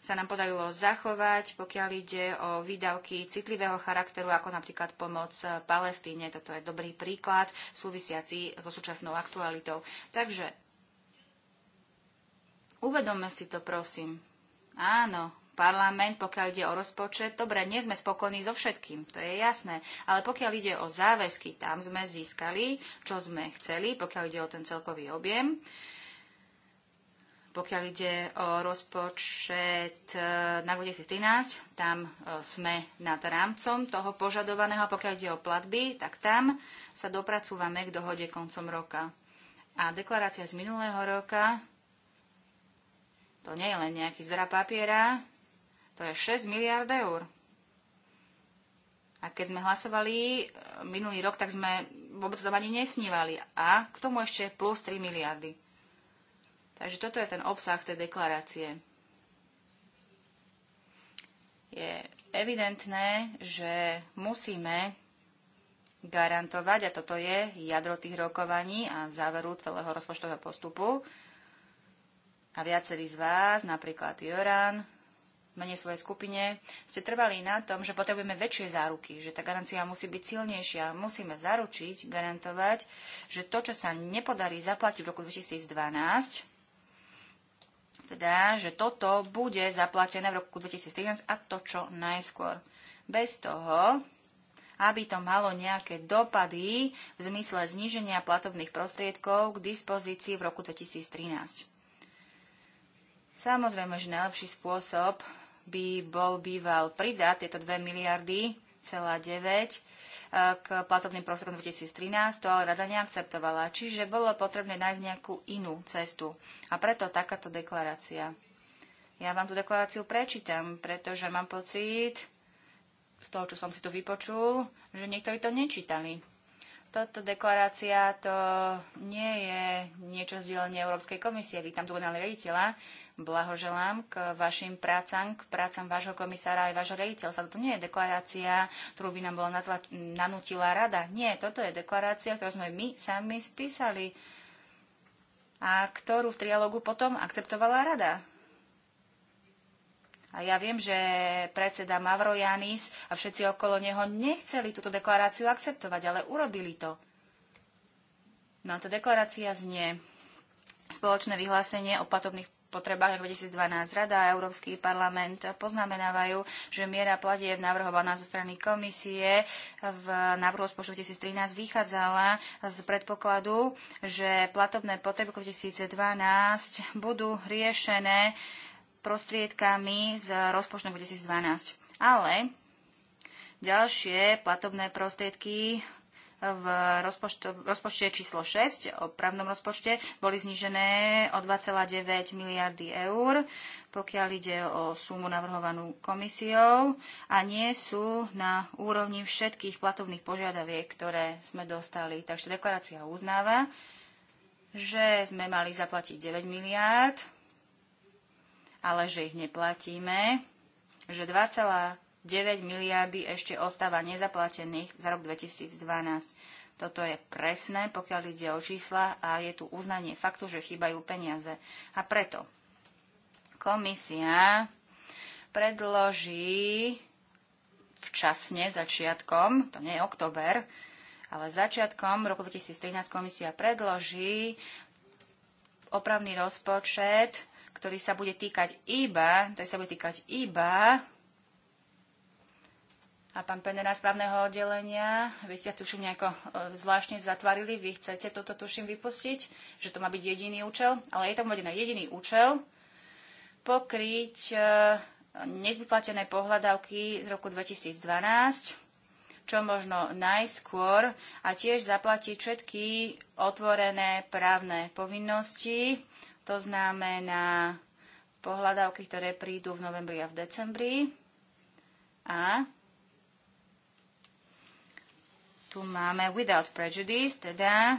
[SPEAKER 2] sa nám podarilo zachovať, pokiaľ ide o výdavky citlivého charakteru, ako napríklad pomoc e, Palestíne. Toto je dobrý príklad súvisiaci so súčasnou aktualitou. Takže uvedome si to, prosím. Áno, parlament, pokiaľ ide o rozpočet, dobre, nie sme spokojní so všetkým, to je jasné. Ale pokiaľ ide o záväzky, tam sme získali, čo sme chceli, pokiaľ ide o ten celkový objem. Pokiaľ ide o rozpočet e, na 2013, tam e, sme nad rámcom toho požadovaného. Pokiaľ ide o platby, tak tam sa dopracúvame k dohode koncom roka. A deklarácia z minulého roka, to nie je len nejaký zdra papiera, to je 6 miliard eur. A keď sme hlasovali eh, minulý rok, tak sme vôbec to ani nesnívali. A k tomu ešte plus 3 miliardy. Takže toto je ten obsah tej deklarácie. Je evidentné, že musíme garantovať, a toto je jadro tých rokovaní a záveru celého rozpočtového postupu, a viacerí z vás, napríklad Joran, mene svojej skupine ste trvali na tom, že potrebujeme väčšie záruky, že tá garancia musí byť silnejšia. Musíme zaručiť, garantovať, že to, čo sa nepodarí zaplatiť v roku 2012, teda, že toto bude zaplatené v roku 2013 a to čo najskôr. Bez toho, aby to malo nejaké dopady v zmysle zníženia platobných prostriedkov k dispozícii v roku 2013. Samozrejme, že najlepší spôsob by bol býval pridať tieto 2 miliardy celá 9 e, k platobným prostriedkom 2013, to ale rada neakceptovala. Čiže bolo potrebné nájsť nejakú inú cestu. A preto takáto deklarácia. Ja vám tú deklaráciu prečítam, pretože mám pocit, z toho, čo som si tu vypočul, že niektorí to nečítali. Toto deklarácia to nie je niečo z dielne Európskej komisie. Vítam tu generálne rediteľa. Blahoželám k vašim prácam, k prácam vášho komisára aj vášho sa. To nie je deklarácia, ktorú by nám bola nanútila rada. Nie, toto je deklarácia, ktorú sme my sami spísali a ktorú v trialógu potom akceptovala rada. A ja viem, že predseda Mavrojanis a všetci okolo neho nechceli túto deklaráciu akceptovať, ale urobili to. No a tá deklarácia znie spoločné vyhlásenie o platobných potrebách 2012 Rada a Európsky parlament poznamenávajú, že miera platieb navrhovaná zo strany komisie v návrhu rozpočtu 2013 vychádzala z predpokladu, že platobné potreby 2012 budú riešené prostriedkami z rozpočtu 2012. Ale ďalšie platobné prostriedky v rozpočte, rozpočte číslo 6, o právnom rozpočte, boli znížené o 2,9 miliardy eur, pokiaľ ide o sumu navrhovanú komisiou a nie sú na úrovni všetkých platovných požiadaviek, ktoré sme dostali. Takže deklarácia uznáva, že sme mali zaplatiť 9 miliárd ale že ich neplatíme, že 2,9 miliardy ešte ostáva nezaplatených za rok 2012. Toto je presné, pokiaľ ide o čísla a je tu uznanie faktu, že chýbajú peniaze. A preto komisia predloží včasne, začiatkom, to nie je október, ale začiatkom roku 2013 komisia predloží opravný rozpočet ktorý sa bude týkať iba, ktorý sa bude týkať iba a pán Penera správneho oddelenia, vy ste tuším nejako e, zvláštne zatvarili, vy chcete toto tuším vypustiť, že to má byť jediný účel, ale je tam uvedené jediný účel, pokryť e, nevyplatené pohľadavky z roku 2012, čo možno najskôr a tiež zaplatiť všetky otvorené právne povinnosti, to znamená pohľadávky, ktoré prídu v novembri a v decembri. A tu máme without prejudice, teda e,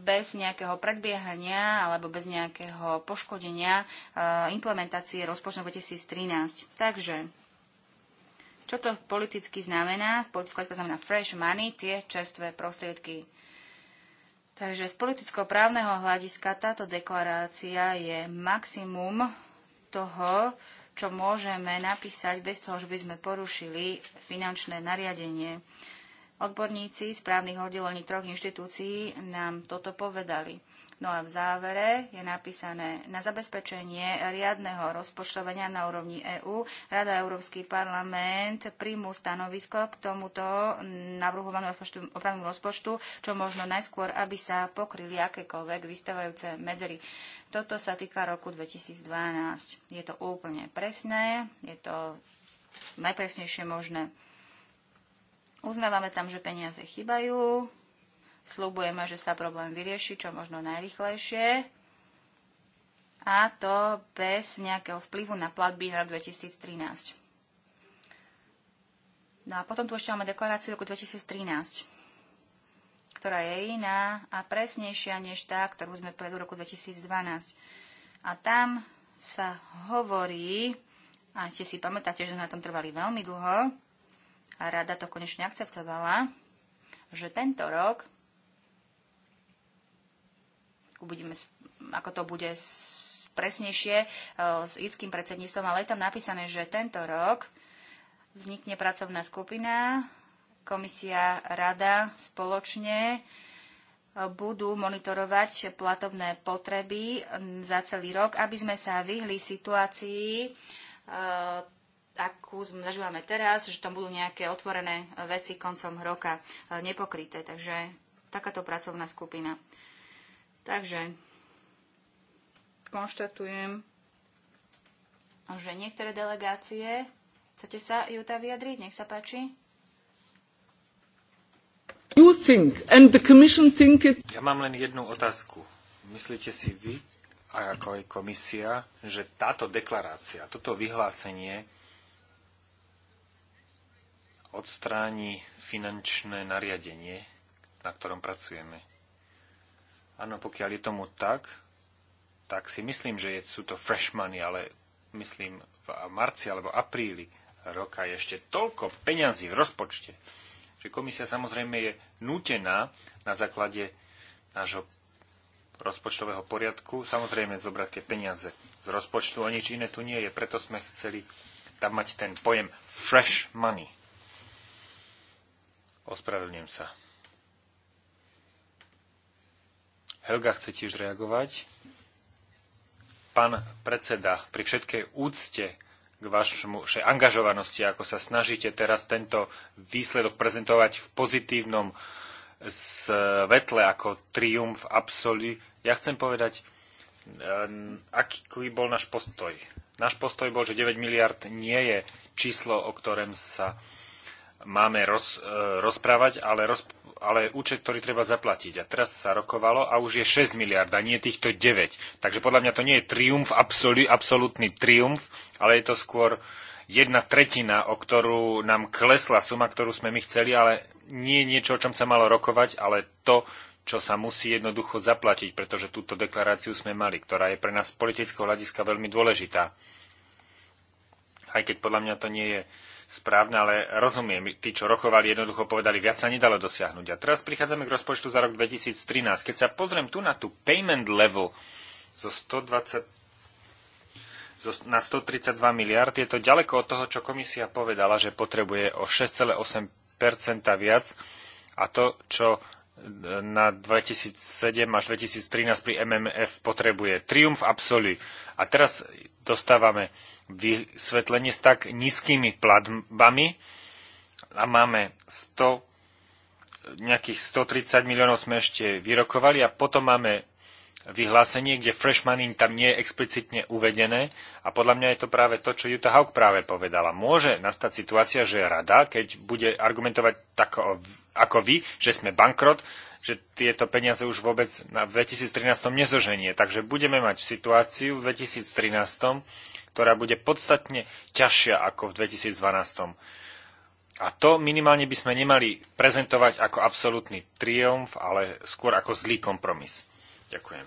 [SPEAKER 2] bez nejakého predbiehania alebo bez nejakého poškodenia e, implementácie rozpočtu 2013. Takže, čo to politicky znamená? Z politického znamená fresh money, tie čerstvé prostriedky. Takže z politicko-právneho hľadiska táto deklarácia je maximum toho, čo môžeme napísať bez toho, že by sme porušili finančné nariadenie. Odborníci z právnych oddelení troch inštitúcií nám toto povedali. No a v závere je napísané na zabezpečenie riadneho rozpočtovania na úrovni EÚ. Rada Európsky parlament príjmu stanovisko k tomuto navrhovanú opravnú rozpočtu, čo možno najskôr, aby sa pokryli akékoľvek vystávajúce medzery. Toto sa týka roku 2012. Je to úplne presné, je to najpresnejšie možné. Uznávame tam, že peniaze chýbajú, Sľubujeme, že sa problém vyrieši čo možno najrychlejšie a to bez nejakého vplyvu na platby na rok 2013. No a potom tu ešte máme deklaráciu roku 2013, ktorá je iná a presnejšia než tá, ktorú sme povedali v roku 2012. A tam sa hovorí, a ste si pamätáte, že sme na tom trvali veľmi dlho, a rada to konečne akceptovala, že tento rok budeme, ako to bude presnejšie e, s írským predsedníctvom, ale je tam napísané, že tento rok vznikne pracovná skupina, komisia, rada spoločne e, budú monitorovať platobné potreby za celý rok, aby sme sa vyhli situácii, e, akú zažívame teraz, že tam budú nejaké otvorené veci koncom roka nepokryté. Takže takáto pracovná skupina. Takže konštatujem, že niektoré delegácie, chcete sa, Juta, vyjadriť? Nech sa páči.
[SPEAKER 1] You think, and the commission think it...
[SPEAKER 3] Ja mám len jednu otázku. Myslíte si vy, a ako aj komisia, že táto deklarácia, toto vyhlásenie odstráni finančné nariadenie, na ktorom pracujeme? Áno, pokiaľ je tomu tak, tak si myslím, že je, sú to freshmany, ale myslím v marci alebo apríli roka je ešte toľko peňazí v rozpočte, že komisia samozrejme je nútená na základe nášho rozpočtového poriadku samozrejme zobrať tie peniaze z rozpočtu a nič iné tu nie je. Preto sme chceli tam mať ten pojem fresh money. Ospravedlňujem sa. Helga chce tiež reagovať. Pán predseda, pri všetkej úcte k vašej angažovanosti, ako sa snažíte teraz tento výsledok prezentovať v pozitívnom svetle ako triumf absolí. ja chcem povedať, eh, aký bol náš postoj. Náš postoj bol, že 9 miliard nie je číslo, o ktorom sa máme roz, eh, rozprávať, ale roz, ale účet, ktorý treba zaplatiť. A teraz sa rokovalo a už je 6 miliard a nie týchto 9. Takže podľa mňa to nie je triumf, absolú, absolútny triumf, ale je to skôr jedna tretina, o ktorú nám klesla suma, ktorú sme my chceli, ale nie niečo, o čom sa malo rokovať, ale to, čo sa musí jednoducho zaplatiť, pretože túto deklaráciu sme mali, ktorá je pre nás z politického hľadiska veľmi dôležitá. Aj keď podľa mňa to nie je správne, ale rozumiem, tí, čo rokovali, jednoducho povedali, viac sa nedalo dosiahnuť. A teraz prichádzame k rozpočtu za rok 2013. Keď sa pozriem tu na tú payment level zo 120 zo, na 132 miliard, je to ďaleko od toho, čo komisia povedala, že potrebuje o 6,8% viac a to, čo na 2007 až 2013 pri MMF potrebuje. Triumf absolu. A teraz dostávame vysvetlenie s tak nízkymi platbami a máme 100, nejakých 130 miliónov sme ešte vyrokovali a potom máme vyhlásenie, kde fresh money tam nie je explicitne uvedené a podľa mňa je to práve to, čo Jutta Hawk práve povedala. Môže nastať situácia, že rada, keď bude argumentovať tak ako vy, že sme bankrot, že tieto peniaze už vôbec na 2013 nezoženie. Takže budeme mať situáciu v 2013, ktorá bude podstatne ťažšia ako v 2012. A to minimálne by sme nemali prezentovať ako absolútny triumf, ale skôr ako zlý kompromis. Ďakujem.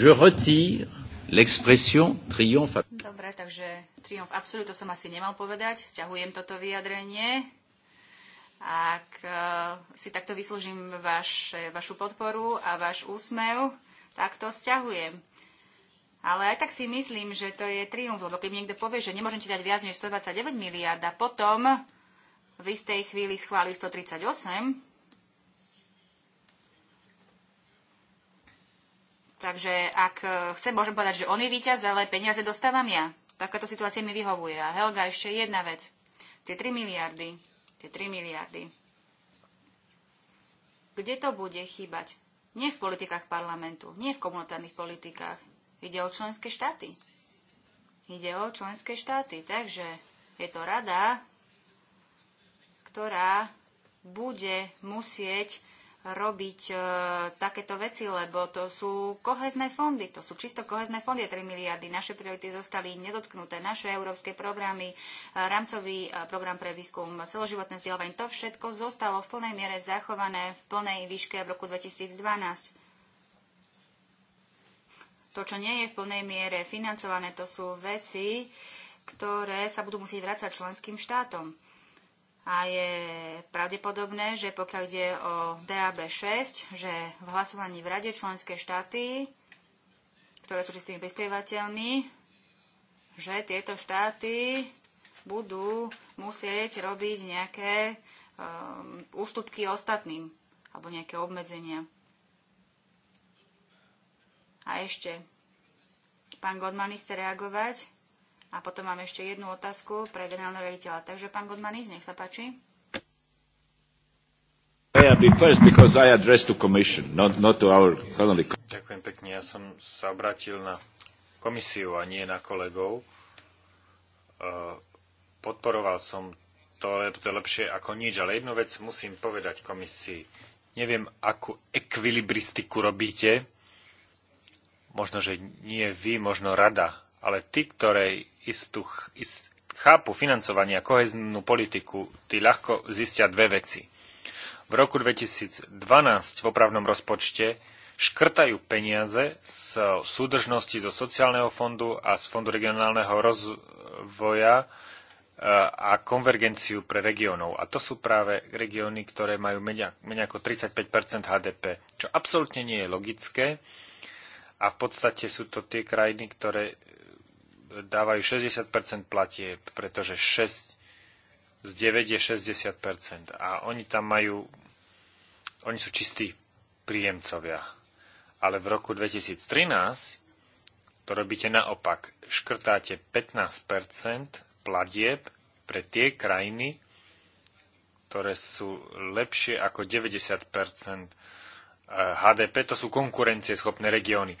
[SPEAKER 1] Je retire l'expression triomphe.
[SPEAKER 2] Dobre, takže triumf absolút, to som asi nemal povedať. Sťahujem toto vyjadrenie. Ak uh, si takto vyslúžim vaš, vašu podporu a váš úsmev, tak to sťahujem. Ale aj tak si myslím, že to je triumf, lebo keď niekto povie, že nemôžem ti dať viac než 129 miliard a potom v istej chvíli schváli 138, Takže ak e, chcem, môžem povedať, že on je víťaz, ale peniaze dostávam ja. Takáto situácia mi vyhovuje. A Helga, ešte jedna vec. Tie 3 miliardy. Tie 3 miliardy. Kde to bude chýbať? Nie v politikách parlamentu, nie v komunitárnych politikách. Ide o členské štáty. Ide o členské štáty. Takže je to rada, ktorá bude musieť robiť e, takéto veci, lebo to sú kohezné fondy, to sú čisto kohezné fondy, 3 miliardy. Naše priority zostali nedotknuté, naše európske programy, e, rámcový e, program pre výskum, celoživotné vzdelávanie, to všetko zostalo v plnej miere zachované v plnej výške v roku 2012. To, čo nie je v plnej miere financované, to sú veci, ktoré sa budú musieť vrácať členským štátom a je pravdepodobné, že pokiaľ ide o DAB 6, že v hlasovaní v Rade členské štáty, ktoré sú čistými prispievateľmi, že tieto štáty budú musieť robiť nejaké um, ústupky ostatným alebo nejaké obmedzenia. A ešte, pán Godman, chce reagovať? A potom mám ešte jednu otázku pre generálneho rediteľa. Takže pán Godmanis, nech sa páči.
[SPEAKER 3] Ďakujem pekne, ja som sa obratil na komisiu a nie na kolegov. E, podporoval som to, to lepšie ako nič, ale jednu vec musím povedať komisii. Neviem, akú ekvilibristiku robíte. Možno, že nie vy, možno rada ale tí, ktoré istú, ist, chápu financovanie a koheznú politiku, tí ľahko zistia dve veci. V roku 2012 v opravnom rozpočte škrtajú peniaze z súdržnosti zo sociálneho fondu a z fondu regionálneho rozvoja e, a konvergenciu pre regiónov. A to sú práve regióny, ktoré majú menej, menej ako 35 HDP, čo absolútne nie je logické. A v podstate sú to tie krajiny, ktoré dávajú 60% platieb, pretože 6 z 9 je 60%. A oni tam majú, oni sú čistí príjemcovia. Ale v roku 2013 to robíte naopak. Škrtáte 15% platieb pre tie krajiny, ktoré sú lepšie ako 90 eh, HDP, to sú konkurencieschopné regióny.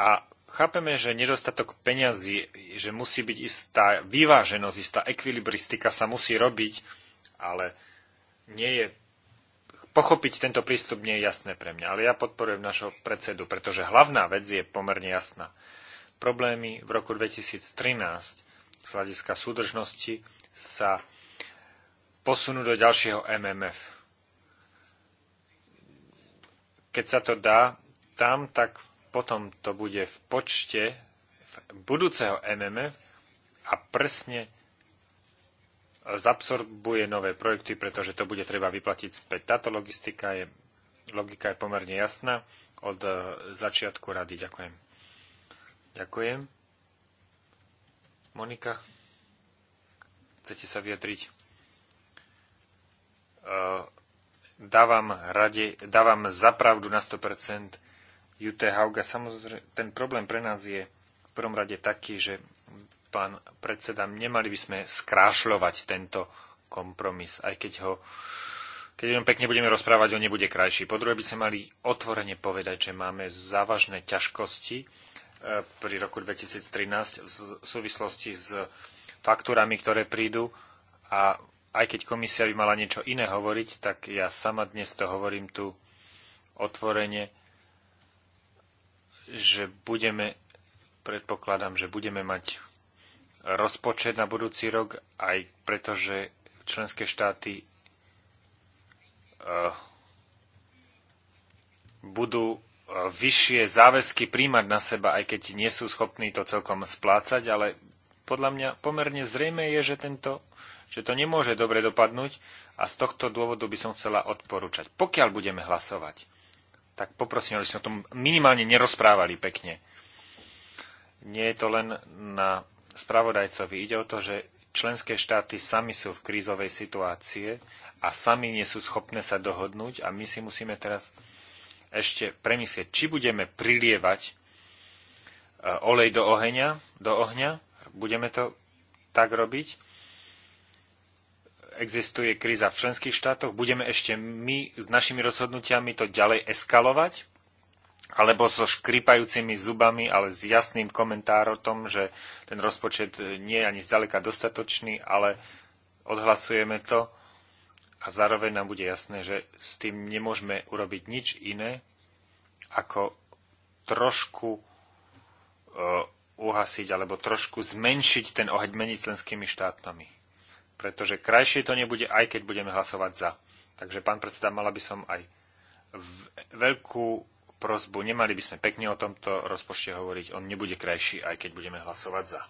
[SPEAKER 3] A Chápeme, že nedostatok peňazí, že musí byť istá vyváženosť, istá ekvilibristika sa musí robiť, ale nie je pochopiť tento prístup nie je jasné pre mňa, ale ja podporujem našho predsedu, pretože hlavná vec je pomerne jasná. Problémy v roku 2013 z hľadiska súdržnosti sa posunú do ďalšieho MMF. Keď sa to dá tam, tak potom to bude v počte budúceho MMF a presne zabsorbuje nové projekty, pretože to bude treba vyplatiť späť. Táto logistika je, logika je pomerne jasná od eh, začiatku rady. Ďakujem. Ďakujem. Monika, chcete sa vyjadriť? Eh, dávam, rade, dávam zapravdu na 100%. Jute Hauga. Samozrejme, ten problém pre nás je v prvom rade taký, že pán predseda, nemali by sme skrášľovať tento kompromis, aj keď ho keď o pekne budeme rozprávať, on nebude krajší. Po druhé by sme mali otvorene povedať, že máme závažné ťažkosti e, pri roku 2013 v súvislosti s faktúrami, ktoré prídu a aj keď komisia by mala niečo iné hovoriť, tak ja sama dnes to hovorím tu otvorene že budeme, predpokladám, že budeme mať rozpočet na budúci rok, aj pretože členské štáty eh, budú eh, vyššie záväzky príjmať na seba, aj keď nie sú schopní to celkom splácať, ale podľa mňa pomerne zrejme je, že, tento, že to nemôže dobre dopadnúť a z tohto dôvodu by som chcela odporúčať, pokiaľ budeme hlasovať, tak poprosím, aby sme o tom minimálne nerozprávali pekne. Nie je to len na spravodajcovi. Ide o to, že členské štáty sami sú v krízovej situácie a sami nie sú schopné sa dohodnúť a my si musíme teraz ešte premyslieť, či budeme prilievať e, olej do ohňa, do ohňa, budeme to tak robiť, existuje kríza v členských štátoch, budeme ešte my s našimi rozhodnutiami to ďalej eskalovať? Alebo so škripajúcimi zubami, ale s jasným komentárom o tom, že ten rozpočet e, nie je ani zďaleka dostatočný, ale odhlasujeme to a zároveň nám bude jasné, že s tým nemôžeme urobiť nič iné, ako trošku e, uhasiť alebo trošku zmenšiť ten oheň medzi členskými štátnami pretože krajšie to nebude, aj keď budeme hlasovať za. Takže, pán predseda, mala by som aj veľkú prozbu. Nemali by sme pekne o tomto rozpočte hovoriť. On nebude krajší, aj keď budeme hlasovať za.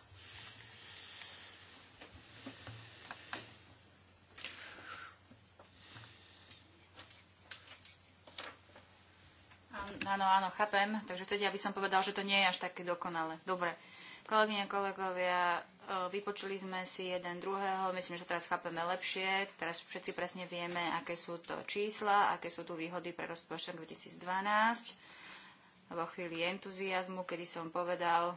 [SPEAKER 2] Áno, áno, chápem. Takže chcete, aby som povedal, že to nie je až také dokonalé. Dobre. Kolegyne, kolegovia, Eh, vypočuli sme si jeden druhého, myslím, že teraz chápeme lepšie, teraz všetci presne vieme, aké sú to čísla, aké sú tu výhody pre rozpočet 2012. Vo chvíli entuziasmu, kedy som povedal,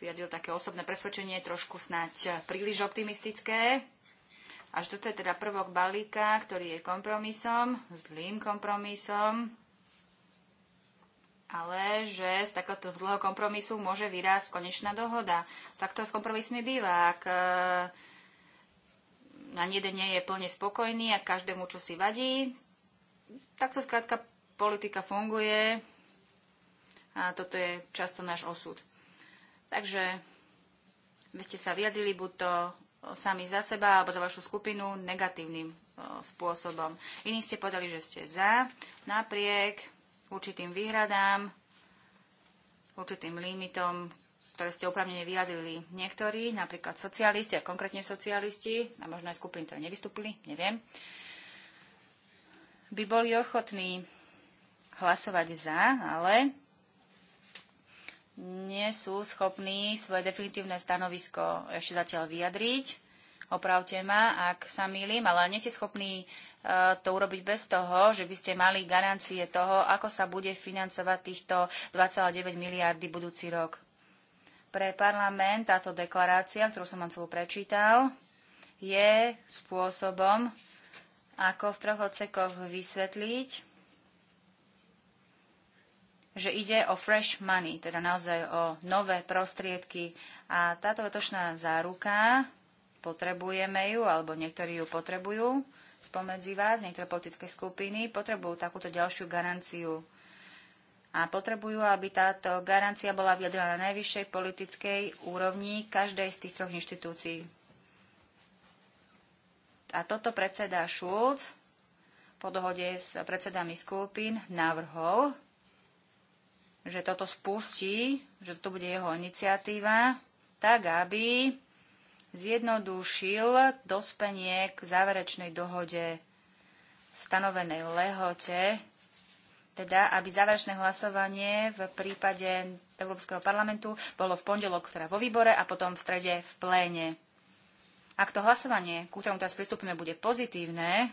[SPEAKER 2] vyjadil také osobné presvedčenie, trošku snáď príliš optimistické. Až toto je teda prvok balíka, ktorý je kompromisom, zlým kompromisom, ale že z takéhoto zlého kompromisu môže vyrásť konečná dohoda. Tak to s kompromismi býva. Ak e, na jeden nie je plne spokojný a každému, čo si vadí, tak to skrátka politika funguje a toto je často náš osud. Takže vy ste sa vyjadrili buď to sami za seba alebo za vašu skupinu negatívnym e, spôsobom. Iní ste povedali, že ste za, napriek určitým výhradám, určitým limitom, ktoré ste opravnene vyjadrili niektorí, napríklad socialisti a konkrétne socialisti, a možno aj skupiny, ktoré nevystúpili, neviem, by boli ochotní hlasovať za, ale nie sú schopní svoje definitívne stanovisko ešte zatiaľ vyjadriť. Opravte ma, ak sa mýlim, ale nie ste schopní Eh, to urobiť bez toho, že by ste mali garancie toho, ako sa bude financovať týchto 2,9 miliardy budúci rok. Pre parlament táto deklarácia, ktorú som vám celú prečítal, je spôsobom, ako v troch odsekoch vysvetliť, že ide o fresh money, teda naozaj o nové prostriedky. A táto letočná záruka, potrebujeme ju, alebo niektorí ju potrebujú, spomedzi vás, niektoré politické skupiny potrebujú takúto ďalšiu garanciu a potrebujú, aby táto garancia bola vyjadrená na najvyššej politickej úrovni každej z tých troch inštitúcií. A toto predseda Šulc po dohode s predsedami skupín navrhol, že toto spustí, že to bude jeho iniciatíva, tak aby zjednodušil dospenie k záverečnej dohode v stanovenej lehote, teda aby záverečné hlasovanie v prípade Európskeho parlamentu bolo v pondelok ktorá teda vo výbore a potom v strede v pléne. Ak to hlasovanie, ku ktorému teraz pristúpime, bude pozitívne,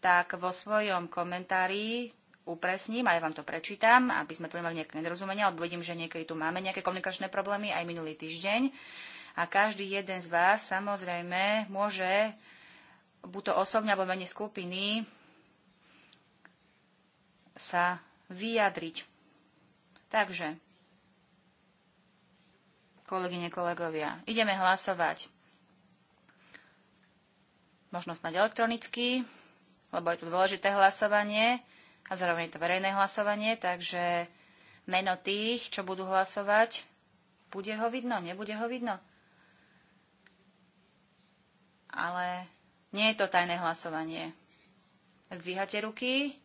[SPEAKER 2] tak vo svojom komentári upresním a ja vám to prečítam, aby sme tu nemali nejaké nedorozumenia, lebo vidím, že niekedy tu máme nejaké komunikačné problémy aj minulý týždeň. A každý jeden z vás samozrejme môže buď to osobne alebo menej skupiny sa vyjadriť. Takže, kolegyne, kolegovia, ideme hlasovať. Možno snáď elektronicky, lebo je to dôležité hlasovanie a zároveň je to verejné hlasovanie, takže meno tých, čo budú hlasovať, bude ho vidno, nebude ho vidno ale nie je to tajné hlasovanie. Zdvíhate ruky?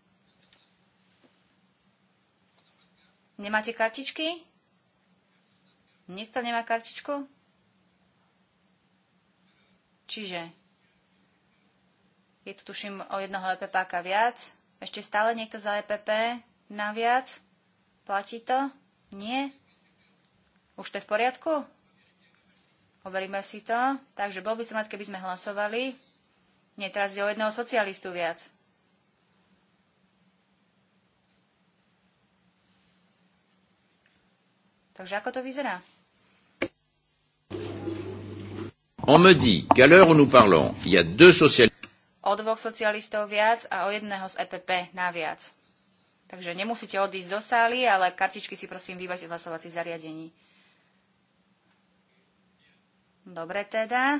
[SPEAKER 2] Nemáte kartičky? Nikto nemá kartičku? Čiže je tu tuším o jednoho EPPáka viac. Ešte stále niekto za EPP naviac? Platí to? Nie? Už to je v poriadku? Overíme si to. Takže bol by som rád, keby sme hlasovali. Nie, teraz je o jedného socialistu viac. Takže ako to vyzerá?
[SPEAKER 1] On me dit qu'à l'heure où nous parlons, il y a deux
[SPEAKER 2] socialistes. O dvoch socialistov viac a o jedného z EPP naviac. Takže nemusíte odísť zo sály, ale kartičky si prosím vybavte z hlasovacích zariadení. Dobre teda.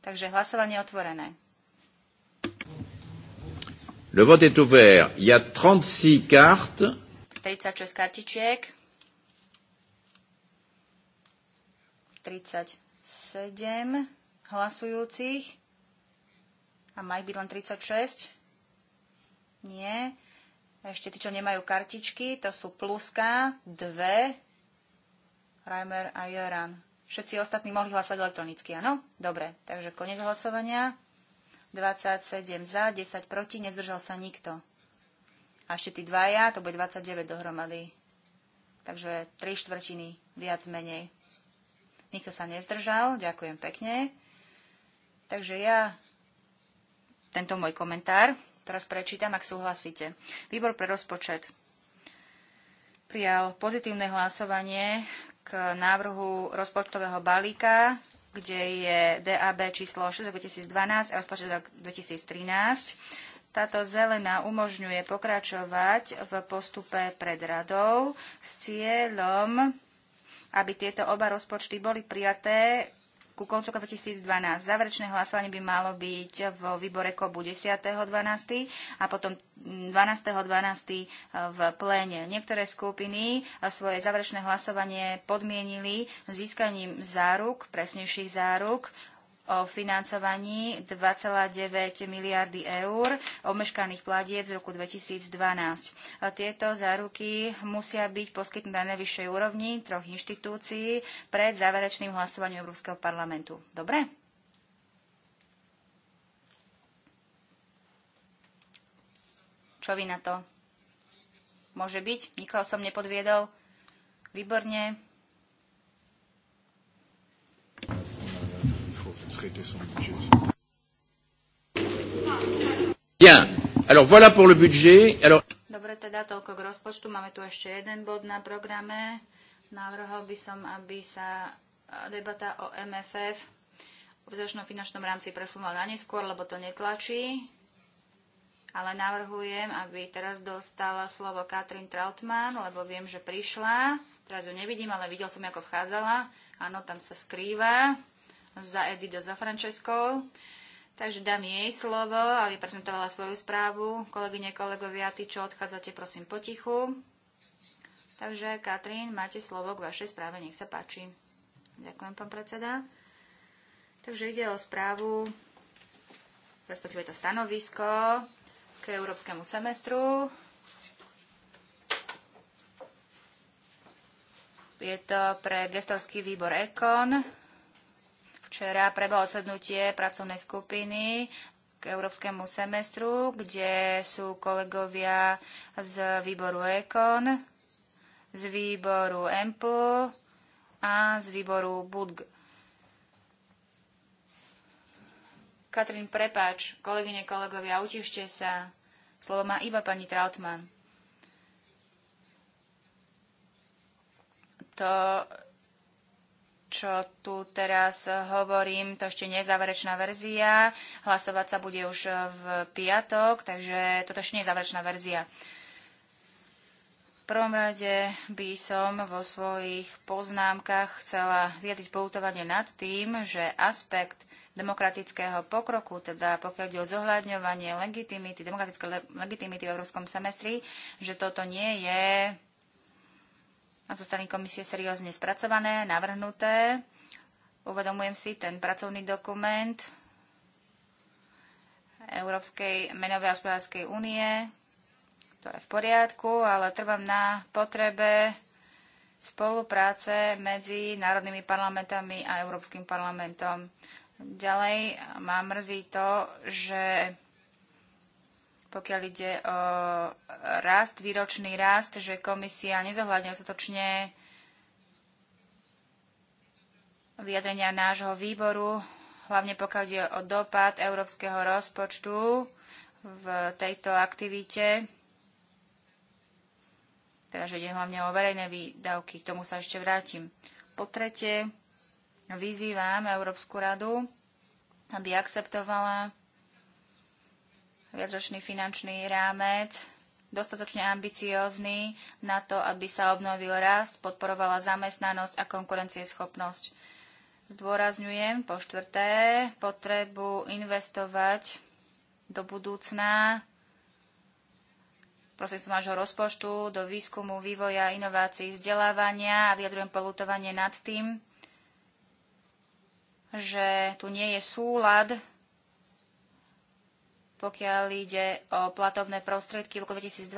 [SPEAKER 2] Takže hlasovanie otvorené.
[SPEAKER 1] Le vote est ouvert. Il y a 36 cartes.
[SPEAKER 2] 36 kartičiek. 37 hlasujúcich. A majú byť len 36? Nie. Ešte tí, čo nemajú kartičky, to sú pluska, dve. Reimer a Joran. Všetci ostatní mohli hlasovať elektronicky, áno? Dobre, takže koniec hlasovania. 27 za, 10 proti, nezdržal sa nikto. A ešte tí dvaja, to bude 29 dohromady. Takže 3 štvrtiny, viac menej. Nikto sa nezdržal, ďakujem pekne. Takže ja tento môj komentár teraz prečítam, ak súhlasíte. Výbor pre rozpočet prijal pozitívne hlasovanie k návrhu rozpočtového balíka, kde je DAB číslo 6 2012 a rozpočet 2013. Táto zelená umožňuje pokračovať v postupe pred radou s cieľom, aby tieto oba rozpočty boli prijaté ku koncu 2012. Záverečné hlasovanie by malo byť v výbore KOBU 10.12. a potom 12.12. v pléne. Niektoré skupiny svoje záverečné hlasovanie podmienili získaním záruk, presnejších záruk o financovaní 2,9 miliardy eur omeškaných platieb z roku 2012. Tieto záruky musia byť poskytnuté na najvyššej úrovni troch inštitúcií pred záverečným hlasovaním Európskeho parlamentu. Dobre? Čo vy na to? Môže byť? Nikoho som nepodviedol? Výborne.
[SPEAKER 1] traiter son budget. Bien. Alors voilà pour le budget. Alors...
[SPEAKER 2] Dobre, teda toľko k rozpočtu. Máme tu ešte jeden bod na programe. Navrhol by som, aby sa debata o MFF v dotačnom finančnom rámci presunula na neskôr, lebo to netlačí. Ale navrhujem, aby teraz dostala slovo Katrin Trautmann, lebo viem, že prišla. Teraz ju nevidím, ale videl som, ako vchádzala. Áno, tam sa skrýva za Edith a za Frančeskou. Takže dám jej slovo, aby prezentovala svoju správu. Kolegyne, kolegovia, tí, čo odchádzate, prosím potichu. Takže, Katrín, máte slovo k vašej správe, nech sa páči. Ďakujem, pán predseda. Takže ide o správu, respektíve to stanovisko k európskemu semestru. Je to pre gestorský výbor EKON Včera prebehlo sednutie pracovnej skupiny k európskemu semestru, kde sú kolegovia z výboru EKON, z výboru EMPL a z výboru BUDG. Katrin, prepáč, kolegyne, kolegovia, utište sa. Slovo má iba pani Trautmann. To, čo tu teraz hovorím, to ešte nie je záverečná verzia. Hlasovať sa bude už v piatok, takže toto ešte nie je záverečná verzia. V prvom rade by som vo svojich poznámkach chcela vyjadriť poutovanie nad tým, že aspekt demokratického pokroku, teda pokiaľ ide o zohľadňovanie legitimity, demokratické legitimity v európskom semestri, že toto nie je a zo strany komisie seriózne spracované, navrhnuté. Uvedomujem si ten pracovný dokument Európskej menovej a hospodárskej únie, to je v poriadku, ale trvám na potrebe spolupráce medzi národnými parlamentami a Európskym parlamentom. Ďalej ma mrzí to, že pokiaľ ide o rast, výročný rast, že komisia nezohľadňa dostatočne vyjadrenia nášho výboru, hlavne pokiaľ ide o dopad európskeho rozpočtu v tejto aktivite. Teda, že ide hlavne o verejné výdavky, k tomu sa ešte vrátim. Po tretie, vyzývam Európsku radu, aby akceptovala viacročný finančný rámec dostatočne ambiciózny na to, aby sa obnovil rast, podporovala zamestnanosť a konkurencieschopnosť. Zdôrazňujem po štvrté potrebu investovať do budúcna prosím vášho rozpočtu, do výskumu, vývoja, inovácií, vzdelávania a vyjadrujem polutovanie nad tým, že tu nie je súlad pokiaľ ide o platobné prostriedky v roku 2012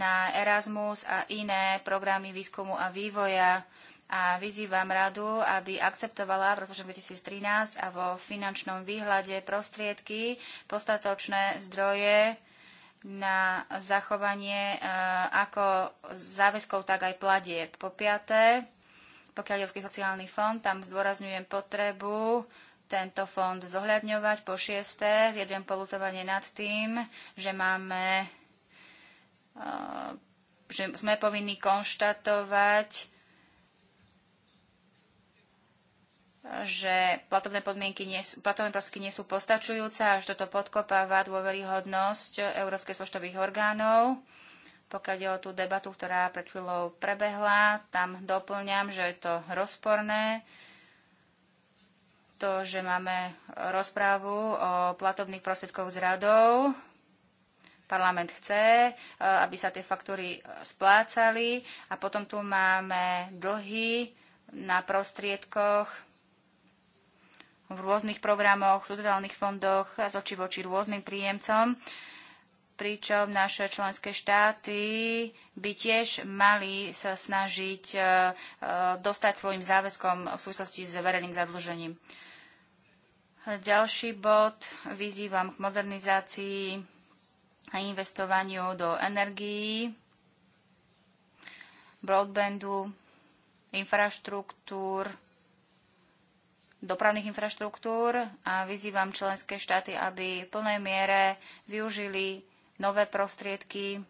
[SPEAKER 2] na Erasmus a iné programy výskumu a vývoja. A vyzývam radu, aby akceptovala v roku 2013 a vo finančnom výhľade prostriedky postatočné zdroje na zachovanie e, ako záväzkov, tak aj platieb. Po piaté, pokiaľ je Európsky sociálny fond, tam zdôrazňujem potrebu tento fond zohľadňovať. Po šiesté, viedem polutovanie nad tým, že máme eh, že sme povinni konštatovať, že platobné, podmienky nie sú, platobné nie sú postačujúce, až toto podkopáva dôveryhodnosť európskych spočtových orgánov. Pokiaľ je o tú debatu, ktorá pred chvíľou prebehla, tam doplňam, že je to rozporné. Uh, to, že máme rozprávu o platobných prostriedkoch s radou. Parlament chce, e, aby sa tie faktúry splácali a potom tu máme dlhy na prostriedkoch v rôznych programoch, štruktúrálnych fondoch z oči voči rôznym príjemcom pričom naše členské štáty by tiež mali sa snažiť e, e, dostať svojim záväzkom v súvislosti s verejným zadlžením. Ďalší bod vyzývam k modernizácii a investovaniu do energií, broadbandu, infraštruktúr, dopravných infraštruktúr a vyzývam členské štáty, aby v plnej miere využili nové prostriedky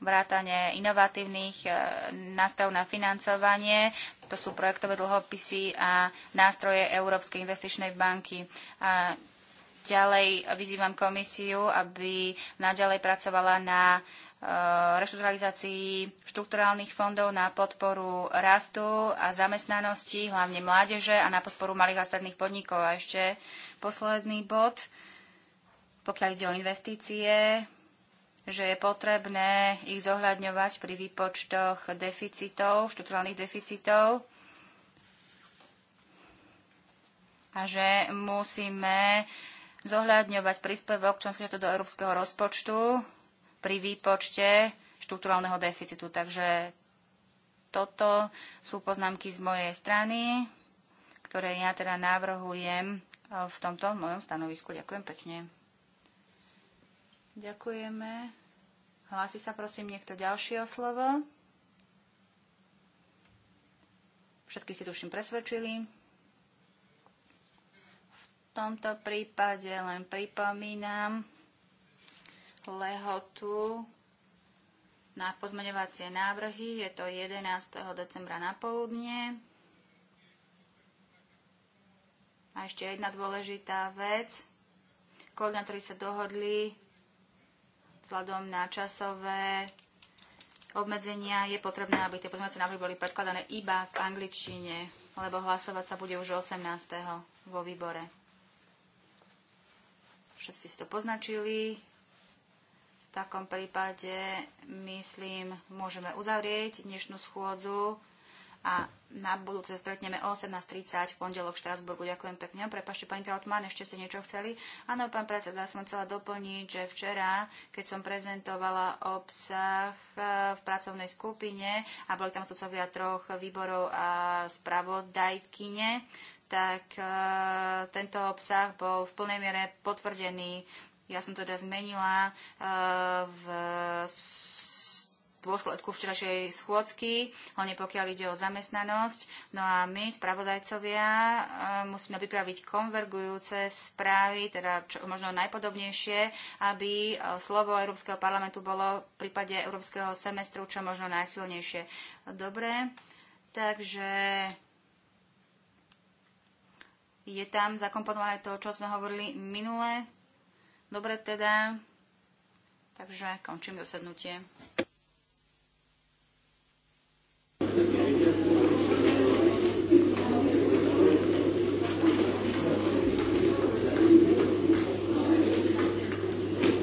[SPEAKER 2] vrátane inovatívnych e, nástrojov na financovanie, to sú projektové dlhopisy a nástroje Európskej investičnej banky. A ďalej vyzývam komisiu, aby naďalej pracovala na e, reštrukturalizácii štrukturálnych fondov na podporu rastu a zamestnanosti, hlavne mládeže a na podporu malých a stredných podnikov. A ešte posledný bod, pokiaľ ide o investície, že je potrebné ich zohľadňovať pri výpočtoch deficitov, štruktúrálnych deficitov a že musíme zohľadňovať príspevok členského štátu do európskeho rozpočtu pri výpočte štruktúrálneho deficitu. Takže toto sú poznámky z mojej strany, ktoré ja teda navrhujem v tomto mojom stanovisku. Ďakujem pekne. Ďakujeme. Hlási sa prosím niekto ďalší o slovo. Všetky si tuším presvedčili. V tomto prípade len pripomínam lehotu na pozmeňovacie návrhy. Je to 11. decembra na poludne. A ešte jedna dôležitá vec. Koordinátori sa dohodli vzhľadom na časové obmedzenia je potrebné, aby tie pozmeňovacie návrhy boli predkladané iba v angličtine, lebo hlasovať sa bude už 18. vo výbore. Všetci si to poznačili. V takom prípade, myslím, môžeme uzavrieť dnešnú schôdzu a na budúce stretneme o 18.30 v pondelok v Štrásburgu. Ďakujem pekne. Prepašte, pani Trautmann, ešte ste niečo chceli? Áno, pán predseda, som chcela doplniť, že včera, keď som prezentovala obsah e, v pracovnej skupine a boli tam stupcovia troch výborov a spravodajkyne, tak e, tento obsah bol v plnej miere potvrdený. Ja som teda zmenila e, v dôsledku včerajšej schôdzky, hlavne pokiaľ ide o zamestnanosť. No a my, spravodajcovia, e, musíme pripraviť konvergujúce správy, teda čo, možno najpodobnejšie, aby e, slovo Európskeho parlamentu bolo v prípade Európskeho semestru čo možno najsilnejšie. Dobre, takže je tam zakomponované to, čo sme hovorili minule. Dobre teda. Takže končím zasadnutie.